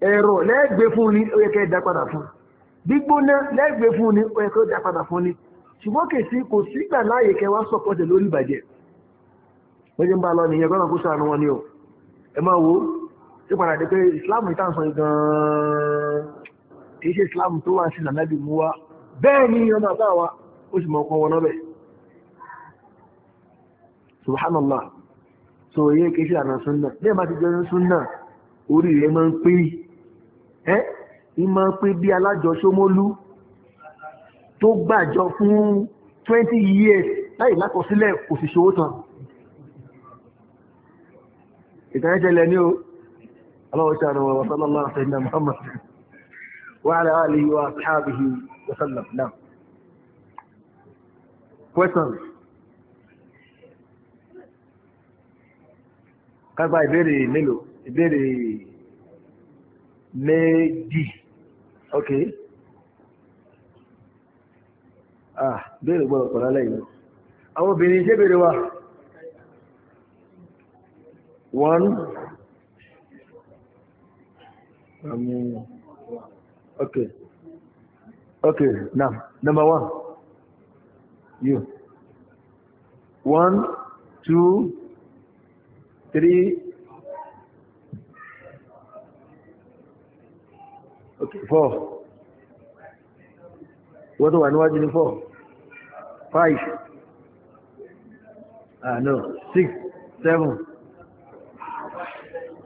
Speaker 1: ẹ̀rọ lẹ́gbẹ̀ẹ́ fún ní ó yẹ fún gbígbóná lẹ́gbẹ̀ẹ́ fún ní ó yẹ fún ní ṣùgbọ́n kì sí kò sígbà láàyè kẹ́ wá lórí ìbàjẹ́ wọ́n ti ni o ẹ máa wo ṣé padà dé pé ìsìláàmù ìtàn sọ gan-an kì í ṣe tó sí mú wa bẹ́ẹ̀ ni ọmọ àbá wa ó sì mọ ọkọ so sunna orí máa ń pín ẹ́ ìmọ̀ pé bí alájọṣọ́mọ́lú tó gbàjọ fún 20 years láì lákọsílẹ̀ kò sì ṣòwò tán ìtànẹ́jẹ̀lẹ̀ ní o aláwọ̀ṣà àwọn wasallallahu alaihi Muhammad wa ala alihi wa ashabihi wasallam náà questions kágbà ìbéèrè mélòó ìbéèrè méjì ok ah béèrè gbọ́dọ̀ pọ̀ lálẹ́ yìí àwọn obìnrin ṣé béèrè wa one um, ok ok now number one you one two three four wọ́n tó wà níwájú ní four five ah no six seven.